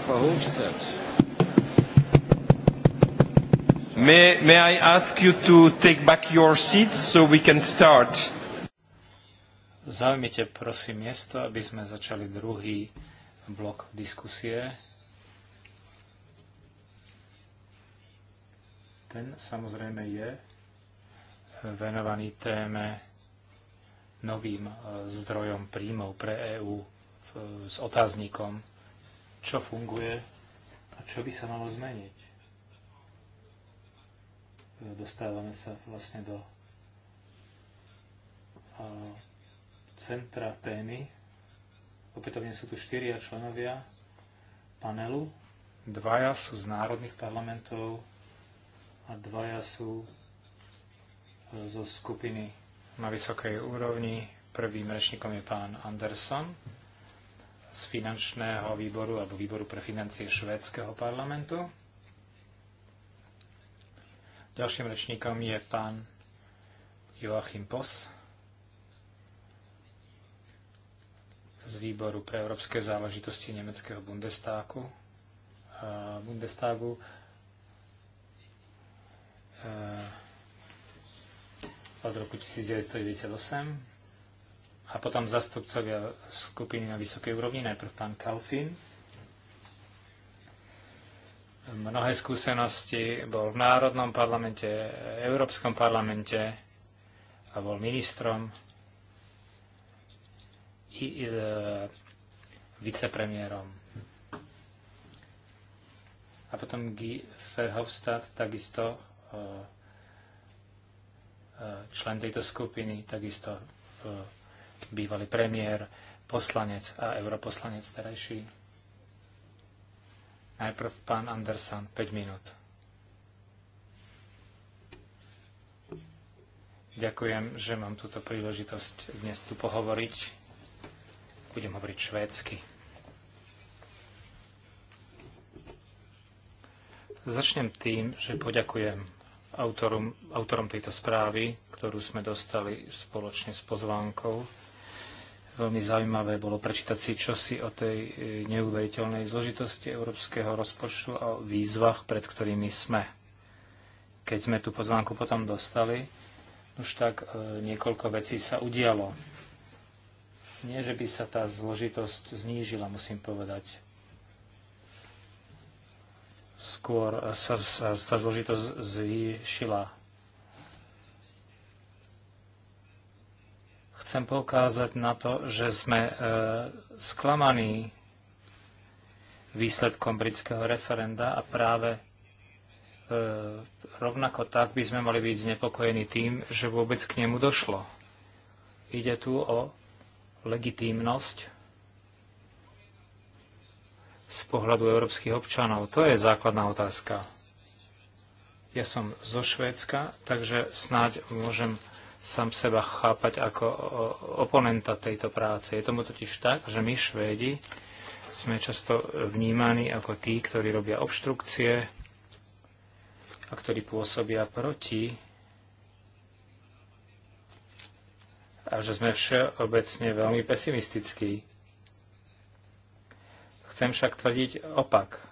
Frau May, may I ask you to take back your seats so we can start? Zaujmite prosím miesto, aby sme začali druhý blok diskusie. Ten samozrejme je venovaný téme novým e, zdrojom príjmov pre EÚ e, s otáznikom čo funguje a čo by sa malo zmeniť. Dostávame sa vlastne do centra témy. Opätovne sú tu štyria členovia panelu. Dvaja sú z národných parlamentov a dvaja sú e, zo skupiny na vysokej úrovni. Prvým rečníkom je pán Anderson z finančného výboru alebo výboru pre financie švédskeho parlamentu. Ďalším rečníkom je pán Joachim Pos z výboru pre európske záležitosti nemeckého Bundestagu. Bundestagu e, od roku 1998 a potom zastupcovia skupiny na vysokej úrovni, najprv pán Kalfin. Mnohé skúsenosti bol v Národnom parlamente, Európskom parlamente a bol ministrom i, i e, vicepremiérom. A potom Guy Verhofstadt, takisto e, e člen tejto skupiny, takisto e, bývalý premiér, poslanec a europoslanec terajší. Najprv pán Anderson, 5 minút. Ďakujem, že mám túto príležitosť dnes tu pohovoriť. Budem hovoriť švédsky. Začnem tým, že poďakujem autorom, autorom tejto správy, ktorú sme dostali spoločne s pozvánkou Veľmi zaujímavé bolo prečítať si čosi o tej e, neuveriteľnej zložitosti európskeho rozpočtu a o výzvach, pred ktorými sme. Keď sme tú pozvánku potom dostali, už tak e, niekoľko vecí sa udialo. Nie, že by sa tá zložitosť znížila, musím povedať. Skôr sa, sa tá zložitosť zvýšila Chcem poukázať na to, že sme e, sklamaní výsledkom britského referenda a práve e, rovnako tak by sme mali byť znepokojení tým, že vôbec k nemu došlo. Ide tu o legitímnosť z pohľadu európskych občanov? To je základná otázka. Ja som zo Švédska, takže snáď môžem sám seba chápať ako oponenta tejto práce. Je tomu totiž tak, že my Švédi sme často vnímaní ako tí, ktorí robia obštrukcie a ktorí pôsobia proti a že sme všeobecne veľmi pesimistickí. Chcem však tvrdiť opak.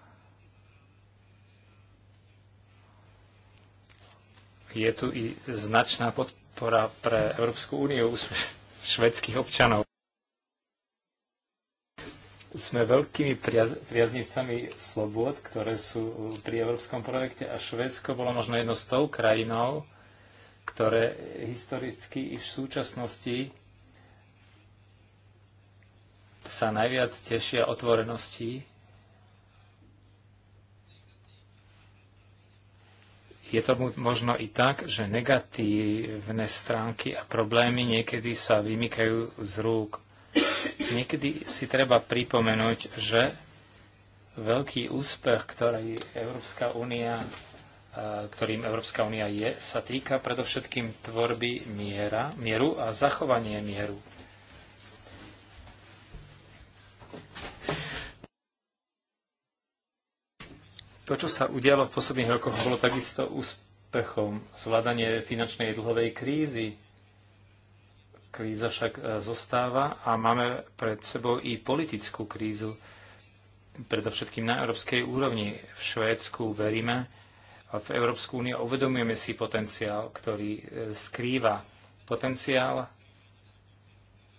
je tu i značná podpora podpora pre Európsku úniu švedských občanov. Sme veľkými priaz- priaznivcami slobôd, ktoré sú pri európskom projekte a Švédsko bolo možno jedno z tou krajinou, ktoré historicky i v súčasnosti sa najviac tešia otvorenosti Je to možno i tak, že negatívne stránky a problémy niekedy sa vymykajú z rúk. Niekedy si treba pripomenúť, že veľký úspech, ktorý Európska únia, ktorým Európska únia je, sa týka predovšetkým tvorby miera, mieru a zachovanie mieru. To, čo sa udialo v posledných rokoch, bolo takisto úspechom. Zvládanie finančnej dlhovej krízy. Kríza však e, zostáva a máme pred sebou i politickú krízu, predovšetkým na európskej úrovni. V Švédsku veríme a v Európsku úniu uvedomujeme si potenciál, ktorý e, skrýva potenciál,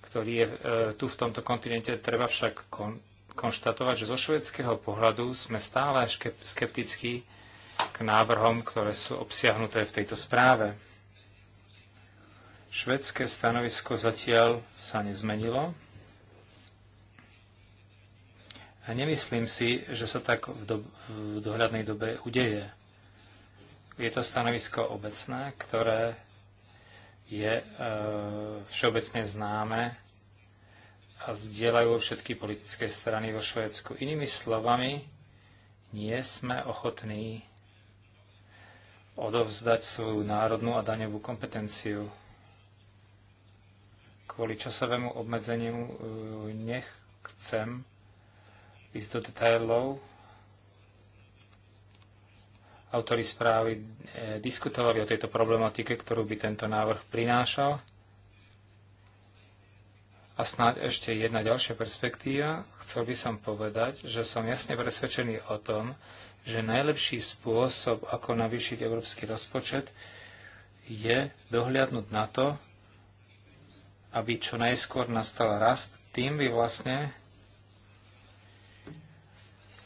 ktorý je e, tu v tomto kontinente, treba však kon- konštatovať, že zo švedského pohľadu sme stále skeptickí k návrhom, ktoré sú obsiahnuté v tejto správe. Švedské stanovisko zatiaľ sa nezmenilo a nemyslím si, že sa tak v, do, v dohľadnej dobe udeje. Je to stanovisko obecné, ktoré je e, všeobecne známe a zdieľajú všetky politické strany vo Švédsku. Inými slovami, nie sme ochotní odovzdať svoju národnú a daňovú kompetenciu. Kvôli časovému obmedzeniu e, nechcem ísť do detailov. Autori správy e, diskutovali o tejto problematike, ktorú by tento návrh prinášal. A snáď ešte jedna ďalšia perspektíva. Chcel by som povedať, že som jasne presvedčený o tom, že najlepší spôsob, ako navýšiť európsky rozpočet, je dohliadnúť na to, aby čo najskôr nastal rast. Tým by vlastne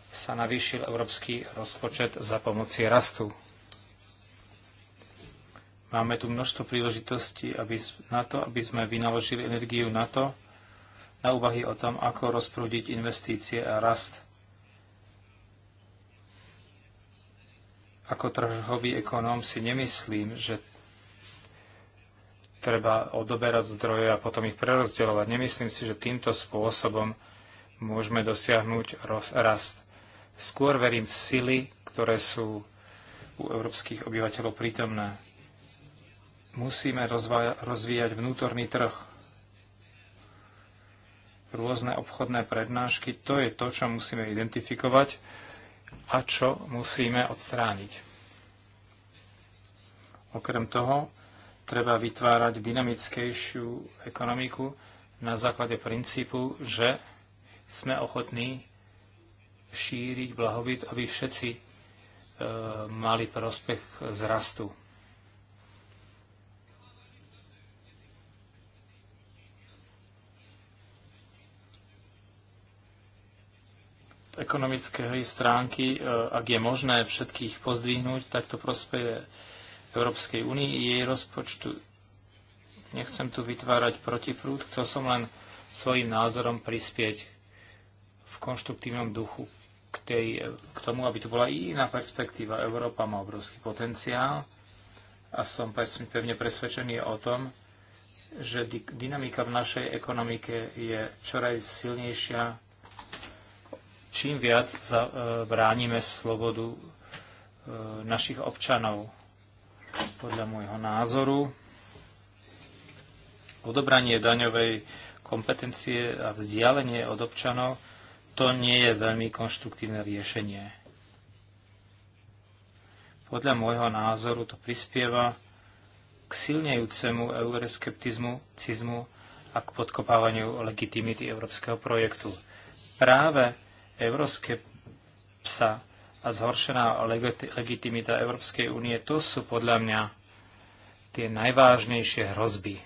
sa navýšil európsky rozpočet za pomoci rastu. Máme tu množstvo príležitostí aby, na to, aby sme vynaložili energiu na to, na úvahy o tom, ako rozprúdiť investície a rast. Ako trhový ekonóm si nemyslím, že treba odoberať zdroje a potom ich prerozdeľovať. Nemyslím si, že týmto spôsobom môžeme dosiahnuť rast. Skôr verím v sily, ktoré sú u európskych obyvateľov prítomné. Musíme rozvíjať vnútorný trh, rôzne obchodné prednášky, to je to, čo musíme identifikovať a čo musíme odstrániť. Okrem toho, treba vytvárať dynamickejšiu ekonomiku na základe princípu, že sme ochotní šíriť blahobyt, aby všetci e, mali prospech z rastu. ekonomickej stránky, e, ak je možné všetkých pozdvihnúť, tak to prospeje Európskej únii i jej rozpočtu. Nechcem tu vytvárať protiprúd, chcel som len svojim názorom prispieť v konštruktívnom duchu k, tej, k tomu, aby tu bola iná perspektíva. Európa má obrovský potenciál a som pevne presvedčený o tom, že dynamika v našej ekonomike je čoraj silnejšia čím viac e, bránime slobodu e, našich občanov. Podľa môjho názoru odobranie daňovej kompetencie a vzdialenie od občanov to nie je veľmi konštruktívne riešenie. Podľa môjho názoru to prispieva k silnejúcemu euroskeptizmu cizmu a k podkopávaniu legitimity európskeho projektu. Práve Európske psa a zhoršená legitimita Európskej únie, to sú podľa mňa tie najvážnejšie hrozby.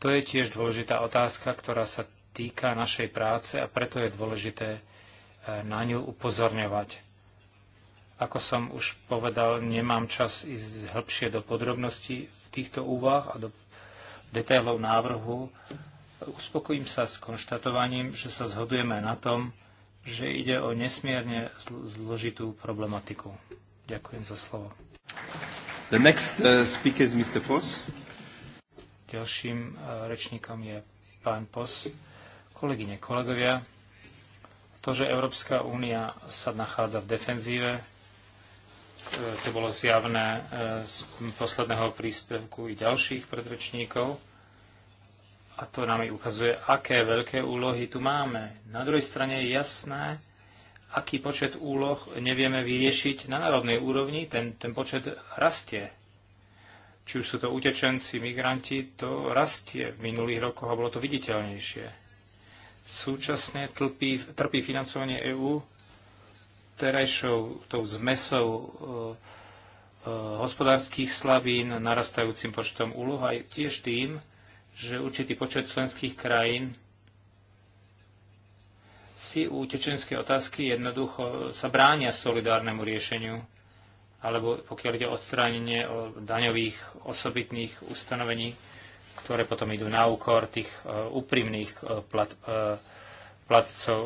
To je tiež dôležitá otázka, ktorá sa týka našej práce a preto je dôležité e, na ňu upozorňovať. Ako som už povedal, nemám čas ísť hĺbšie do podrobností týchto úvah a do detailov návrhu, uspokojím sa s konštatovaním, že sa zhodujeme na tom, že ide o nesmierne zložitú problematiku. Ďakujem za slovo. The next uh, speaker is Mr. Pos. Ďalším uh, rečníkom je pán Pos. Kolegyne, kolegovia, to, že Európska únia sa nachádza v defenzíve, uh, to bolo zjavné z posledného príspevku i ďalších predrečníkov. A to nám ukazuje, aké veľké úlohy tu máme. Na druhej strane je jasné, aký počet úloh nevieme vyriešiť na národnej úrovni, ten, ten počet rastie. Či už sú to utečenci, migranti, to rastie v minulých rokoch a bolo to viditeľnejšie. Súčasne tlpí, trpí financovanie EÚ terajšou tou zmesou e, e, hospodárskych slabín, narastajúcim počtom úloh a tiež tým, že určitý počet členských krajín si u utečenskej otázky jednoducho sa bránia solidárnemu riešeniu, alebo pokiaľ ide o odstránenie o daňových osobitných ustanovení, ktoré potom idú na úkor tých e, úprimných e, plat, e, platcov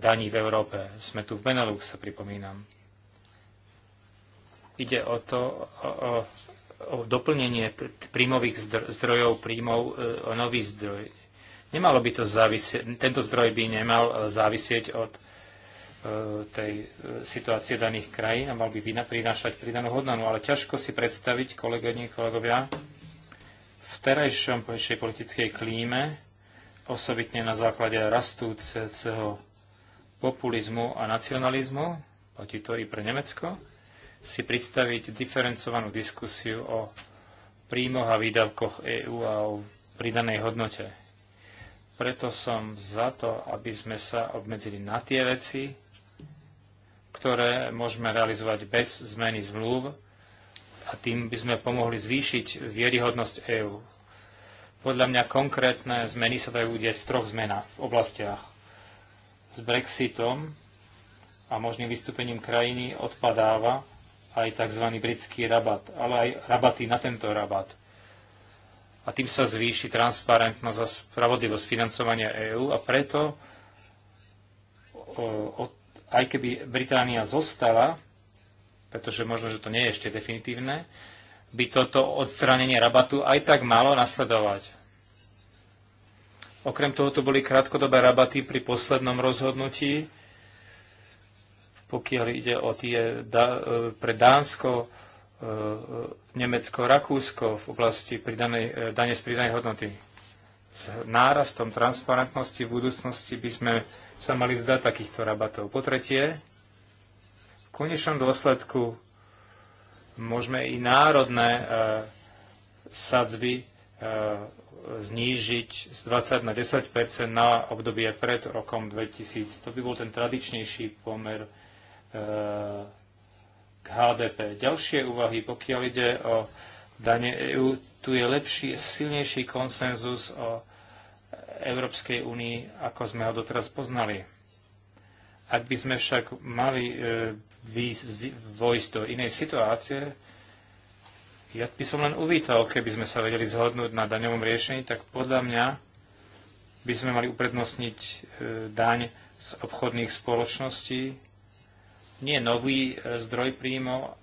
daní v Európe. Sme tu v Beneluxe, sa pripomínam. Ide o to, o, o, o doplnenie príjmových zdrojov príjmov e, o nový zdroj. Nemalo by to závisieť, tento zdroj by nemal e, závisieť od e, tej situácie daných krajín a mal by prinášať pridanú hodnotu, ale ťažko si predstaviť, kolegyne, kolegovia, v terajšom politickej klíme, osobitne na základe rastúceho populizmu a nacionalizmu, platí to i pre Nemecko, si predstaviť diferencovanú diskusiu o príjmoch a výdavkoch EÚ a o pridanej hodnote. Preto som za to, aby sme sa obmedzili na tie veci, ktoré môžeme realizovať bez zmeny zmluv a tým by sme pomohli zvýšiť vieryhodnosť EÚ. Podľa mňa konkrétne zmeny sa dajú udiať v troch zmenách v oblastiach. S Brexitom a možným vystúpením krajiny odpadáva aj tzv. britský rabat, ale aj rabaty na tento rabat. A tým sa zvýši transparentnosť a spravodlivosť financovania EÚ a preto, aj keby Británia zostala, pretože možno, že to nie je ešte definitívne, by toto odstránenie rabatu aj tak malo nasledovať. Okrem toho tu boli krátkodobé rabaty pri poslednom rozhodnutí pokiaľ ide o tie da, e, pre Dánsko, e, e, Nemecko, Rakúsko v oblasti pridanej, dane z pridanej hodnoty. S nárastom transparentnosti v budúcnosti by sme sa mali zdať takýchto rabatov. Po tretie, v konečnom dôsledku môžeme i národné sadzby znížiť z 20 na 10 na obdobie pred rokom 2000. To by bol ten tradičnejší pomer Eh, k HDP. Ďalšie úvahy, pokiaľ ide o dane EÚ, tu je lepší, silnejší konsenzus o Európskej únii, ako sme ho doteraz poznali. Ak by sme však mali eh, vojsť do inej situácie, ja by som len uvítal, keby sme sa vedeli zhodnúť na daňovom riešení, tak podľa mňa by sme mali uprednostniť eh, daň z obchodných spoločností, nie nový e, zdroj príjmov.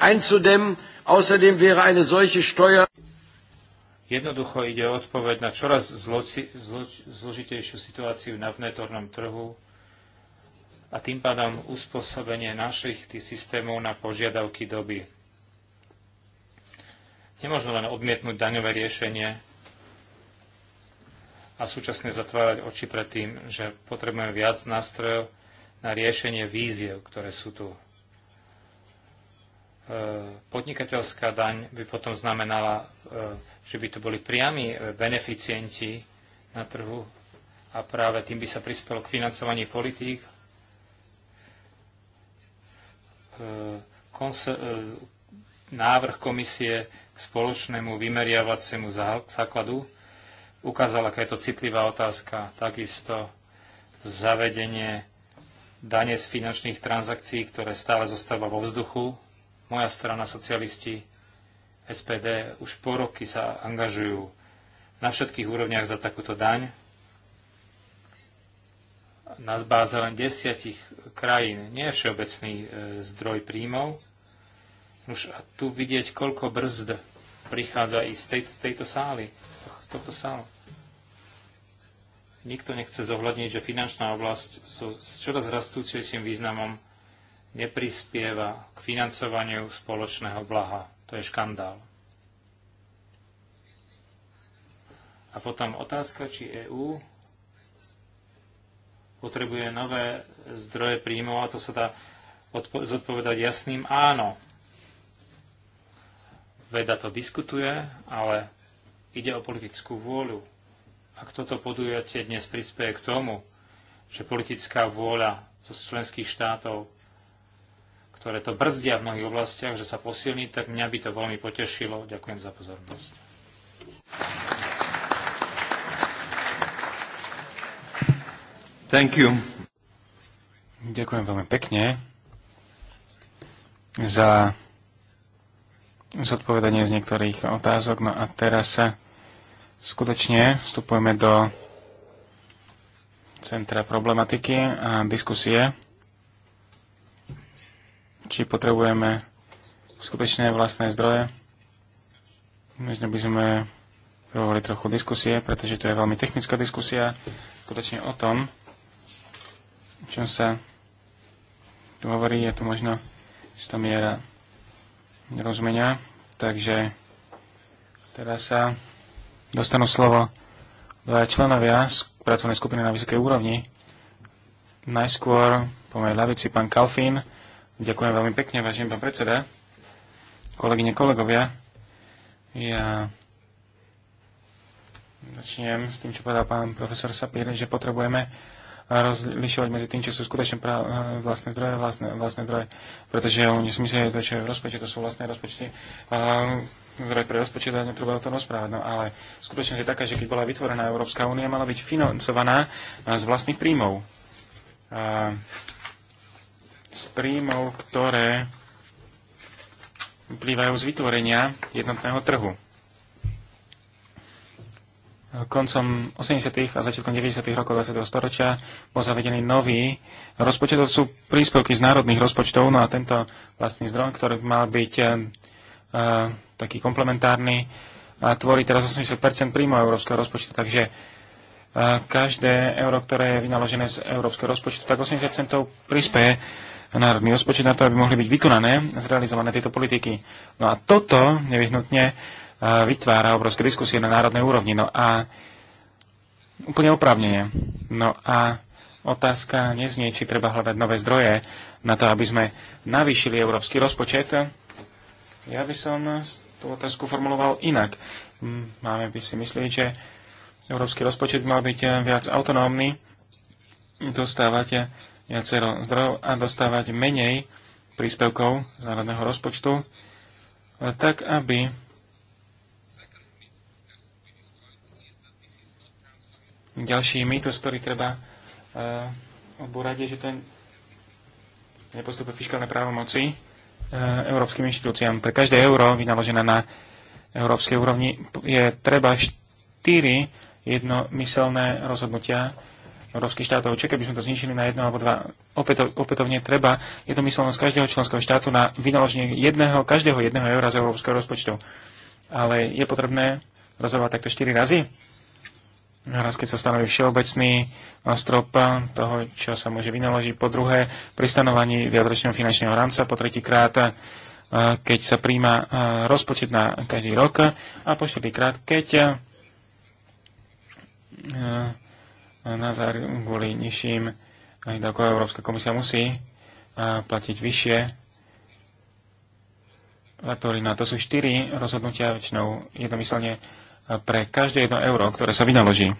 außerdem wäre eine solche Steuer Jednoducho ide o odpoveď na čoraz zloci, zložitejšiu situáciu na vnetornom trhu a tým pádom uspôsobenie našich tých systémov na požiadavky doby. Nemôžno len odmietnúť daňové riešenie a súčasne zatvárať oči pred tým, že potrebujeme viac nástrojov, na riešenie víziev, ktoré sú tu. E, podnikateľská daň by potom znamenala, e, že by to boli priami e, beneficienti na trhu a práve tým by sa prispelo k financovaní politík, návrh komisie k spoločnému vymeriavaciemu základu ukázala, aká je to citlivá otázka. Takisto zavedenie dane z finančných transakcií, ktoré stále zostáva vo vzduchu. Moja strana socialisti SPD už po roky sa angažujú na všetkých úrovniach za takúto daň. Na zbáze len desiatich krajín nie je všeobecný e, zdroj príjmov. Už a tu vidieť, koľko brzd prichádza i z, tej, z tejto sály, z tohto sálu. Nikto nechce zohľadniť, že finančná oblasť so, s čoraz rastúcejším významom neprispieva k financovaniu spoločného blaha. To je škandál. A potom otázka, či EÚ potrebuje nové zdroje príjmov a to sa dá zodpovedať jasným áno. Veda to diskutuje, ale ide o politickú vôľu. Ak toto podujatie dnes prispieje k tomu, že politická vôľa zo členských štátov, ktoré to brzdia v mnohých oblastiach, že sa posilní, tak mňa by to veľmi potešilo. Ďakujem za pozornosť. Thank you. Ďakujem veľmi pekne za zodpovedanie z niektorých otázok. No a teraz sa skutočne vstupujeme do centra problematiky a diskusie, či potrebujeme skutočné vlastné zdroje. Možno by sme robili trochu diskusie, pretože to je veľmi technická diskusia, skutočne o tom, o čom sa tu hovorí, je tu možno istá miera nerozumenia. Takže teraz sa dostanú slovo dva členovia z pracovnej skupiny na vysokej úrovni. Najskôr po mojej lavici pán Kalfín. Ďakujem veľmi pekne, vážený pán predseda. Kolegyne, kolegovia, ja začnem s tým, čo povedal pán profesor Sapir, že potrebujeme rozlišovať medzi tým, čo sú skutočne vlastné zdroje vlastné, vlastné zdroje, pretože oni si myslia, že to, čo je v rozpočte, to sú vlastné rozpočty. Uh, Zrej pre rozpočet a netreba o tom rozprávať. No ale skutočnosť je taká, že keď bola vytvorená Európska únia, mala byť financovaná e, z vlastných príjmov. A z príjmov, ktoré vplývajú z vytvorenia jednotného trhu. Koncom 80. a začiatkom 90. rokov 20. storočia bol zavedený nový rozpočet, to sú príspevky z národných rozpočtov, no a tento vlastný zdroj, ktorý mal byť e, taký komplementárny, a tvorí teraz 80 príjmov európskeho rozpočtu, takže každé euro, ktoré je vynaložené z európskeho rozpočtu, tak 80 centov prispieje národný rozpočet na to, aby mohli byť vykonané, zrealizované tieto politiky. No a toto nevyhnutne vytvára obrovské diskusie na národnej úrovni. No a úplne oprávnenie. No a otázka neznie, či treba hľadať nové zdroje na to, aby sme navýšili európsky rozpočet ja by som tú otázku formuloval inak. Máme by si myslieť, že európsky rozpočet mal byť viac autonómny, dostávať viacero zdrojov a dostávať menej príspevkov z národného rozpočtu, tak aby ďalší mýtus, ktorý treba uh, eh, obúrať, je, že ten nepostupuje fiskálne právomoci Eh, európskym inštitúciám. Pre každé euro vynaložené na európskej úrovni je treba štyri jednomyselné rozhodnutia európskych štátov. Čo keby sme to znišili na jedno alebo dva? Opäto, opätovne treba jednomyselnosť každého členského štátu na vynaloženie jedného, každého jedného eura z európskeho rozpočtu. Ale je potrebné rozhodovať takto štyri razy? raz keď sa stanoví všeobecný strop toho, čo sa môže vynaložiť, po druhé pri stanovaní viacročného finančného rámca, po tretíkrát eh, keď sa príjma eh, rozpočet na každý rok a po štvrtýkrát, keď eh, na záver kvôli nižším aj Európska komisia musí platiť vyššie faktory na to sú štyri rozhodnutia väčšinou jednomyselne pre každé jedno euro, ktoré sa vynaloží.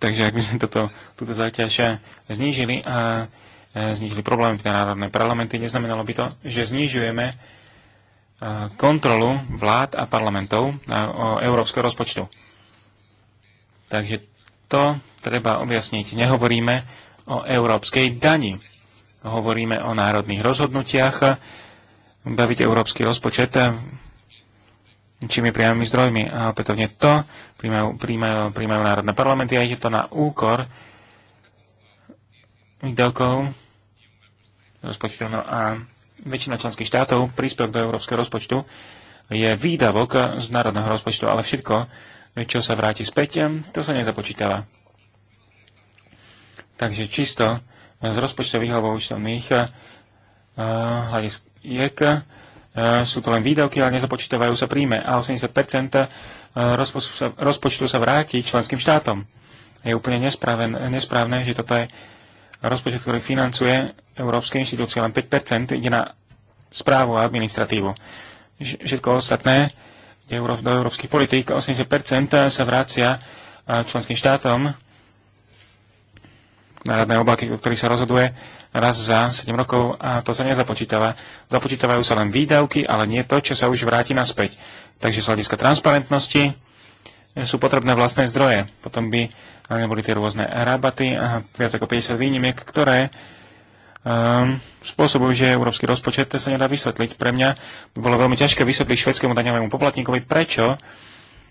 Takže ak by sme toto, túto záťaž znížili a e, znížili problémy pre národné parlamenty, neznamenalo by to, že znižujeme e, kontrolu vlád a parlamentov e, o európskeho rozpočtu. Takže to treba objasniť. Nehovoríme o európskej dani. Hovoríme o národných rozhodnutiach. Baviť európsky rozpočet čimi priamými zdrojmi. A opätovne to príjmajú, príjmajú, príjmajú národné parlamenty a ide to na úkor výdavkov rozpočtu. No a väčšina členských štátov príspevok do európskeho rozpočtu je výdavok z národného rozpočtu, ale všetko, čo sa vráti späť, to sa nezapočítava. Takže čisto z rozpočtových alebo účtovných eh, hľadisk Eh, sú to len výdavky, ale nezapočítavajú sa príjme a 80 eh, rozpočtu sa, rozpočtu sa vráti členským štátom. Je úplne nesprávne, že toto je rozpočet, ktorý financuje európske inštitúcie, len 5 ide na správu a administratívu. Všetko ostatné do európskych politík, 80 sa vrácia eh, členským štátom národné oblaky, o ktorých sa rozhoduje raz za 7 rokov a to sa nezapočítava. Započítavajú sa len výdavky, ale nie to, čo sa už vráti naspäť. Takže z hľadiska transparentnosti sú potrebné vlastné zdroje. Potom by neboli eh, tie rôzne rabaty a viac ako 50 výnimiek, ktoré um, spôsobujú, že európsky rozpočet sa nedá vysvetliť. Pre mňa by bolo veľmi ťažké vysvetliť švedskému daňovému poplatníkovi, prečo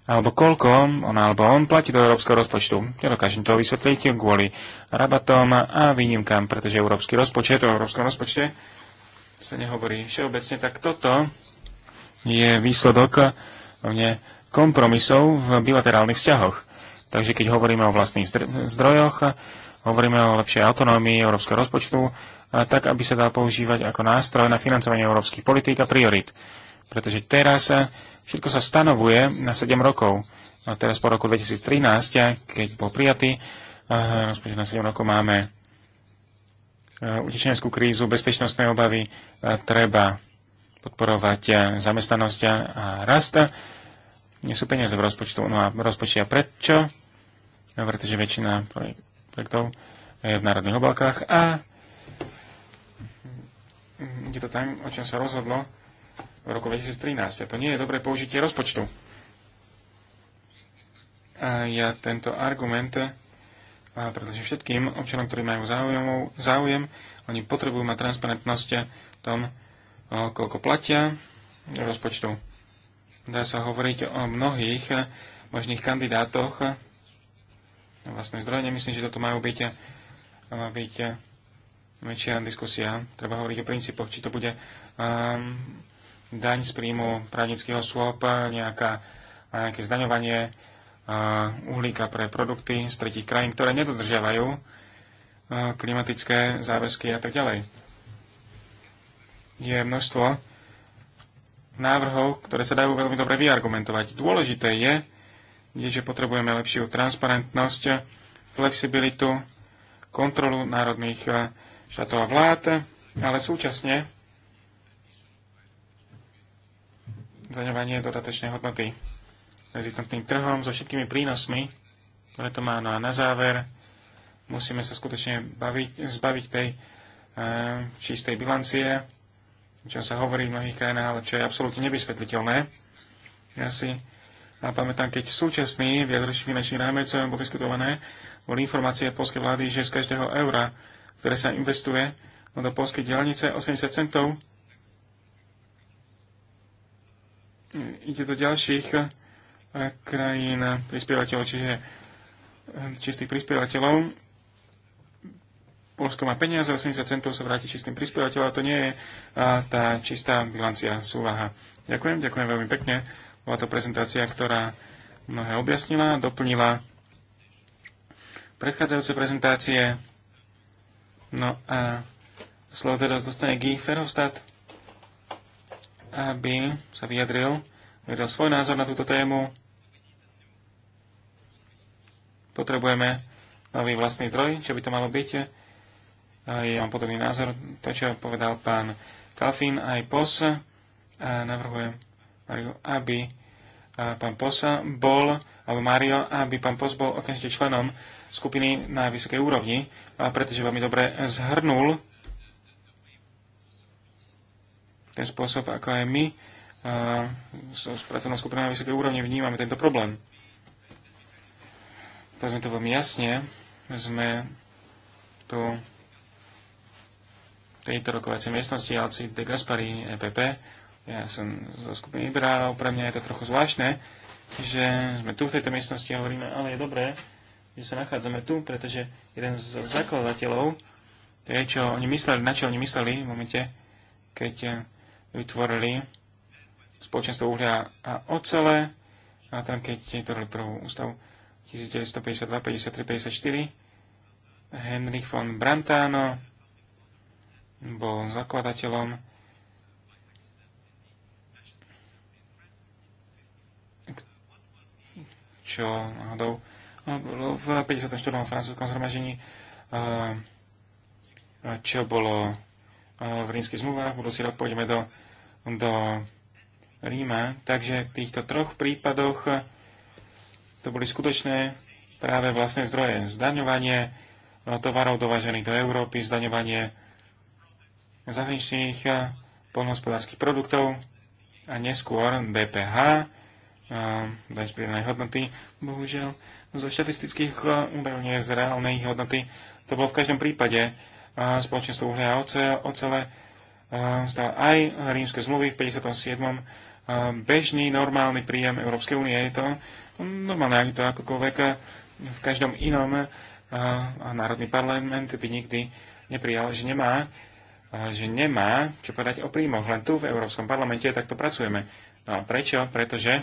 alebo koľko on alebo on platí do európskeho rozpočtu. Nedokážem to vysvetliť kvôli rabatom a výnimkám, pretože európsky rozpočet, o európskom rozpočte sa nehovorí všeobecne, tak toto je výsledok mne kompromisov v bilaterálnych vzťahoch. Takže keď hovoríme o vlastných zdrojoch, hovoríme o lepšej autonómii európskeho rozpočtu, tak aby sa dá používať ako nástroj na financovanie európskych politík a priorit. Pretože teraz všetko sa stanovuje na 7 rokov. A teraz po roku 2013, keď bol prijatý, rozpočet na 7 rokov máme utečeneckú krízu, bezpečnostné obavy, treba podporovať zamestnanosť a rast. Nie sú peniaze v rozpočtu. No a rozpočia prečo? Pretože väčšina projektov je v národných obalkách a je to tam, o čom sa rozhodlo v roku 2013. A to nie je dobré použitie rozpočtu. A ja tento argument pretože všetkým občanom, ktorí majú záujem, záujem. Oni potrebujú mať transparentnosť v tom, koľko platia rozpočtu. Dá sa hovoriť o mnohých možných kandidátoch na vlastné zdroje. Nemyslím, že toto majú byť, má byť väčšia diskusia. Treba hovoriť o princípoch, či to bude um, daň z príjmu pradnického osôb, nejaká, nejaké zdaňovanie e, uhlíka pre produkty z tretich krajín, ktoré nedodržiavajú e, klimatické záväzky a tak ďalej. Je množstvo návrhov, ktoré sa dajú veľmi dobre vyargumentovať. Dôležité je, že potrebujeme lepšiu transparentnosť, flexibilitu, kontrolu národných e, štátov a vlád, ale súčasne zaňovanie dodatečnej hodnoty medzi tým trhom, so všetkými prínosmi, ktoré to má. No a na záver musíme sa skutočne baviť, zbaviť tej e, čistej bilancie, čo sa hovorí v mnohých krajinách, ale čo je absolútne nevysvetliteľné. Ja si a pamätám, keď súčasný viacročný finančný rámec eh, bol diskutované, boli informácie polskej vlády, že z každého eura, ktoré sa investuje do polskej dielnice, 80 centov ide do ďalších eh, krajín prispievateľov, čiže eh, čistých prispievateľov. Polsko má peniaze, 80 centov sa vráti čistým prispievateľom a to nie je eh, tá čistá bilancia súvaha. Ďakujem, ďakujem veľmi pekne. Bola to prezentácia, ktorá mnohé objasnila, doplnila predchádzajúce prezentácie. No a slovo teraz dostane Guy Ferhofstadt aby sa vyjadril, vyjadril svoj názor na túto tému. Potrebujeme nový vlastný zdroj, čo by to malo byť. Ja mám podobný názor, to, čo povedal pán Kalfín aj POS. A navrhujem, Mario, aby pán POS bol, alebo Mario, aby pán POS bol okamžite členom skupiny na vysokej úrovni, pretože veľmi dobre zhrnul ten spôsob, ako aj my so, s pracovnou skupinou na vysokej úrovni vnímame tento problém. Povedzme to veľmi jasne, sme tu v tejto rokovacej miestnosti Alci de Gaspari EPP. Ja som zo skupiny Ibra, pre mňa je to trochu zvláštne, že sme tu v tejto miestnosti a hovoríme, ale je dobré, že sa nachádzame tu, pretože jeden z zakladateľov, to je, čo oni mysleli, na čo oni mysleli v momente, keď vytvorili spoločenstvo uhlia a ocele a tam keď vytvorili prvú ústavu 1952, 53, 54 Henrich von Brantano bol zakladateľom čo náhodou no, v 54. francúzskom zhromažení, eh, čo bolo v rímskych zmluvách. Budúci rok pôjdeme do, do Ríma. Takže v týchto troch prípadoch to boli skutočné práve vlastné zdroje. Zdaňovanie tovarov dovážených do Európy, zdaňovanie zahraničných polnohospodárskych produktov a neskôr DPH, daň z pridanej hodnoty. Bohužiaľ, zo štatistických údajov nie z reálnej hodnoty. To bolo v každom prípade spoločenstvo uhlia a ocele zdal aj rímske zmluvy v 57. bežný normálny príjem Európskej únie. Je to normálne, ani to akokoľvek v každom inom a Národný parlament by nikdy neprijal, že nemá, že nemá čo povedať o príjmoch. Len tu v Európskom parlamente takto pracujeme. No a prečo? Pretože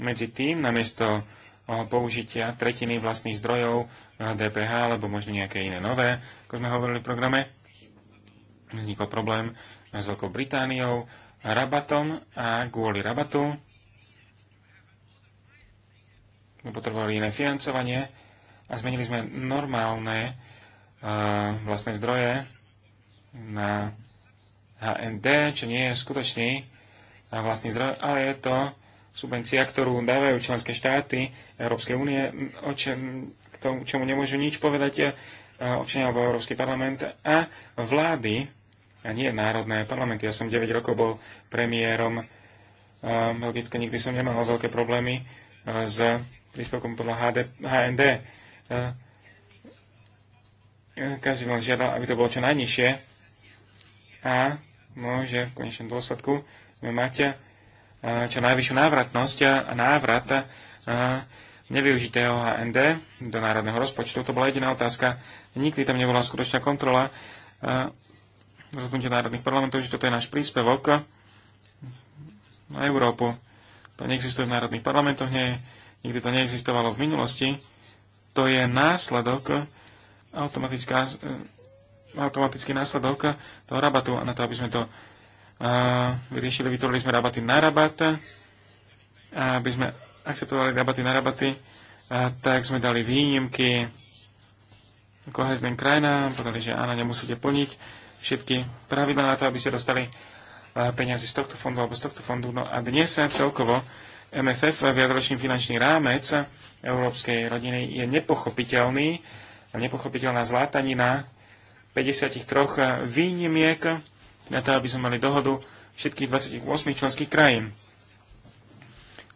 medzi tým, namiesto použitia tretiny vlastných zdrojov DPH alebo možno nejaké iné nové, ako sme hovorili v programe. Vznikol problém s Veľkou Britániou, rabatom a kvôli rabatu sme potrebovali iné financovanie a zmenili sme normálne uh, vlastné zdroje na HND, čo nie je skutočný eh, vlastný zdroj, ale je to subvencia, ktorú dávajú členské štáty Európskej únie, o čem tomu, čomu nemôžu nič povedať eh, občania alebo Európsky parlament a vlády, a nie národné parlamenty. Ja som 9 rokov bol premiérom eh, Belgicka, nikdy som nemal veľké problémy eh, s príspevkom podľa HD, HND. Každý len žiadal, aby to bolo čo najnižšie a môže v konečnom dôsledku máte čo najvyššiu návratnosť a návrat a nevyužité OHND do národného rozpočtu. To bola jediná otázka. Nikdy tam nebola skutočná kontrola rozhodnutia národných parlamentov, že toto je náš príspevok na Európu. To neexistuje v národných parlamentoch, nie, nikdy to neexistovalo v minulosti. To je následok, automatická, automatický následok toho rabatu. A na to, aby sme to vyriešili, vytvorili sme rabaty na rabat, aby sme akceptovali rabaty na rabaty, a tak sme dali výnimky kohezným krajinám, povedali, že áno, nemusíte plniť všetky pravidla na to, aby ste dostali peniaze z tohto fondu alebo z tohto fondu. No a dnes sa celkovo MFF, viadročný finančný rámec európskej rodiny, je nepochopiteľný, a nepochopiteľná zlátanina 53 výnimiek na to, aby sme mali dohodu všetkých 28 členských krajín.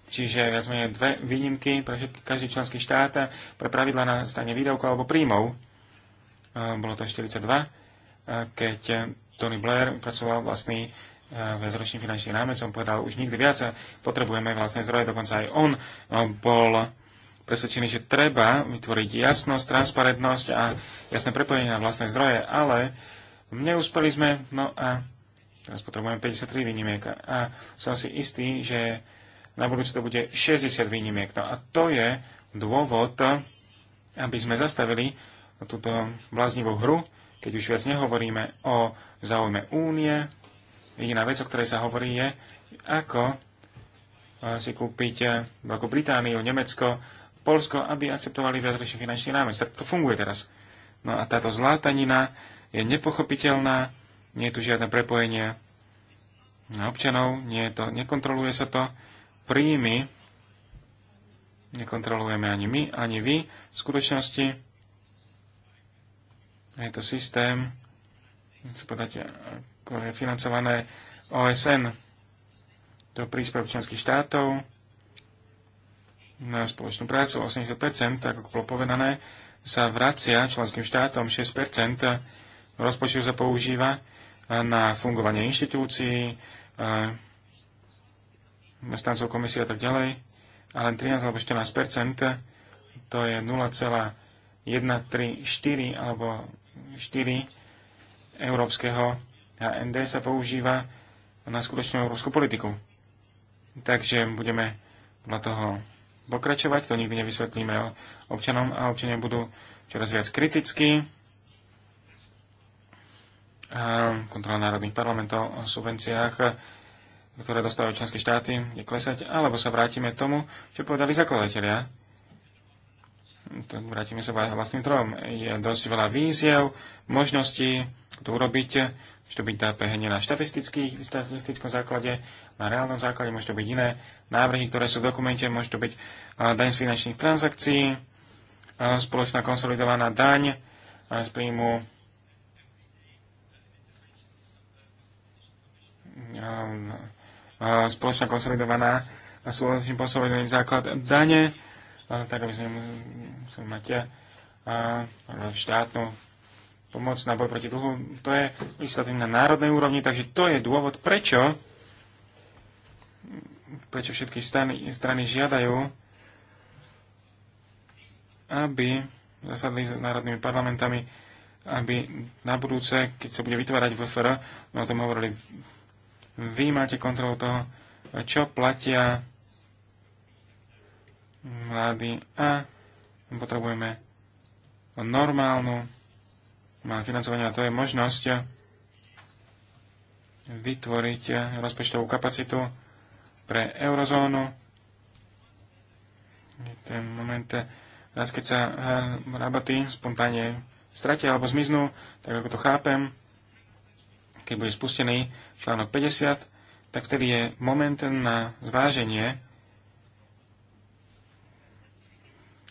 Čiže ja sme dve výnimky pre všetky, každý členský štát pre pravidla na stane výdavkov alebo príjmov. Bolo to 42, keď Tony Blair pracoval vlastný e, väzročný finančný rámec, on povedal, už nikdy viac potrebujeme vlastné zdroje, dokonca aj on e, bol presvedčený, že treba vytvoriť jasnosť, transparentnosť a jasné prepojenie na vlastné zdroje, ale neúspeli sme, no a teraz potrebujeme 53 výnimiek a som si istý, že na budúce to bude 60 výnimiek. No a to je dôvod, aby sme zastavili túto bláznivú hru, keď už viac nehovoríme o záujme únie. Jediná vec, o ktorej sa hovorí, je, ako eh, si kúpiť eh, Veľkú Britániu, Nemecko, Polsko, aby akceptovali viacročný finančný rámec. Tak to funguje teraz. No a táto zlátanina je nepochopiteľná, nie je tu žiadne prepojenie na občanov, nie je to, nekontroluje sa to príjmy nekontrolujeme ani my, ani vy. V skutočnosti je to systém, chcem povedať, ako je financované OSN to príspev členských štátov na spoločnú prácu 80%, tak ako bolo povedané, sa vracia členským štátom 6% rozpočtu sa používa na fungovanie inštitúcií, stancov komisie a tak ďalej, a len 13 alebo 14 to je 0,134 alebo 4 európskeho HND sa používa na skutočnú európsku politiku. Takže budeme podľa toho pokračovať, to nikdy nevysvetlíme občanom a občania budú čoraz viac kritickí. A kontrola národných parlamentov o subvenciách ktoré dostávajú členské štáty, je klesať, alebo sa vrátime tomu, čo povedali zakladatelia. vrátime sa vlastným trom. Je dosť veľa víziev, možností, to urobiť. Môže to byť DPH na štatistickom základe, na reálnom základe, môže to byť iné návrhy, ktoré sú v dokumente, môže to byť daň z finančných transakcií, spoločná konsolidovaná daň z príjmu spoločná konsolidovaná a spoločne posolidovaný základ dane, tak aby sme museli mať štátnu pomoc na boj proti dlhu. To je legislatívne na národnej úrovni, takže to je dôvod, prečo prečo všetky strany, strany žiadajú, aby zasadli s národnými parlamentami, aby na budúce, keď sa bude vytvárať VFR, no o tom hovorili vy máte kontrolu toho, čo platia vlády a potrebujeme normálnu financovanie a to je možnosť vytvoriť rozpočtovú kapacitu pre eurozónu. Ten moment, keď sa eh, rabaty spontánne stratia alebo zmiznú, tak ako to chápem, keď bude spustený článok 50, tak vtedy je moment na zváženie,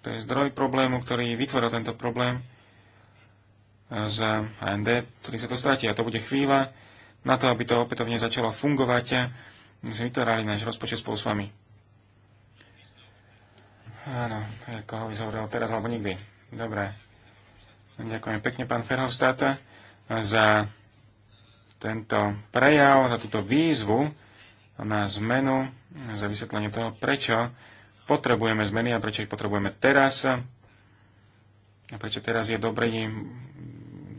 to je zdroj problému, ktorý vytvoril tento problém eh, z AND, ktorý sa to stratí. A to bude chvíľa na to, aby to opätovne začalo fungovať. My sme vytvárali náš rozpočet spolu s vami. Áno, ako ho hovoril teraz alebo nikdy. Dobre. Ďakujem pekne, pán Ferhovstáta, za tento prejav, za túto výzvu na zmenu, za vysvetlenie toho, prečo potrebujeme zmeny a prečo ich potrebujeme teraz a prečo teraz je dobrý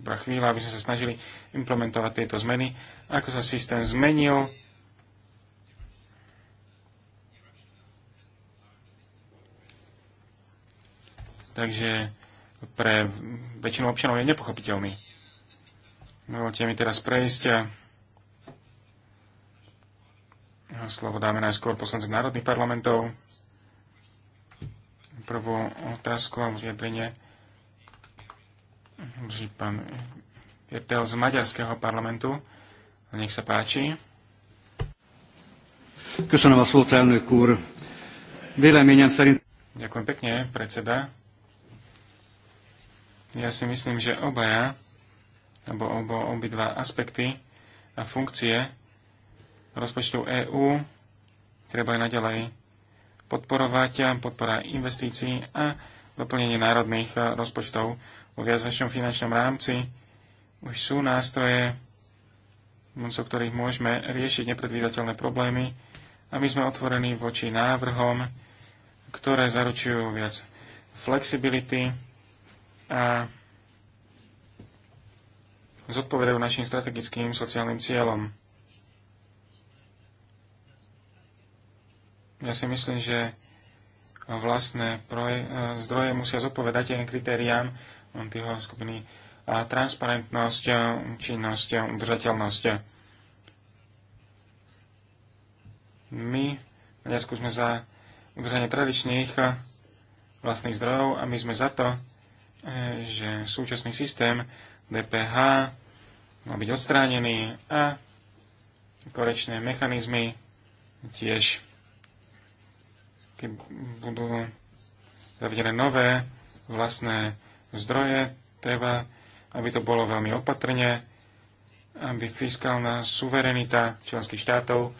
pre chvíľa, aby sme sa snažili implementovať tieto zmeny, ako sa systém zmenil, takže pre väčšinu občanov je nepochopiteľný. Dovolte mi teraz prejsť. Eh, slovo dáme najskôr poslancom národných parlamentov. Prvú otázku a vyjadrenie drží pán Viertel z Maďarského parlamentu. Nech sa páči. Köszönöm a szót, elnök úr. Véleményem szerint... Ďakujem pekne, predseda. Ja si myslím, že obaja alebo, obo, obidva aspekty a funkcie rozpočtu EÚ treba aj naďalej podporovať a podpora investícií a doplnenie národných eh, rozpočtov. Vo viacnačnom finančnom rámci už sú nástroje, pomocou ktorých môžeme riešiť nepredvídateľné problémy a my sme otvorení voči návrhom, ktoré zaručujú viac flexibility a zodpovedajú našim strategickým sociálnym cieľom. Ja si myslím, že vlastné eh, zdroje musia zodpovedať aj kritériám tých skupiny a transparentnosť, eh, činnosť, eh, udržateľnosť. My v Maďarsku sme za udržanie tradičných vlastných zdrojov a my sme za to, že súčasný systém DPH mal byť odstránený a korečné mechanizmy tiež keď budú zavedené nové vlastné zdroje, treba, aby to bolo veľmi opatrne, aby fiskálna suverenita členských štátov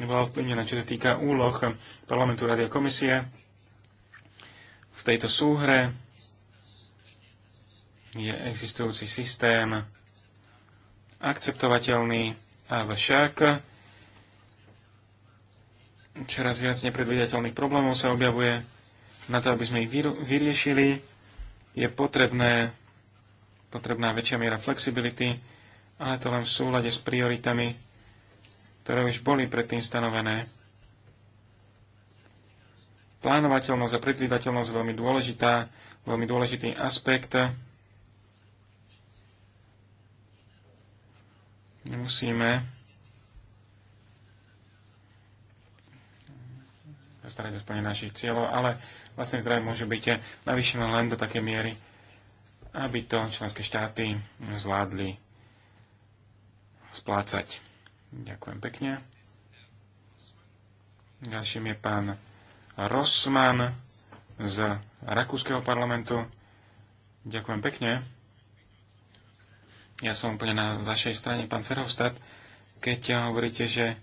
nebola vplyvnená, čo sa týka úloh parlamentu, rady a komisie v tejto súhre je existujúci systém akceptovateľný, avšak však čoraz viac nepredvidateľných problémov sa objavuje. Na to, aby sme ich vyriešili, je potrebné, potrebná väčšia miera flexibility, ale to len v súlade s prioritami, ktoré už boli predtým stanovené plánovateľnosť a predvídateľnosť je veľmi dôležitá, veľmi dôležitý aspekt. Musíme starať o našich cieľov, ale vlastne zdravie môže byť navýšené len do takej miery, aby to členské štáty zvládli splácať. Ďakujem pekne. Ďalším je pán Rossmann z Rakúskeho parlamentu. Ďakujem pekne. Ja som úplne na vašej strane, pán Ferhovstad, keď hovoríte, že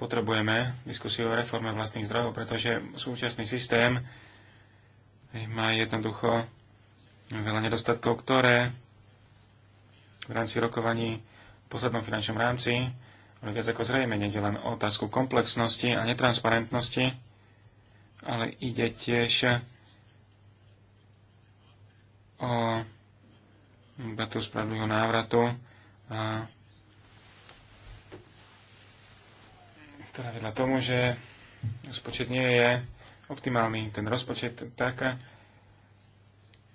potrebujeme diskusiu o reforme vlastných zdrojov, pretože súčasný systém má jednoducho veľa nedostatkov, ktoré v rámci rokovaní v poslednom finančnom rámci viac ako zrejme, nejde len o otázku komplexnosti a netransparentnosti, ale ide tiež o datu spravodlivého návratu, a, ktorá vedľa tomu, že rozpočet nie je optimálny. Ten rozpočet tak,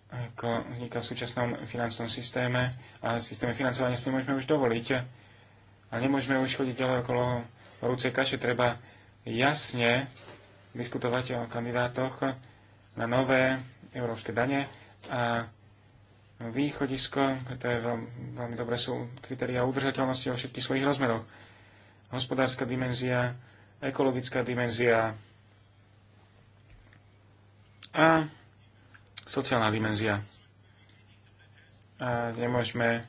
ako vzniká v súčasnom finančnom systéme a systéme financovania si nemôžeme už dovoliť a nemôžeme už chodiť ďalej okolo horúcej kaše. Treba jasne diskutovať o kandidátoch na nové európske dane a východisko, to je veľmi, veľmi dobré, sú kritéria udržateľnosti vo všetkých svojich rozmeroch. Hospodárska dimenzia, ekologická dimenzia a sociálna dimenzia. A nemôžeme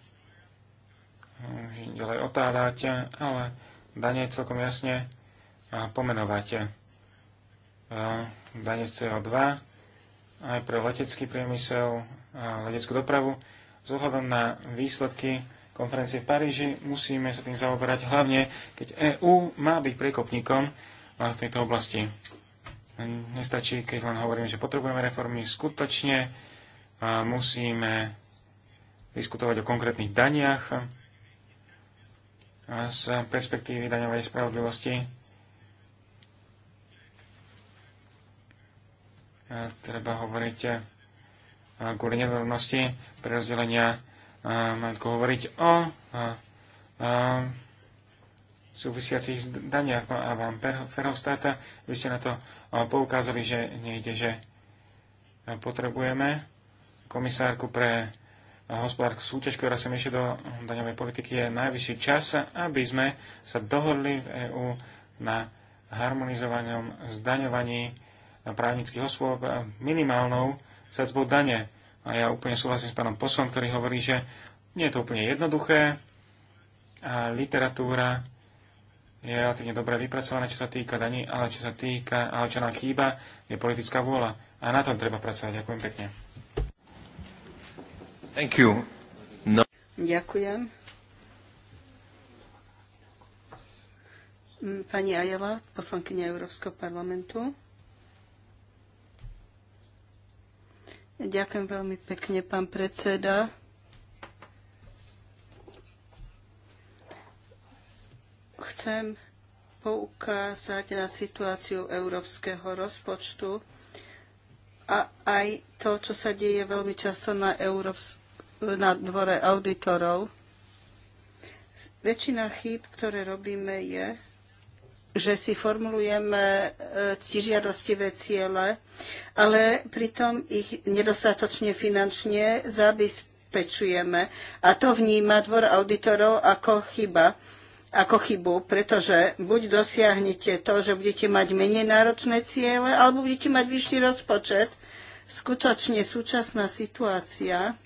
ďalej otáľať, ale dane celkom jasne pomenovať. E, dane z CO2 aj pre letecký priemysel a leteckú dopravu. Z ohľadom na výsledky konferencie v Paríži musíme sa tým zaoberať hlavne, keď EÚ má byť prekopníkom v tejto oblasti. Nestačí, keď len hovorím, že potrebujeme reformy, skutočne musíme diskutovať o konkrétnych daniach, z perspektívy daňovej spravodlivosti treba hovoriť e, kvôli nedorovnosti pre rozdelenia majetku hovoriť o súvisiacich daniach. No a vám Ferhovstáta, vy ste na to poukázali, že nejde, že potrebujeme komisárku pre hospodárskú súťaž, ktorá sa mieši do daňovej politiky, je najvyšší čas, aby sme sa dohodli v EÚ na harmonizovanom zdaňovaní právnických osôb minimálnou sadzbou dane. A ja úplne súhlasím s pánom poslom, ktorý hovorí, že nie je to úplne jednoduché a literatúra je relatívne dobre vypracovaná, čo sa týka daní, ale čo sa týka, ale čo nám chýba, je politická vôľa. A na tom treba pracovať. Ďakujem pekne. Thank you. No. Ďakujem. Mm, pani Ajela, poslankyňa Európskeho parlamentu. Ďakujem veľmi pekne, pán predseda. Chcem poukázať na situáciu európskeho rozpočtu a aj to, čo sa deje veľmi často na, Európs- na dvore auditorov. Väčšina chýb, ktoré robíme, je, že si formulujeme e, ctižiadostivé ciele, ale pritom ich nedostatočne finančne zabezpečujeme. A to vníma dvor auditorov ako chyba ako chybu, pretože buď dosiahnete to, že budete mať menej náročné ciele, alebo budete mať vyšší rozpočet. Skutočne súčasná situácia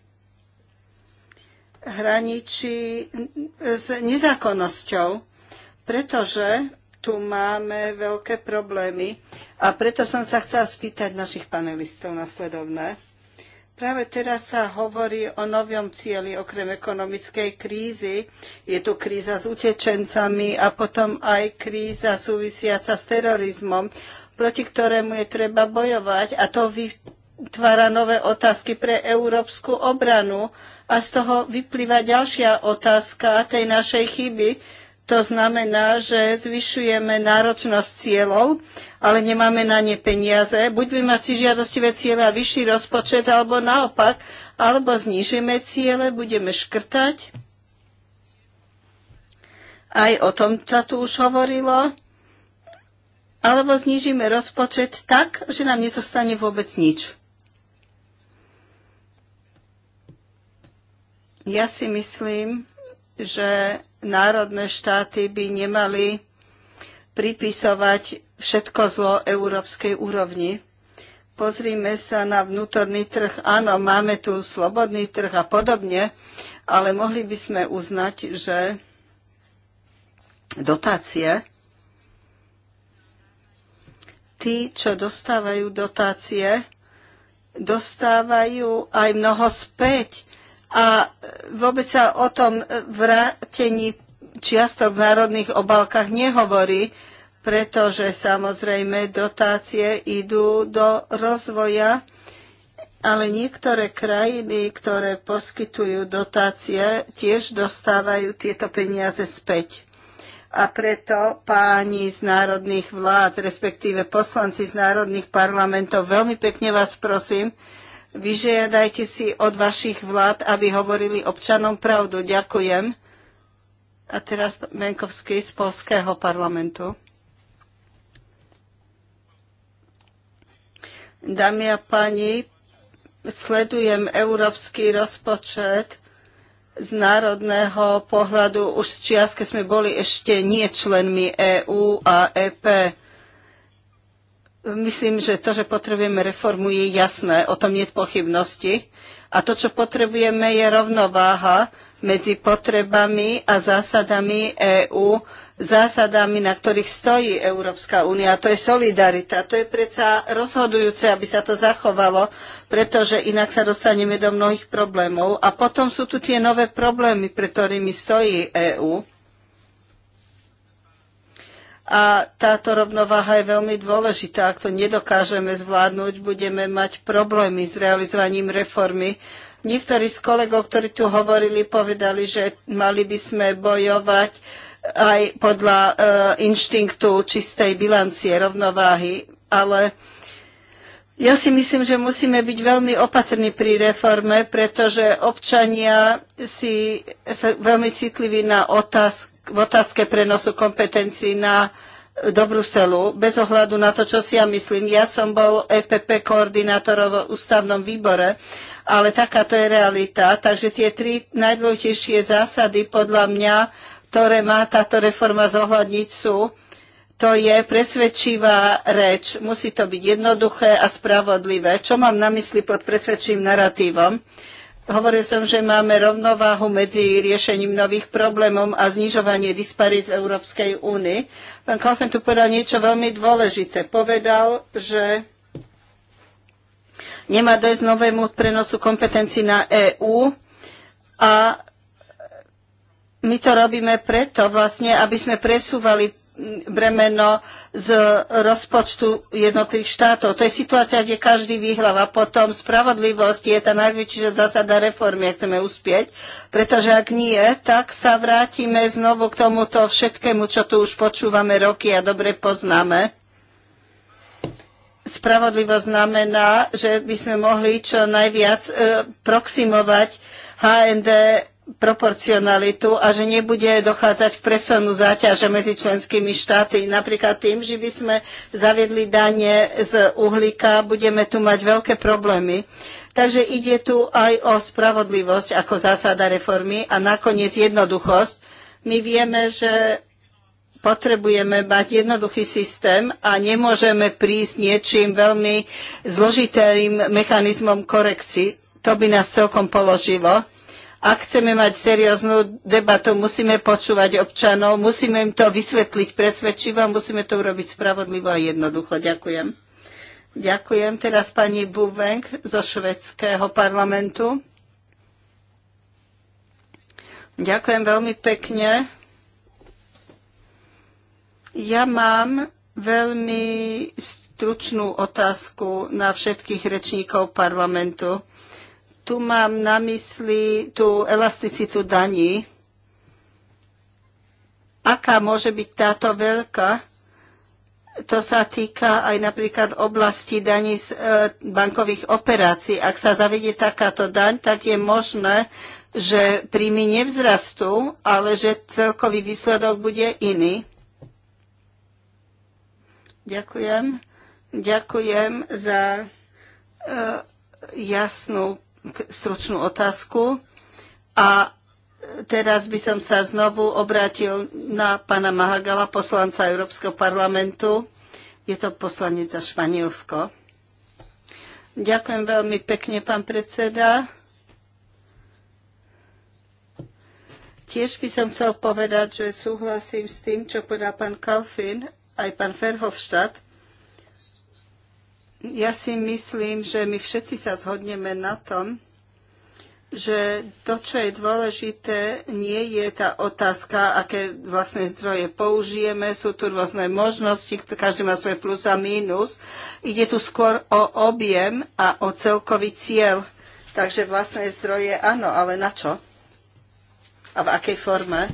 hraničí s nezákonnosťou, pretože tu máme veľké problémy a preto som sa chcela spýtať našich panelistov nasledovné. Práve teraz sa hovorí o novom cieli okrem ekonomickej krízy. Je tu kríza s utečencami a potom aj kríza súvisiaca s terorizmom, proti ktorému je treba bojovať a to vytvára nové otázky pre európsku obranu a z toho vyplýva ďalšia otázka tej našej chyby, to znamená, že zvyšujeme náročnosť cieľov, ale nemáme na ne peniaze. Buď by mať si žiadostivé cieľe a vyšší rozpočet, alebo naopak, alebo znižíme ciele, budeme škrtať. Aj o tom sa tu už hovorilo. Alebo znižíme rozpočet tak, že nám nezostane vôbec nič. Ja si myslím, že národné štáty by nemali pripisovať všetko zlo európskej úrovni. Pozrime sa na vnútorný trh. Áno, máme tu slobodný trh a podobne, ale mohli by sme uznať, že dotácie, tí, čo dostávajú dotácie, dostávajú aj mnoho späť a vôbec sa o tom vrátení čiastok v národných obalkách nehovorí, pretože samozrejme dotácie idú do rozvoja, ale niektoré krajiny, ktoré poskytujú dotácie, tiež dostávajú tieto peniaze späť. A preto páni z národných vlád, respektíve poslanci z národných parlamentov, veľmi pekne vás prosím, Vyžiadajte si od vašich vlád, aby hovorili občanom pravdu. Ďakujem. A teraz Menkovský z Polského parlamentu. Dámy a páni, sledujem európsky rozpočet z národného pohľadu už z čias, keď sme boli ešte nie členmi EÚ a EP. Myslím, že to, že potrebujeme reformu, je jasné, o tom nie je pochybnosti. A to, čo potrebujeme, je rovnováha medzi potrebami a zásadami EÚ, zásadami, na ktorých stojí Európska únia. To je solidarita. To je predsa rozhodujúce, aby sa to zachovalo, pretože inak sa dostaneme do mnohých problémov. A potom sú tu tie nové problémy, pre ktorými stojí EÚ. A táto rovnováha je veľmi dôležitá. Ak to nedokážeme zvládnuť, budeme mať problémy s realizovaním reformy. Niektorí z kolegov, ktorí tu hovorili, povedali, že mali by sme bojovať aj podľa e, inštinktu čistej bilancie rovnováhy, ale ja si myslím, že musíme byť veľmi opatrní pri reforme, pretože občania si, sa veľmi citliví na otázku, v otázke prenosu kompetencií na e, do Bruselu, bez ohľadu na to, čo si ja myslím. Ja som bol EPP koordinátorov v ústavnom výbore, ale takáto je realita. Takže tie tri najdôležitejšie zásady podľa mňa, ktoré má táto reforma zohľadniť sú, to je presvedčivá reč. Musí to byť jednoduché a spravodlivé. Čo mám na mysli pod presvedčivým naratívom? Hovoril som, že máme rovnováhu medzi riešením nových problémov a znižovanie disparít v Európskej únii. Pán Kalfen tu povedal niečo veľmi dôležité. Povedal, že nemá dojsť novému prenosu kompetencií na EÚ a my to robíme preto vlastne, aby sme presúvali bremeno z rozpočtu jednotlivých štátov. To je situácia, kde každý vyhľava. Potom spravodlivosť je tá najväčšia zásada reformy, ak chceme uspieť, pretože ak nie, tak sa vrátime znovu k tomuto všetkému, čo tu už počúvame roky a dobre poznáme. Spravodlivosť znamená, že by sme mohli čo najviac e, proximovať HND proporcionalitu a že nebude dochádzať k presunu záťaže medzi členskými štáty. Napríklad tým, že by sme zaviedli dane z uhlíka, budeme tu mať veľké problémy. Takže ide tu aj o spravodlivosť ako zásada reformy a nakoniec jednoduchosť. My vieme, že potrebujeme mať jednoduchý systém a nemôžeme prísť niečím veľmi zložitým mechanizmom korekcií. To by nás celkom položilo. Ak chceme mať serióznu debatu, musíme počúvať občanov, musíme im to vysvetliť presvedčivo, musíme to urobiť spravodlivo a jednoducho. Ďakujem. Ďakujem teraz pani Buvenk zo švedského parlamentu. Ďakujem veľmi pekne. Ja mám veľmi stručnú otázku na všetkých rečníkov parlamentu. Tu mám na mysli tú elasticitu daní. Aká môže byť táto veľká? To sa týka aj napríklad oblasti daní z e, bankových operácií. Ak sa zavedie takáto daň, tak je možné, že príjmy nevzrastú, ale že celkový výsledok bude iný. Ďakujem. Ďakujem za e, jasnú stručnú otázku a teraz by som sa znovu obrátil na pána Mahagala, poslanca Európskeho parlamentu. Je to poslanec za Španielsko. Ďakujem veľmi pekne, pán predseda. Tiež by som chcel povedať, že súhlasím s tým, čo povedal pán Kalfin, aj pán Ferhofštát, ja si myslím, že my všetci sa zhodneme na tom, že to, čo je dôležité, nie je tá otázka, aké vlastné zdroje použijeme. Sú tu rôzne možnosti, každý má svoje plus a mínus. Ide tu skôr o objem a o celkový cieľ. Takže vlastné zdroje áno, ale na čo? A v akej forme?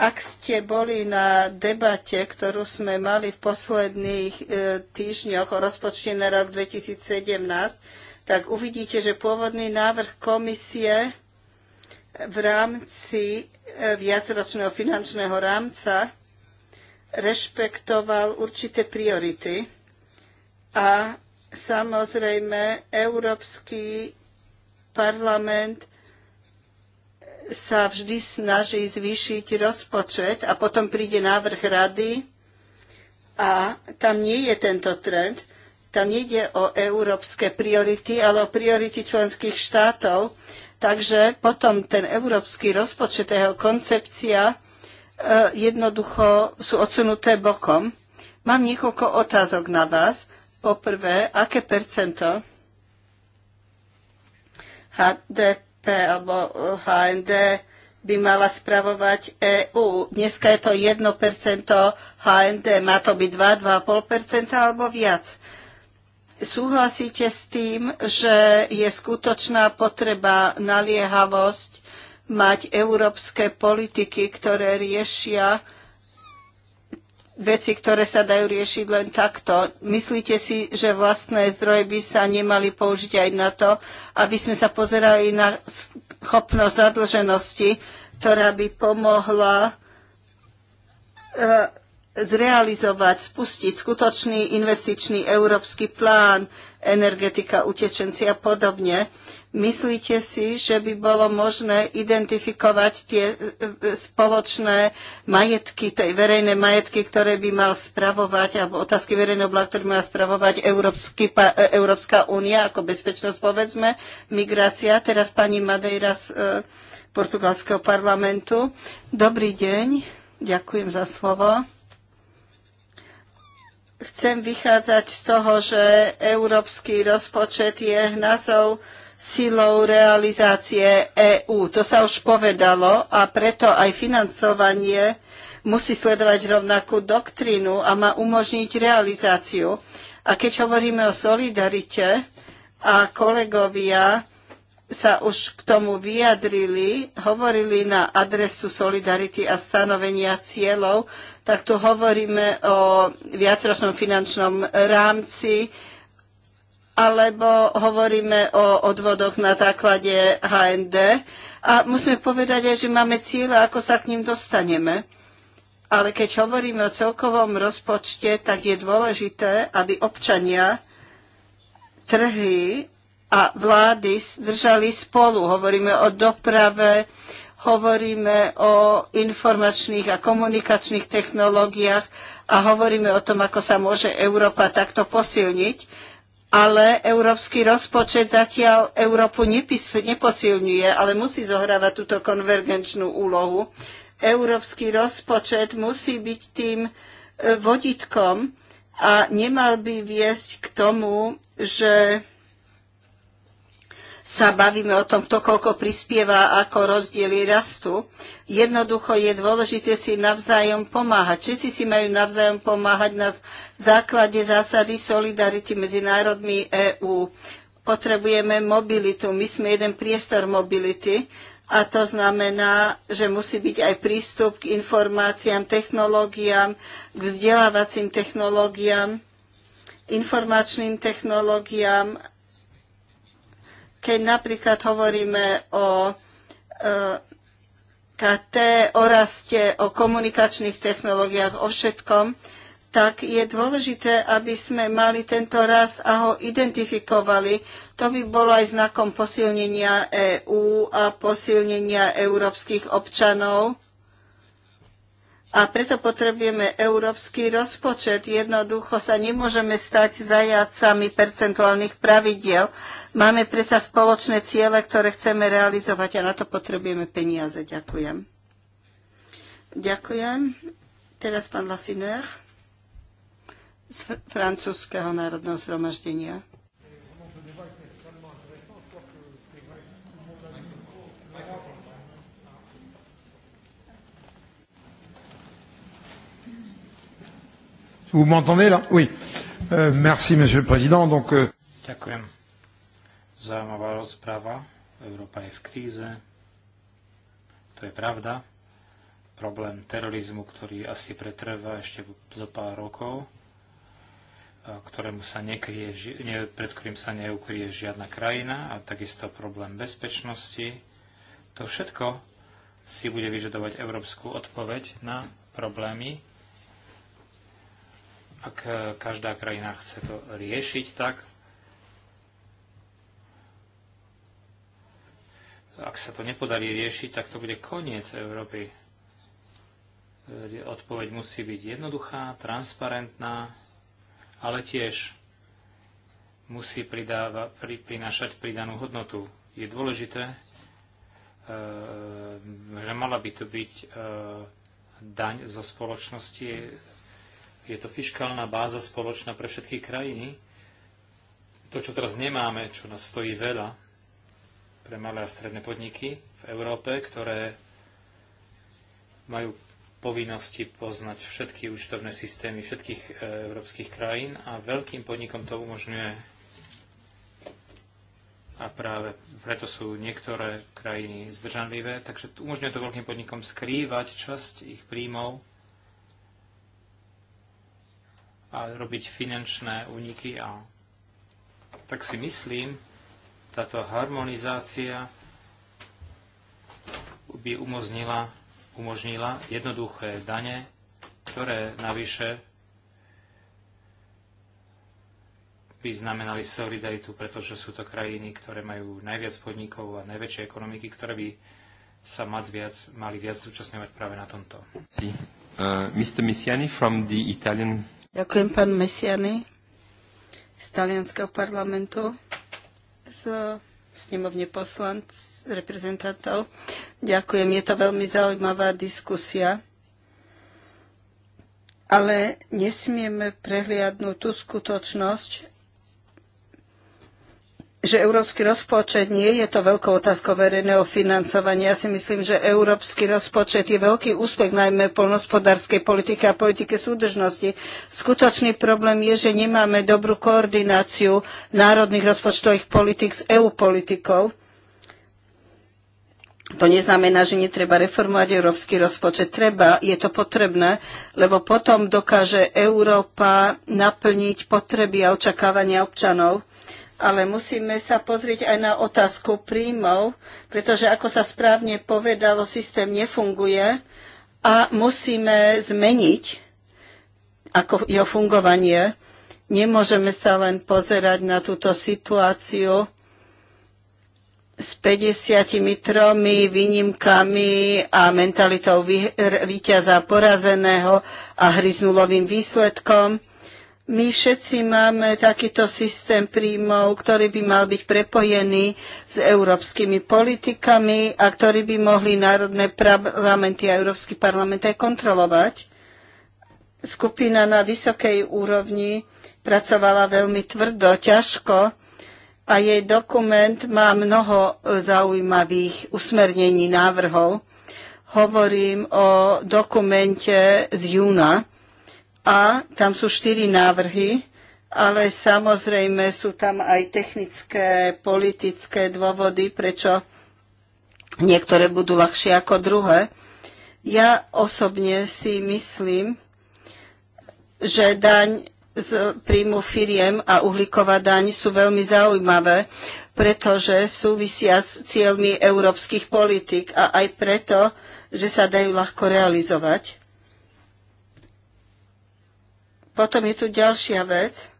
Ak ste boli na debate, ktorú sme mali v posledných e, týždňoch o rozpočte na rok 2017, tak uvidíte, že pôvodný návrh komisie v rámci e, viacročného finančného rámca rešpektoval určité priority a samozrejme Európsky parlament sa vždy snaží zvýšiť rozpočet a potom príde návrh rady a tam nie je tento trend. Tam nejde o európske priority, ale o priority členských štátov. Takže potom ten európsky rozpočet, jeho koncepcia e, jednoducho sú odsunuté bokom. Mám niekoľko otázok na vás. Poprvé, aké percento HDP HDP alebo e, HND by mala spravovať EÚ. Dneska je to 1% HND. Má to byť 2, 2,5% alebo viac. Súhlasíte s tým, že je skutočná potreba naliehavosť mať európske politiky, ktoré riešia veci, ktoré sa dajú riešiť len takto. Myslíte si, že vlastné zdroje by sa nemali použiť aj na to, aby sme sa pozerali na schopnosť zadlženosti, ktorá by pomohla eh, zrealizovať, spustiť skutočný investičný európsky plán, energetika, utečenci a podobne. Myslíte si, že by bolo možné identifikovať tie e, e, spoločné majetky, tej verejné majetky, ktoré by mal spravovať, alebo otázky verejného blaha, ktoré by mal spravovať Európsky, e, Európska únia, ako bezpečnosť, povedzme, migrácia. Teraz pani Madeira z portugalského parlamentu. Dobrý deň, ďakujem za slovo chcem vychádzať z toho, že európsky rozpočet je hnazou silou realizácie EÚ. To sa už povedalo a preto aj financovanie musí sledovať rovnakú doktrínu a má umožniť realizáciu. A keď hovoríme o solidarite a kolegovia sa už k tomu vyjadrili, hovorili na adresu solidarity a stanovenia cieľov, tak tu hovoríme o viacročnom finančnom rámci, alebo hovoríme o odvodoch na základe HND. A musíme povedať aj, že máme cieľe, ako sa k ním dostaneme. Ale keď hovoríme o celkovom rozpočte, tak je dôležité, aby občania, trhy a vlády držali spolu. Hovoríme o doprave, hovoríme o informačných a komunikačných technológiách a hovoríme o tom, ako sa môže Európa takto posilniť. Ale európsky rozpočet zatiaľ Európu neposilňuje, ale musí zohrávať túto konvergenčnú úlohu. Európsky rozpočet musí byť tým e, vodítkom a nemal by viesť k tomu, že sa bavíme o tom, to, koľko prispieva, ako rozdiely rastu. Jednoducho je dôležité si navzájom pomáhať. Česi si majú navzájom pomáhať na základe zásady solidarity medzi národmi EÚ. Potrebujeme mobilitu. My sme jeden priestor mobility. A to znamená, že musí byť aj prístup k informáciám, technológiám, k vzdelávacím technológiám, informačným technológiám keď napríklad hovoríme o e, KT, o raste, o komunikačných technológiách, o všetkom, tak je dôležité, aby sme mali tento rast a ho identifikovali. To by bolo aj znakom posilnenia EÚ a posilnenia európskych občanov a preto potrebujeme európsky rozpočet. Jednoducho sa nemôžeme stať zajacami percentuálnych pravidiel. Máme predsa spoločné ciele, ktoré chceme realizovať a na to potrebujeme peniaze. Ďakujem. Ďakujem. Teraz pán Lafiner z Francúzského národného zhromaždenia. Vous m'entendez là Oui. Euh, merci, Monsieur le Président. Donc, euh... Ďakujem. Zaujímavá rozprava. Európa je v kríze. To je pravda. Problém terorizmu, ktorý asi pretrvá ešte zo pár rokov, ktorému sa nekrie, ne, pred ktorým sa neukrie žiadna krajina a takisto problém bezpečnosti. To všetko si bude vyžadovať európsku odpoveď na problémy, ak e, každá krajina chce to riešiť tak, ak sa to nepodarí riešiť, tak to bude koniec Európy. E, odpoveď musí byť jednoduchá, transparentná, ale tiež musí pridáva, pri, prinášať pridanú hodnotu. Je dôležité, e, že mala by to byť e, daň zo spoločnosti je to fiskálna báza spoločná pre všetky krajiny. To, čo teraz nemáme, čo nás stojí veľa pre malé a stredné podniky v Európe, ktoré majú povinnosti poznať všetky účtovné systémy všetkých e, európskych krajín a veľkým podnikom to umožňuje. A práve preto sú niektoré krajiny zdržanlivé, takže umožňuje to veľkým podnikom skrývať časť ich príjmov a robiť finančné úniky. A tak si myslím, táto harmonizácia by umožnila, umožnila jednoduché dane, ktoré navyše by znamenali solidaritu, pretože sú to krajiny, ktoré majú najviac podnikov a najväčšie ekonomiky, ktoré by sa mať viac, mali viac zúčastňovať práve na tomto. Uh, Mr. Missiani from the Italian Ďakujem, pán Mesiany z talianského parlamentu, z snemovne poslanc, reprezentantov. Ďakujem, je to veľmi zaujímavá diskusia. Ale nesmieme prehliadnúť tú skutočnosť, že európsky rozpočet nie je to veľkou otázkou verejného financovania. Ja si myslím, že európsky rozpočet je veľký úspech najmä v polnospodárskej politike a politike súdržnosti. Skutočný problém je, že nemáme dobrú koordináciu národných rozpočtových politik s EU politikou. To neznamená, že netreba reformovať európsky rozpočet. Treba, je to potrebné, lebo potom dokáže Európa naplniť potreby a očakávania občanov ale musíme sa pozrieť aj na otázku príjmov, pretože ako sa správne povedalo, systém nefunguje a musíme zmeniť ako jeho fungovanie. Nemôžeme sa len pozerať na túto situáciu s 53 výnimkami a mentalitou víťaza porazeného a hryznulovým výsledkom my všetci máme takýto systém príjmov, ktorý by mal byť prepojený s európskymi politikami a ktorý by mohli národné parlamenty a Európsky parlament aj kontrolovať. Skupina na vysokej úrovni pracovala veľmi tvrdo, ťažko a jej dokument má mnoho zaujímavých usmernení, návrhov. Hovorím o dokumente z júna a tam sú štyri návrhy, ale samozrejme sú tam aj technické, politické dôvody, prečo niektoré budú ľahšie ako druhé. Ja osobne si myslím, že daň z príjmu firiem a uhlíková daň sú veľmi zaujímavé, pretože súvisia s cieľmi európskych politik a aj preto, že sa dajú ľahko realizovať. Potom je tu ďalšia vec.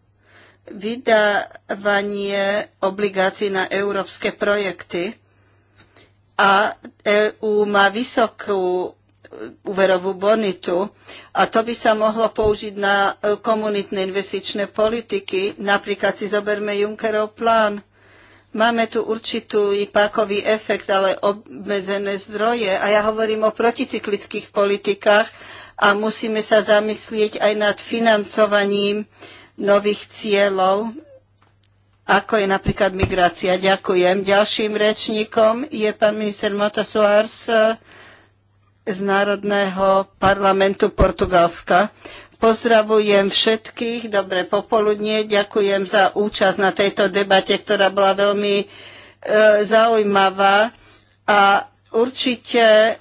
Vydávanie obligácií na európske projekty. A EU má vysokú úverovú bonitu a to by sa mohlo použiť na e, komunitné investičné politiky. Napríklad si zoberme Junckerov plán. Máme tu určitú pákový efekt, ale obmedzené zdroje a ja hovorím o proticyklických politikách, a musíme sa zamyslieť aj nad financovaním nových cieľov, ako je napríklad migrácia. Ďakujem. Ďalším rečníkom je pán minister Mota eh, z Národného parlamentu Portugalska. Pozdravujem všetkých, dobre popoludnie, ďakujem za účasť na tejto debate, ktorá bola veľmi e, zaujímavá a určite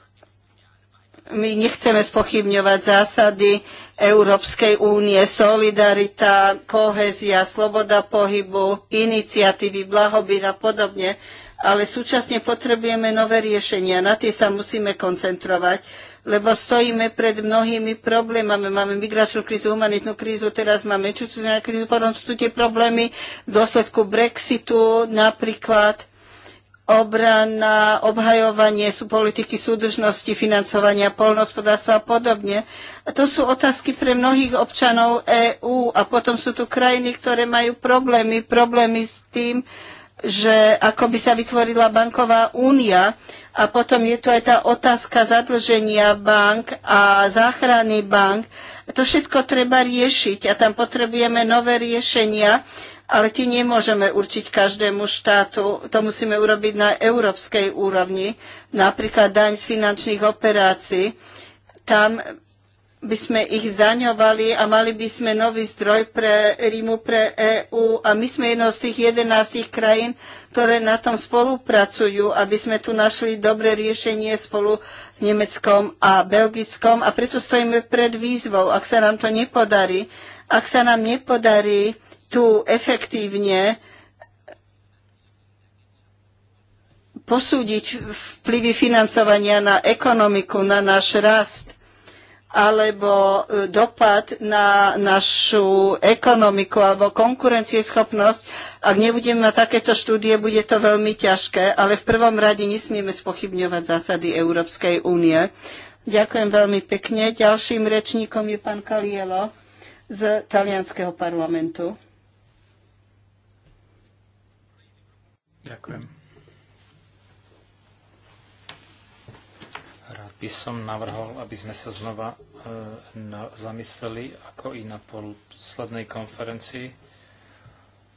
my nechceme spochybňovať zásady Európskej únie, solidarita, kohézia, sloboda pohybu, iniciatívy, blahobyt a podobne, ale súčasne potrebujeme nové riešenia. Na tie sa musíme koncentrovať, lebo stojíme pred mnohými problémami. Máme migračnú krízu, humanitnú krízu, teraz máme čucizná krízu, potom sú tu tie problémy v dôsledku Brexitu napríklad obrana, obhajovanie sú politiky súdržnosti, financovania polnospodárstva a podobne. A to sú otázky pre mnohých občanov EÚ a potom sú tu krajiny, ktoré majú problémy, problémy s tým, že ako by sa vytvorila banková únia a potom je tu aj tá otázka zadlženia bank a záchrany bank. to všetko treba riešiť a tam potrebujeme nové riešenia ale tie nemôžeme určiť každému štátu. To musíme urobiť na európskej úrovni, napríklad daň z finančných operácií. Tam by sme ich zdaňovali a mali by sme nový zdroj pre Rímu, pre EÚ a my sme jednou z tých 11 krajín, ktoré na tom spolupracujú, aby sme tu našli dobré riešenie spolu s Nemeckom a Belgickom a preto stojíme pred výzvou, ak sa nám to nepodarí. Ak sa nám nepodarí tu efektívne posúdiť vplyvy financovania na ekonomiku, na náš rast alebo e, dopad na našu ekonomiku alebo konkurencieschopnosť. Ak nebudeme mať takéto štúdie, bude to veľmi ťažké, ale v prvom rade nesmieme spochybňovať zásady Európskej únie. Ďakujem veľmi pekne. Ďalším rečníkom je pán Kalielo z talianského parlamentu. Ďakujem. Rád by som navrhol, aby sme sa znova e, zamysleli, ako i na poslednej konferencii.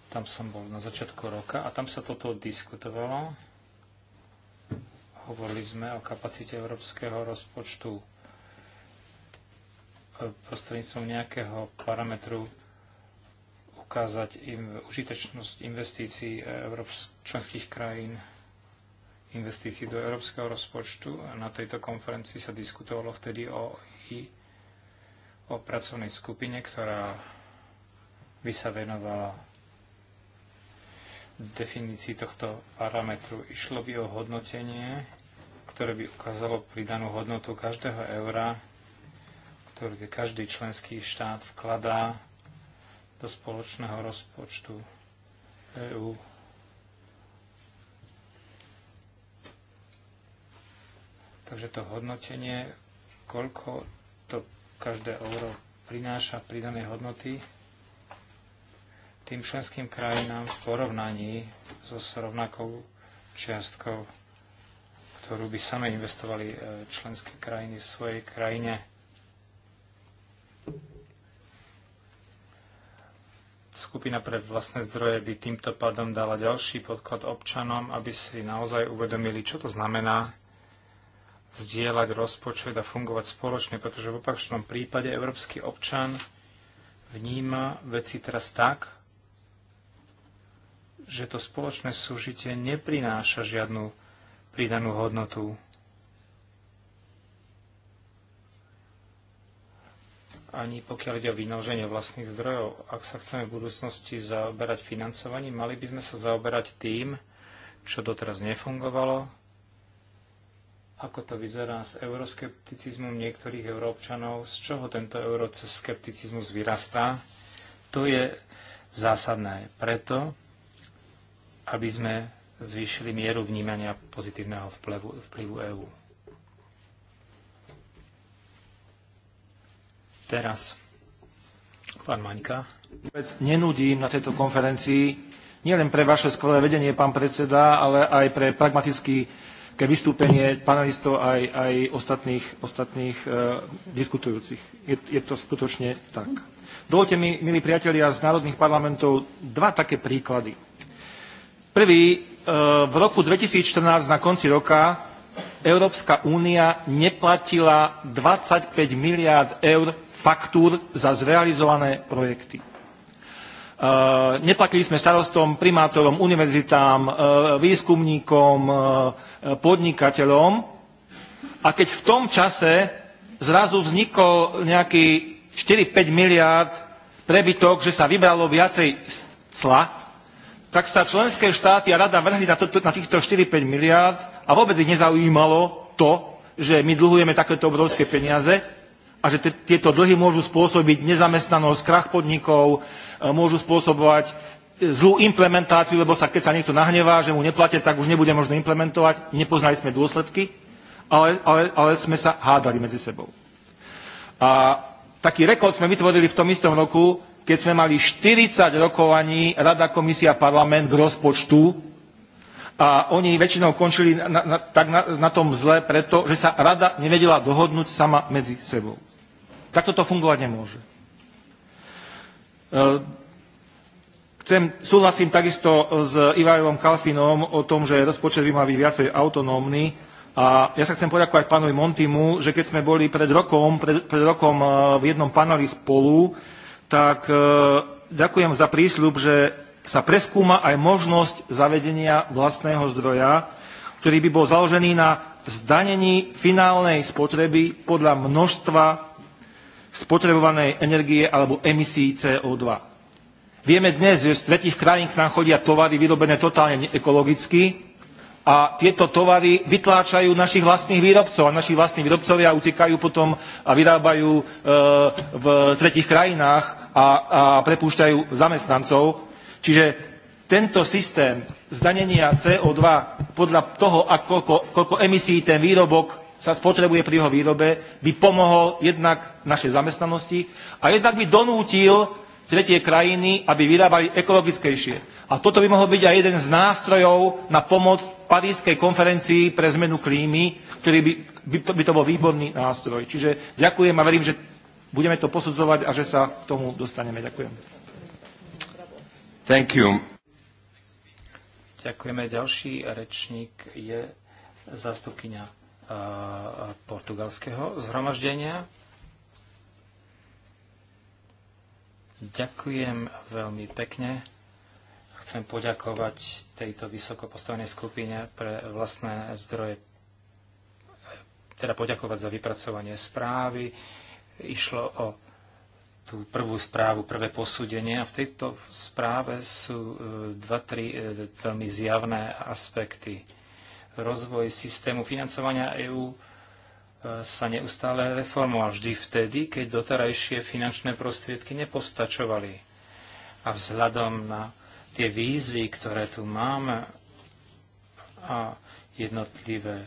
Tam som bol na začiatku roka a tam sa toto diskutovalo. Hovorili sme o kapacite európskeho rozpočtu e, prostredníctvom nejakého parametru ukázať im užitečnosť investícií členských krajín, investícií do európskeho rozpočtu. Na tejto konferencii sa diskutovalo vtedy o, i, o pracovnej skupine, ktorá by sa venovala definícii tohto parametru. Išlo by o hodnotenie, ktoré by ukázalo pridanú hodnotu každého eura, ktorý každý členský štát vkladá do spoločného rozpočtu EÚ. Takže to hodnotenie, koľko to každé euro prináša pridanej hodnoty tým členským krajinám v porovnaní so rovnakou čiastkou, ktorú by same investovali e, členské krajiny v svojej krajine Skupina pre vlastné zdroje by týmto pádom dala ďalší podklad občanom, aby si naozaj uvedomili, čo to znamená zdieľať rozpočet a fungovať spoločne, pretože v opačnom prípade európsky občan vníma veci teraz tak, že to spoločné súžitie neprináša žiadnu pridanú hodnotu ani pokiaľ ide o vynaloženie vlastných zdrojov. Ak sa chceme v budúcnosti zaoberať financovaním, mali by sme sa zaoberať tým, čo doteraz nefungovalo, ako to vyzerá s euroskepticizmom niektorých európčanov, z čoho tento euroskepticizmus vyrastá. To je zásadné preto, aby sme zvýšili mieru vnímania pozitívneho vplyvu, vplyvu EÚ. teraz. Pán Maňka. Nenudím na tejto konferencii nielen pre vaše skvelé vedenie, pán predseda, ale aj pre pragmatické vystúpenie panelistov aj, aj ostatných, ostatných uh, diskutujúcich. Je, je to skutočne tak. Dovolte mi, milí priatelia z národných parlamentov, dva také príklady. Prvý, e, v roku 2014 na konci roka Európska únia neplatila 25 miliárd eur faktúr za zrealizované projekty. E, Neplatili sme starostom, primátorom, univerzitám, e, výskumníkom, e, podnikateľom. A keď v tom čase zrazu vznikol nejaký 4-5 miliard prebytok, že sa vybralo viacej cla, tak sa členské štáty a rada vrhli na, to, na týchto 4-5 miliard a vôbec ich nezaujímalo to, že my dlhujeme takéto obrovské peniaze, a že tieto dlhy môžu spôsobiť nezamestnanosť, krach podnikov, e, môžu spôsobovať e, zlú implementáciu, lebo sa, keď sa niekto nahnevá, že mu neplatia, tak už nebude možné implementovať. Nepoznali sme dôsledky, ale, ale, ale sme sa hádali medzi sebou. A taký rekord sme vytvorili v tom istom roku, keď sme mali 40 rokovaní Rada, Komisia, Parlament k rozpočtu a oni väčšinou končili na, na, tak na, na tom zle preto, že sa rada nevedela dohodnúť sama medzi sebou. Takto to fungovať nemôže. E, chcem, súhlasím takisto s Ivajlom Kalfinom o tom, že rozpočet by mal byť viacej autonómny. A ja sa chcem poďakovať pánovi Montimu, že keď sme boli pred rokom, pred, pred rokom e, v jednom paneli spolu, tak e, ďakujem za prísľub, že sa preskúma aj možnosť zavedenia vlastného zdroja, ktorý by bol založený na zdanení finálnej spotreby podľa množstva spotrebovanej energie alebo emisí CO2. Vieme dnes, že z tretich krajín k nám chodia tovary vyrobené totálne ekologicky a tieto tovary vytláčajú našich vlastných výrobcov a naši vlastní výrobcovia utekajú potom a vyrábajú e, v tretich krajinách a, a prepúšťajú zamestnancov. Čiže tento systém zdanenia CO2 podľa toho, koľko, koľko emisí ten výrobok sa spotrebuje pri jeho výrobe, by pomohol jednak našej zamestnanosti a jednak by donútil tretie krajiny, aby vyrábali ekologickejšie. A toto by mohol byť aj jeden z nástrojov na pomoc Parískej konferencii pre zmenu klímy, ktorý by, by, to, by to bol výborný nástroj. Čiže ďakujem a verím, že budeme to posudzovať a že sa k tomu dostaneme. Ďakujem. Thank you. Ďakujeme. Ďalší rečník je zastupkynia portugalského zhromaždenia. Ďakujem veľmi pekne. Chcem poďakovať tejto vysoko postavenej skupine pre vlastné zdroje, teda poďakovať za vypracovanie správy. Išlo o tú prvú správu, prvé posúdenie a v tejto správe sú e, dva, tri e, veľmi zjavné aspekty rozvoj systému financovania EÚ e, sa neustále reformoval vždy vtedy, keď doterajšie finančné prostriedky nepostačovali. A vzhľadom na tie výzvy, ktoré tu máme a jednotlivé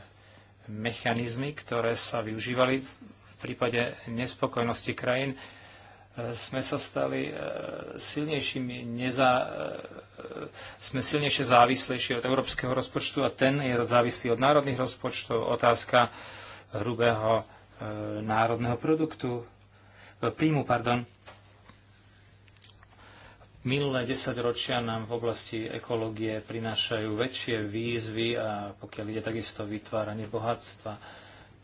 mechanizmy, ktoré sa využívali v prípade nespokojnosti krajín, e, sme sa stali e, silnejším neza, sme silnejšie závislejšie od európskeho rozpočtu a ten je závislý od národných rozpočtov. Otázka e, hrubého e, národného produktu, e, príjmu, pardon. Minulé desaťročia nám v oblasti ekológie prinášajú väčšie výzvy a pokiaľ ide takisto vytváranie bohatstva,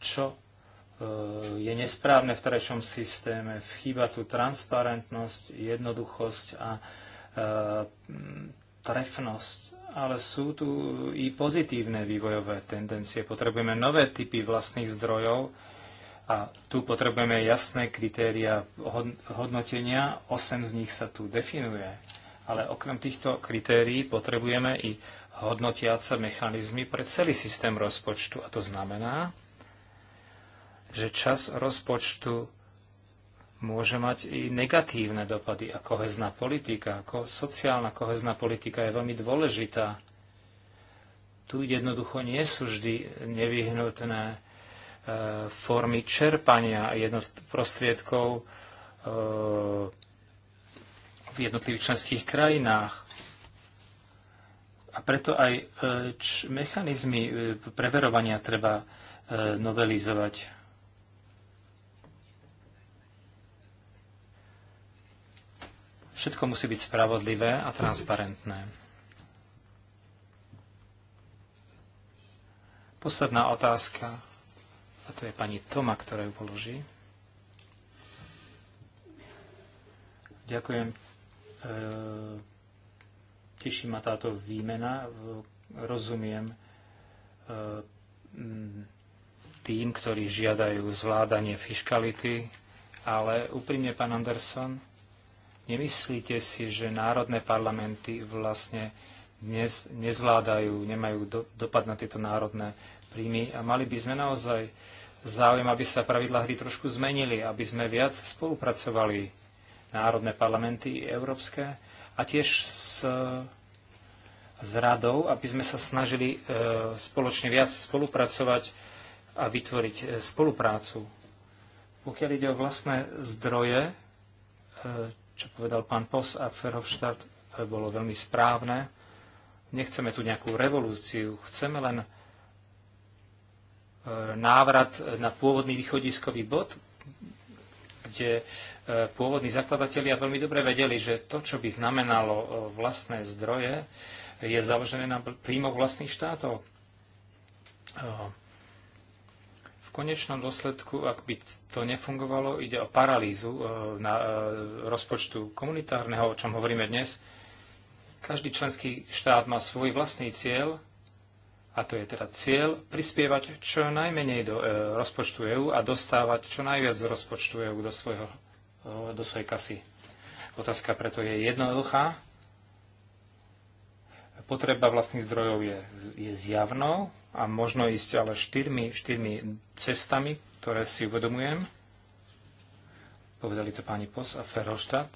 čo e, je nesprávne v terajšom systéme. Chýba tu transparentnosť, jednoduchosť a E, trefnosť, ale sú tu i pozitívne vývojové tendencie. Potrebujeme nové typy vlastných zdrojov a tu potrebujeme jasné kritéria hodnotenia. Osem z nich sa tu definuje. Ale okrem týchto kritérií potrebujeme i hodnotiace mechanizmy pre celý systém rozpočtu. A to znamená, že čas rozpočtu môže mať i negatívne dopady. A kohezná politika, ako sociálna kohezná politika je veľmi dôležitá. Tu jednoducho nie sú vždy nevyhnutné e, formy čerpania jednot- prostriedkov e, v jednotlivých členských krajinách. A preto aj e, mechanizmy preverovania treba novelizovať. Všetko musí byť spravodlivé a transparentné. Posledná otázka, a to je pani Toma, ktorá ju položí. Ďakujem. E, teší ma táto výmena. Rozumiem e, tým, ktorí žiadajú zvládanie fiskality. ale úprimne, pán Anderson, Nemyslíte si, že národné parlamenty vlastne dnes nezvládajú, nemajú do, dopad na tieto národné príjmy a mali by sme naozaj záujem, aby sa pravidlá hry trošku zmenili, aby sme viac spolupracovali národné parlamenty i európske a tiež s, s radou, aby sme sa snažili e, spoločne viac spolupracovať a vytvoriť e, spoluprácu. Pokiaľ ide o vlastné zdroje, e, čo povedal pán Pos a Ferhofštát, bolo veľmi správne. Nechceme tu nejakú revolúciu, chceme len e, návrat na pôvodný východiskový bod, kde e, pôvodní zakladatelia veľmi dobre vedeli, že to, čo by znamenalo e, vlastné zdroje, je založené na príjmoch vlastných štátov. V konečnom dôsledku, ak by to nefungovalo, ide o paralýzu e, na e, rozpočtu komunitárneho, o čom hovoríme dnes. Každý členský štát má svoj vlastný cieľ, a to je teda cieľ prispievať čo najmenej do e, rozpočtu EÚ a dostávať čo najviac z rozpočtu EÚ do, svojho, do svojej kasy. Otázka preto je jednoduchá. Potreba vlastných zdrojov je, je zjavnou, a možno ísť ale štyrmi, štyrmi cestami, ktoré si uvedomujem. Povedali to páni Pos a Ferroštát.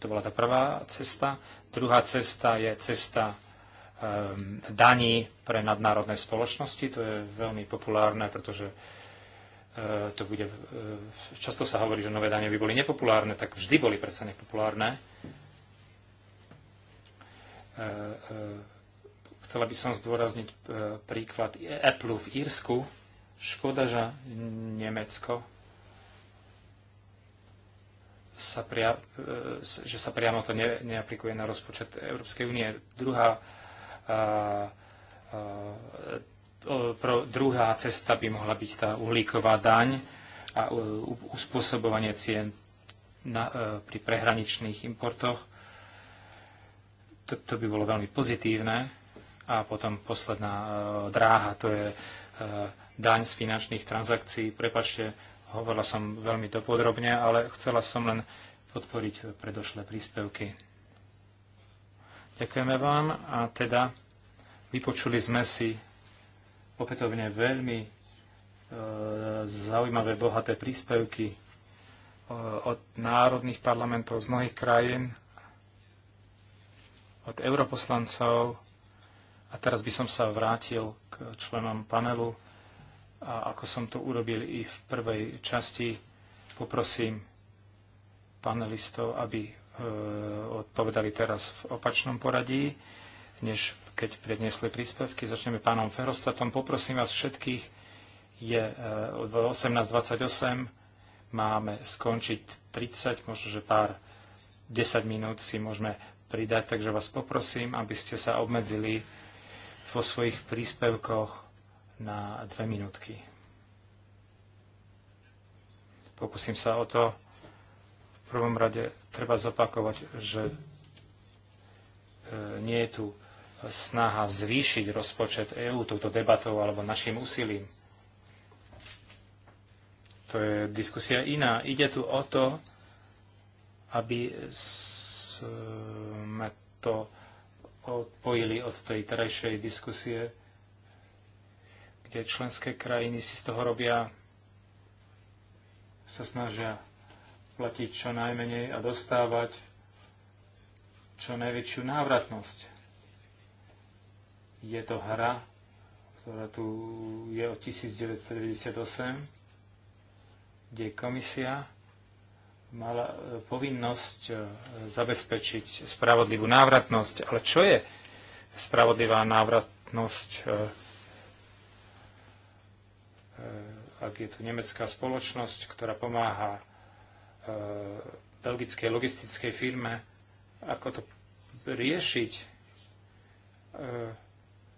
To bola tá prvá cesta. Druhá cesta je cesta um, ehm, daní pre nadnárodné spoločnosti. To je veľmi populárne, pretože uh, to bude, uh, často sa hovorí, že nové dane by boli nepopulárne, tak vždy boli predsa nepopulárne. Uh, Chcela by som zdôrazniť e, príklad Apple v Írsku. Škoda, že Nemecko sa pria, e, že sa priamo to ne, neaplikuje na rozpočet Európskej únie. Druhá, a, a, pro, druhá cesta by mohla byť tá uhlíková daň a u, uspôsobovanie cien na, e, pri prehraničných importoch. To, to by bolo veľmi pozitívne. A potom posledná e, dráha, to je e, daň z finančných transakcií. Prepačte, hovorila som veľmi dopodrobne, ale chcela som len podporiť predošlé príspevky. Ďakujeme vám a teda vypočuli sme si opätovne veľmi e, zaujímavé, bohaté príspevky e, od národných parlamentov z mnohých krajín, od europoslancov, a teraz by som sa vrátil k členom panelu a ako som to urobil i v prvej časti, poprosím panelistov, aby e, odpovedali teraz v opačnom poradí, než keď predniesli príspevky. Začneme pánom Ferostatom. Poprosím vás všetkých, je 18.28, e, máme skončiť 30, možno že pár 10 minút si môžeme pridať, takže vás poprosím, aby ste sa obmedzili vo svojich príspevkoch na dve minútky. Pokúsim sa o to. V prvom rade treba zopakovať, že e, nie je tu snaha zvýšiť rozpočet EÚ touto debatou alebo našim úsilím. To je diskusia iná. Ide tu o to, aby sme to odpojili od tej terajšej diskusie, kde členské krajiny si z toho robia, sa snažia platiť čo najmenej a dostávať čo najväčšiu návratnosť. Je to hra, ktorá tu je od 1998, kde komisia mala e, povinnosť e, zabezpečiť spravodlivú návratnosť. Ale čo je spravodlivá návratnosť, e, ak je tu nemecká spoločnosť, ktorá pomáha belgickej logistickej firme, ako to riešiť,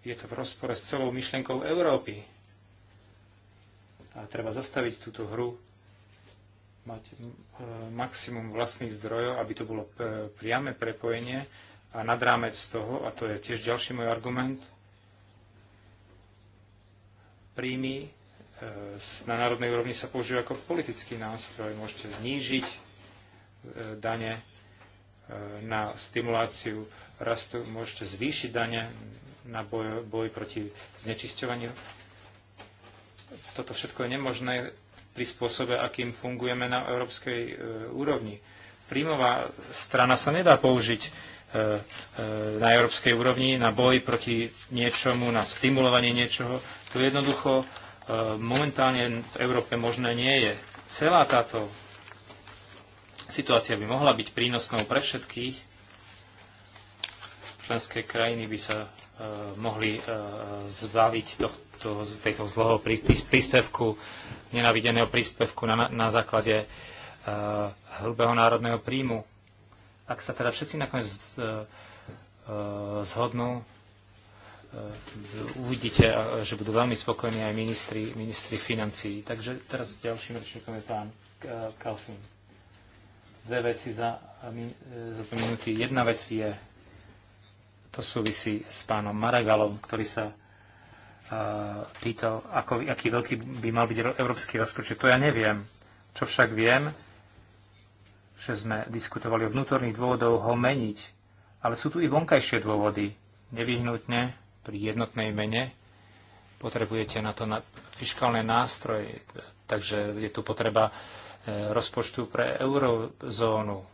je to v rozpore s celou myšlienkou Európy. A treba zastaviť túto hru mať e, maximum vlastných zdrojov, aby to bolo e, priame prepojenie a nad rámec toho, a to je tiež ďalší môj argument, príjmy e, na národnej úrovni sa používajú ako politický nástroj. Môžete znížiť dane na stimuláciu rastu, môžete zvýšiť dane na boj, boj proti znečisťovaniu. Toto všetko je nemožné pri spôsobe, akým fungujeme na európskej e, úrovni. Príjmová strana sa nedá použiť e, e, na európskej úrovni na boj proti niečomu, na stimulovanie niečoho. To jednoducho e, momentálne v Európe možné nie je. Celá táto situácia by mohla byť prínosnou pre všetkých. Členské krajiny by sa e, mohli e, zbaviť tohto tohto, z tejto zloho príspevku, nenavideného príspevku na, na základe uh, hrubého národného príjmu. Ak sa teda všetci nakoniec uh, uh, zhodnú, uvidíte, že budú veľmi spokojní aj ministri, ministri financií. Takže teraz ďalším rečníkom je pán Kalfin. Dve veci za, za dve minúty. Jedna vec je, to súvisí s pánom Maragalom, ktorý sa pýtal, ako, aký veľký by mal byť európsky rozpočet. To ja neviem. Čo však viem, že sme diskutovali o vnútorných dôvodoch ho meniť, ale sú tu i vonkajšie dôvody. Nevyhnutne pri jednotnej mene potrebujete na to na fiskálne nástroje, takže je tu potreba e, rozpočtu pre eurozónu,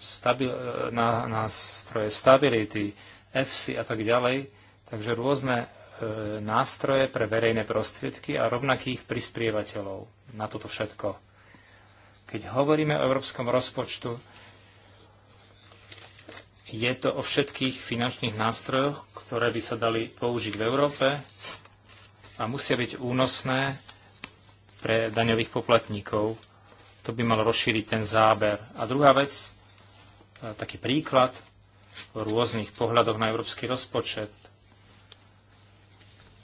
stabil, e, nástroje stability, FC a tak ďalej. Takže rôzne E, nástroje pre verejné prostriedky a rovnakých prispievateľov na toto všetko. Keď hovoríme o európskom rozpočtu, je to o všetkých finančných nástrojoch, ktoré by sa dali použiť v Európe a musia byť únosné pre daňových poplatníkov. To by mal rozšíriť ten záber. A druhá vec, e, taký príklad o rôznych pohľadoch na európsky rozpočet.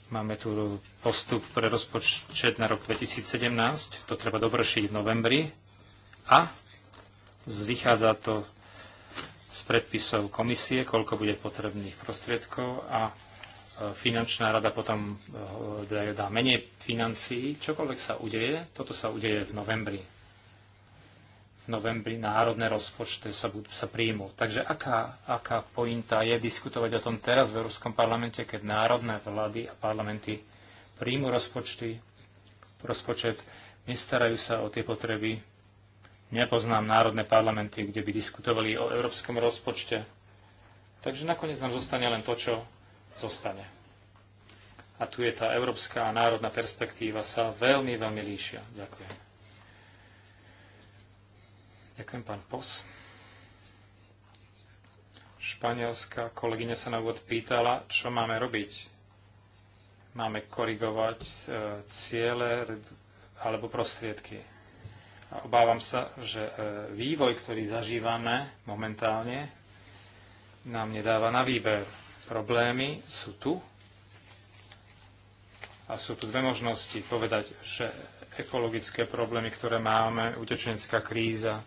Máme tu postup pre rozpočet na rok 2017, to treba dovršiť v novembri a vychádza to z predpisov komisie, koľko bude potrebných prostriedkov a e, finančná rada potom e, dá menej financií. Čokoľvek sa udeje, toto sa udeje v novembri novembri národné rozpočty sa, budú, sa príjmú. Takže aká, aká pointa je diskutovať o tom teraz v Európskom parlamente, keď národné vlády a parlamenty príjmu rozpočty, rozpočet, nestarajú sa o tie potreby. Nepoznám národné parlamenty, kde by diskutovali o európskom rozpočte. Takže nakoniec nám zostane len to, čo zostane. A tu je tá európska a národná perspektíva sa veľmi, veľmi líšia. Ďakujem. Ďakujem, pán Pos. Španielská kolegyňa sa na úvod pýtala, čo máme robiť. Máme korigovať e, ciele alebo prostriedky. A obávam sa, že e, vývoj, ktorý zažívame momentálne, nám nedáva na výber. Problémy sú tu a sú tu dve možnosti povedať, že ekologické problémy, ktoré máme, utečenská kríza,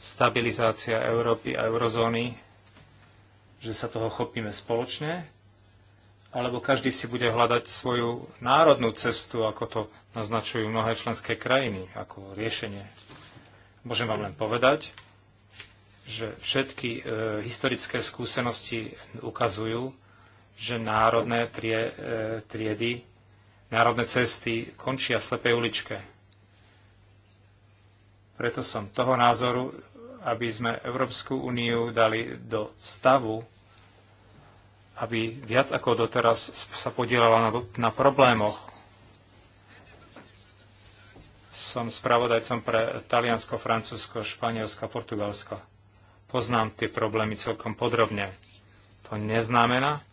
stabilizácia Európy a eurozóny, že sa toho chopíme spoločne, alebo každý si bude hľadať svoju národnú cestu, ako to naznačujú mnohé členské krajiny, ako riešenie. Môžem vám len povedať, že všetky e, historické skúsenosti ukazujú, že národné trie, e, triedy, národné cesty končia v slepej uličke. Preto som toho názoru, aby sme Európsku úniu dali do stavu, aby viac ako doteraz sa podielala na, na problémoch. Som spravodajcom pre Taliansko, Francúzsko, Španielsko, Portugalsko. Poznám tie problémy celkom podrobne. To neznamená,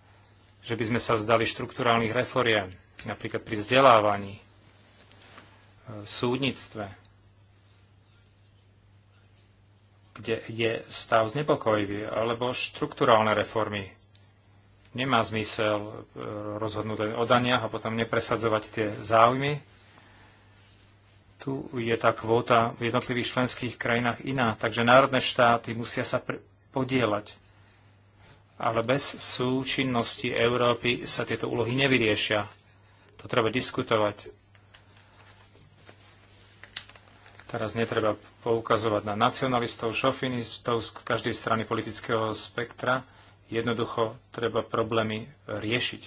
že by sme sa zdali štruktúrálnych reforiem, napríklad pri vzdelávaní, v e, súdnictve, kde je stav znepokojivý, alebo štruktúrálne reformy. Nemá zmysel e, rozhodnúť len o daniach a potom nepresadzovať tie záujmy. Tu je tá kvóta v jednotlivých členských krajinách iná, takže národné štáty musia sa podielať. Ale bez súčinnosti Európy sa tieto úlohy nevyriešia. To treba diskutovať. Teraz netreba poukazovať na nacionalistov, šofinistov z každej strany politického spektra. Jednoducho treba problémy riešiť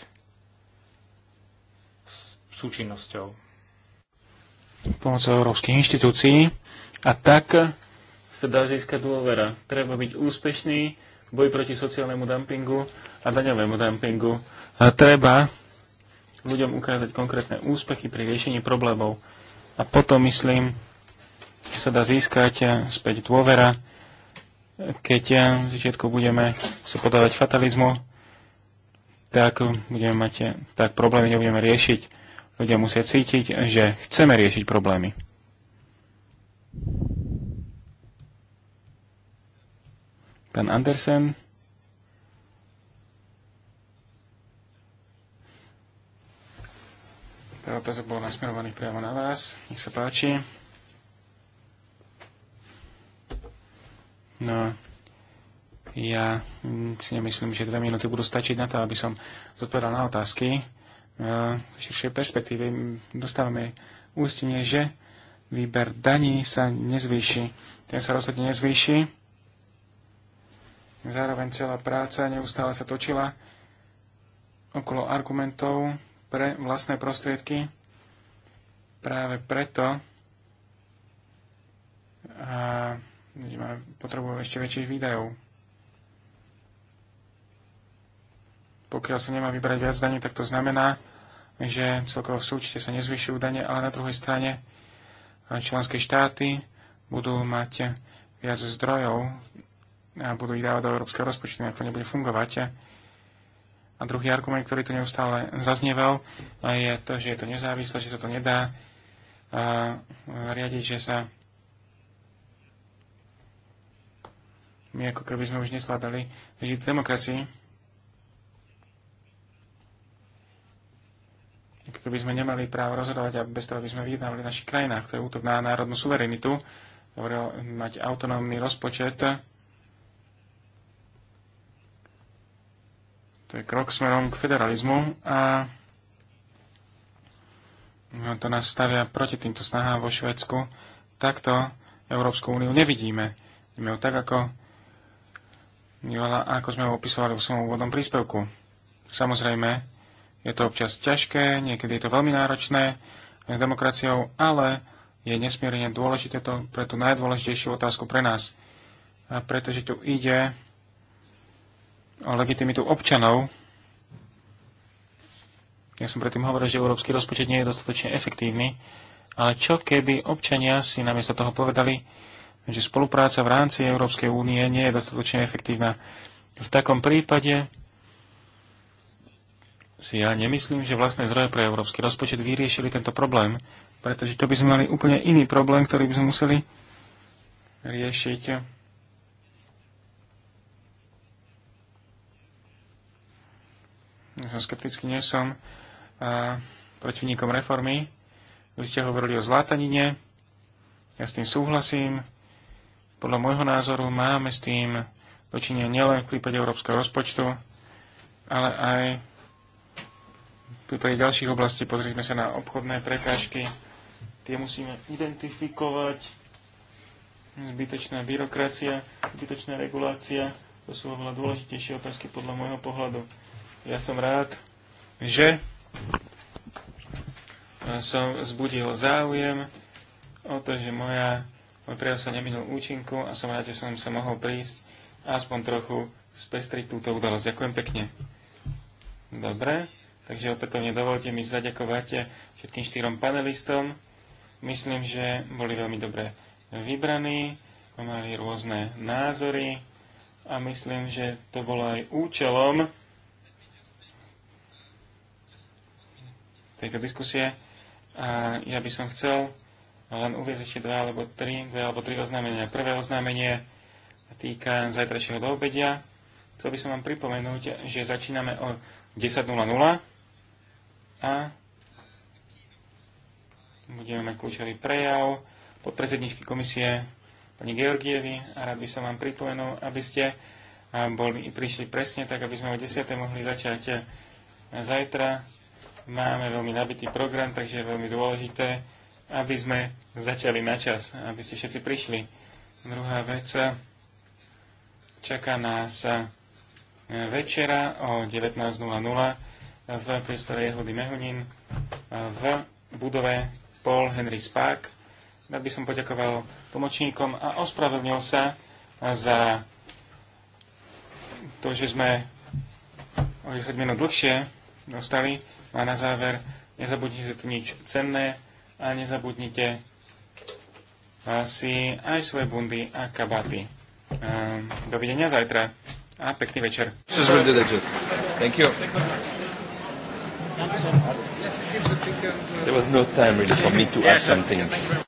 s súčinnosťou. Pomocou európskych inštitúcií. A tak sa dá získať dôvera. Treba byť úspešný v boji proti sociálnemu dumpingu a daňovému dumpingu. A treba ľuďom ukázať konkrétne úspechy pri riešení problémov. A potom, myslím, sa dá získať eh, späť dôvera, keď eh, v začiatku budeme sa podávať fatalizmu, tak budeme mať eh, tak problémy nebudeme riešiť. Ľudia musia cítiť, že chceme riešiť problémy. Pán Andersen. Tá otázka bola nasmerovaná priamo na vás. Nech sa páči. No, ja si nemyslím, že dve minúty budú stačiť na to, aby som zodpovedal na otázky. No, Z širšej perspektívy dostávame ústenie, že výber daní sa nezvýši. Ten sa rozhodne nezvýši. Zároveň celá práca neustále sa točila okolo argumentov pre vlastné prostriedky. Práve preto a kde máme, potrebujeme ešte väčších výdajov. Pokiaľ sa nemá vybrať viac daní, tak to znamená, že celkovo v súčte sa nezvyšujú dane, ale na druhej strane členské štáty budú mať viac zdrojov a budú ich dávať do európskeho rozpočtu, ak to nebude fungovať. A druhý argument, ktorý tu neustále zaznieval, je to, že je to nezávislé, že sa to nedá riadiť, že sa My ako keby sme už nesladali žiť v demokracii. Ako keby sme nemali právo rozhodovať a bez toho by sme vyjednávali v našich krajinách. To je útok na národnú suverenitu. Hovoril mať autonómny rozpočet. To je krok smerom k federalizmu a no, to nás stavia proti týmto snahám vo Švedsku. Takto Európsku úniu nevidíme. Vidíme ju tak, ako Nivala, ako sme ho opisovali v svojom úvodnom príspevku. Samozrejme, je to občas ťažké, niekedy je to veľmi náročné s demokraciou, ale je nesmierne dôležité to pre tú najdôležitejšiu otázku pre nás. A pretože tu ide o legitimitu občanov. Ja som predtým hovoril, že európsky rozpočet nie je dostatočne efektívny, ale čo keby občania si namiesto toho povedali, že spolupráca v rámci Európskej únie nie je dostatočne efektívna. V takom prípade si ja nemyslím, že vlastné zdroje pre európsky rozpočet vyriešili tento problém, pretože to by sme mali úplne iný problém, ktorý by sme museli riešiť. Ja som skeptický, nie som a, protivníkom reformy. Vy ste hovorili o zlátanine, ja s tým súhlasím, podľa môjho názoru máme s tým dočinia nielen v prípade európskeho rozpočtu, ale aj v prípade ďalších oblastí. Pozrime sa na obchodné prekážky. Tie musíme identifikovať. Zbytočná byrokracia, zbytočná regulácia. To sú oveľa dôležitejšie otázky podľa môjho pohľadu. Ja som rád, že som zbudil záujem o to, že moja môj prejav sa neminul účinku a som rád, že som sa mohol prísť a aspoň trochu spestriť túto udalosť. Ďakujem pekne. Dobre, takže opätovne dovolte mi zaďakovať všetkým štyrom panelistom. Myslím, že boli veľmi dobre vybraní, mali rôzne názory a myslím, že to bolo aj účelom tejto diskusie. A ja by som chcel len uviezť ešte dva alebo tri, dve alebo tri oznámenia. Prvé oznámenie týka zajtrajšieho do obedia. Chcel by som vám pripomenúť, že začíname o 10.00 a budeme mať kľúčový prejav podpredsedničky komisie pani Georgievi a rád by som vám pripomenul, aby ste boli, prišli presne tak, aby sme o 10. mohli začať zajtra. Máme veľmi nabitý program, takže je veľmi dôležité, aby sme začali na čas, aby ste všetci prišli. Druhá vec, čaká nás eh, večera o 19.00 v priestore Jehody Mehunin eh, v budove Paul Henry Spark. Rád by som poďakoval tlmočníkom a ospravedlnil sa eh, za to, že sme o 10 minút dlhšie dostali. A na záver, nezabudnite tu nič cenné, a nezabudnite si aj svoje bundy a kabaty. Dovidenia zajtra a pekný večer. Thank you. There was no time really for me to add something.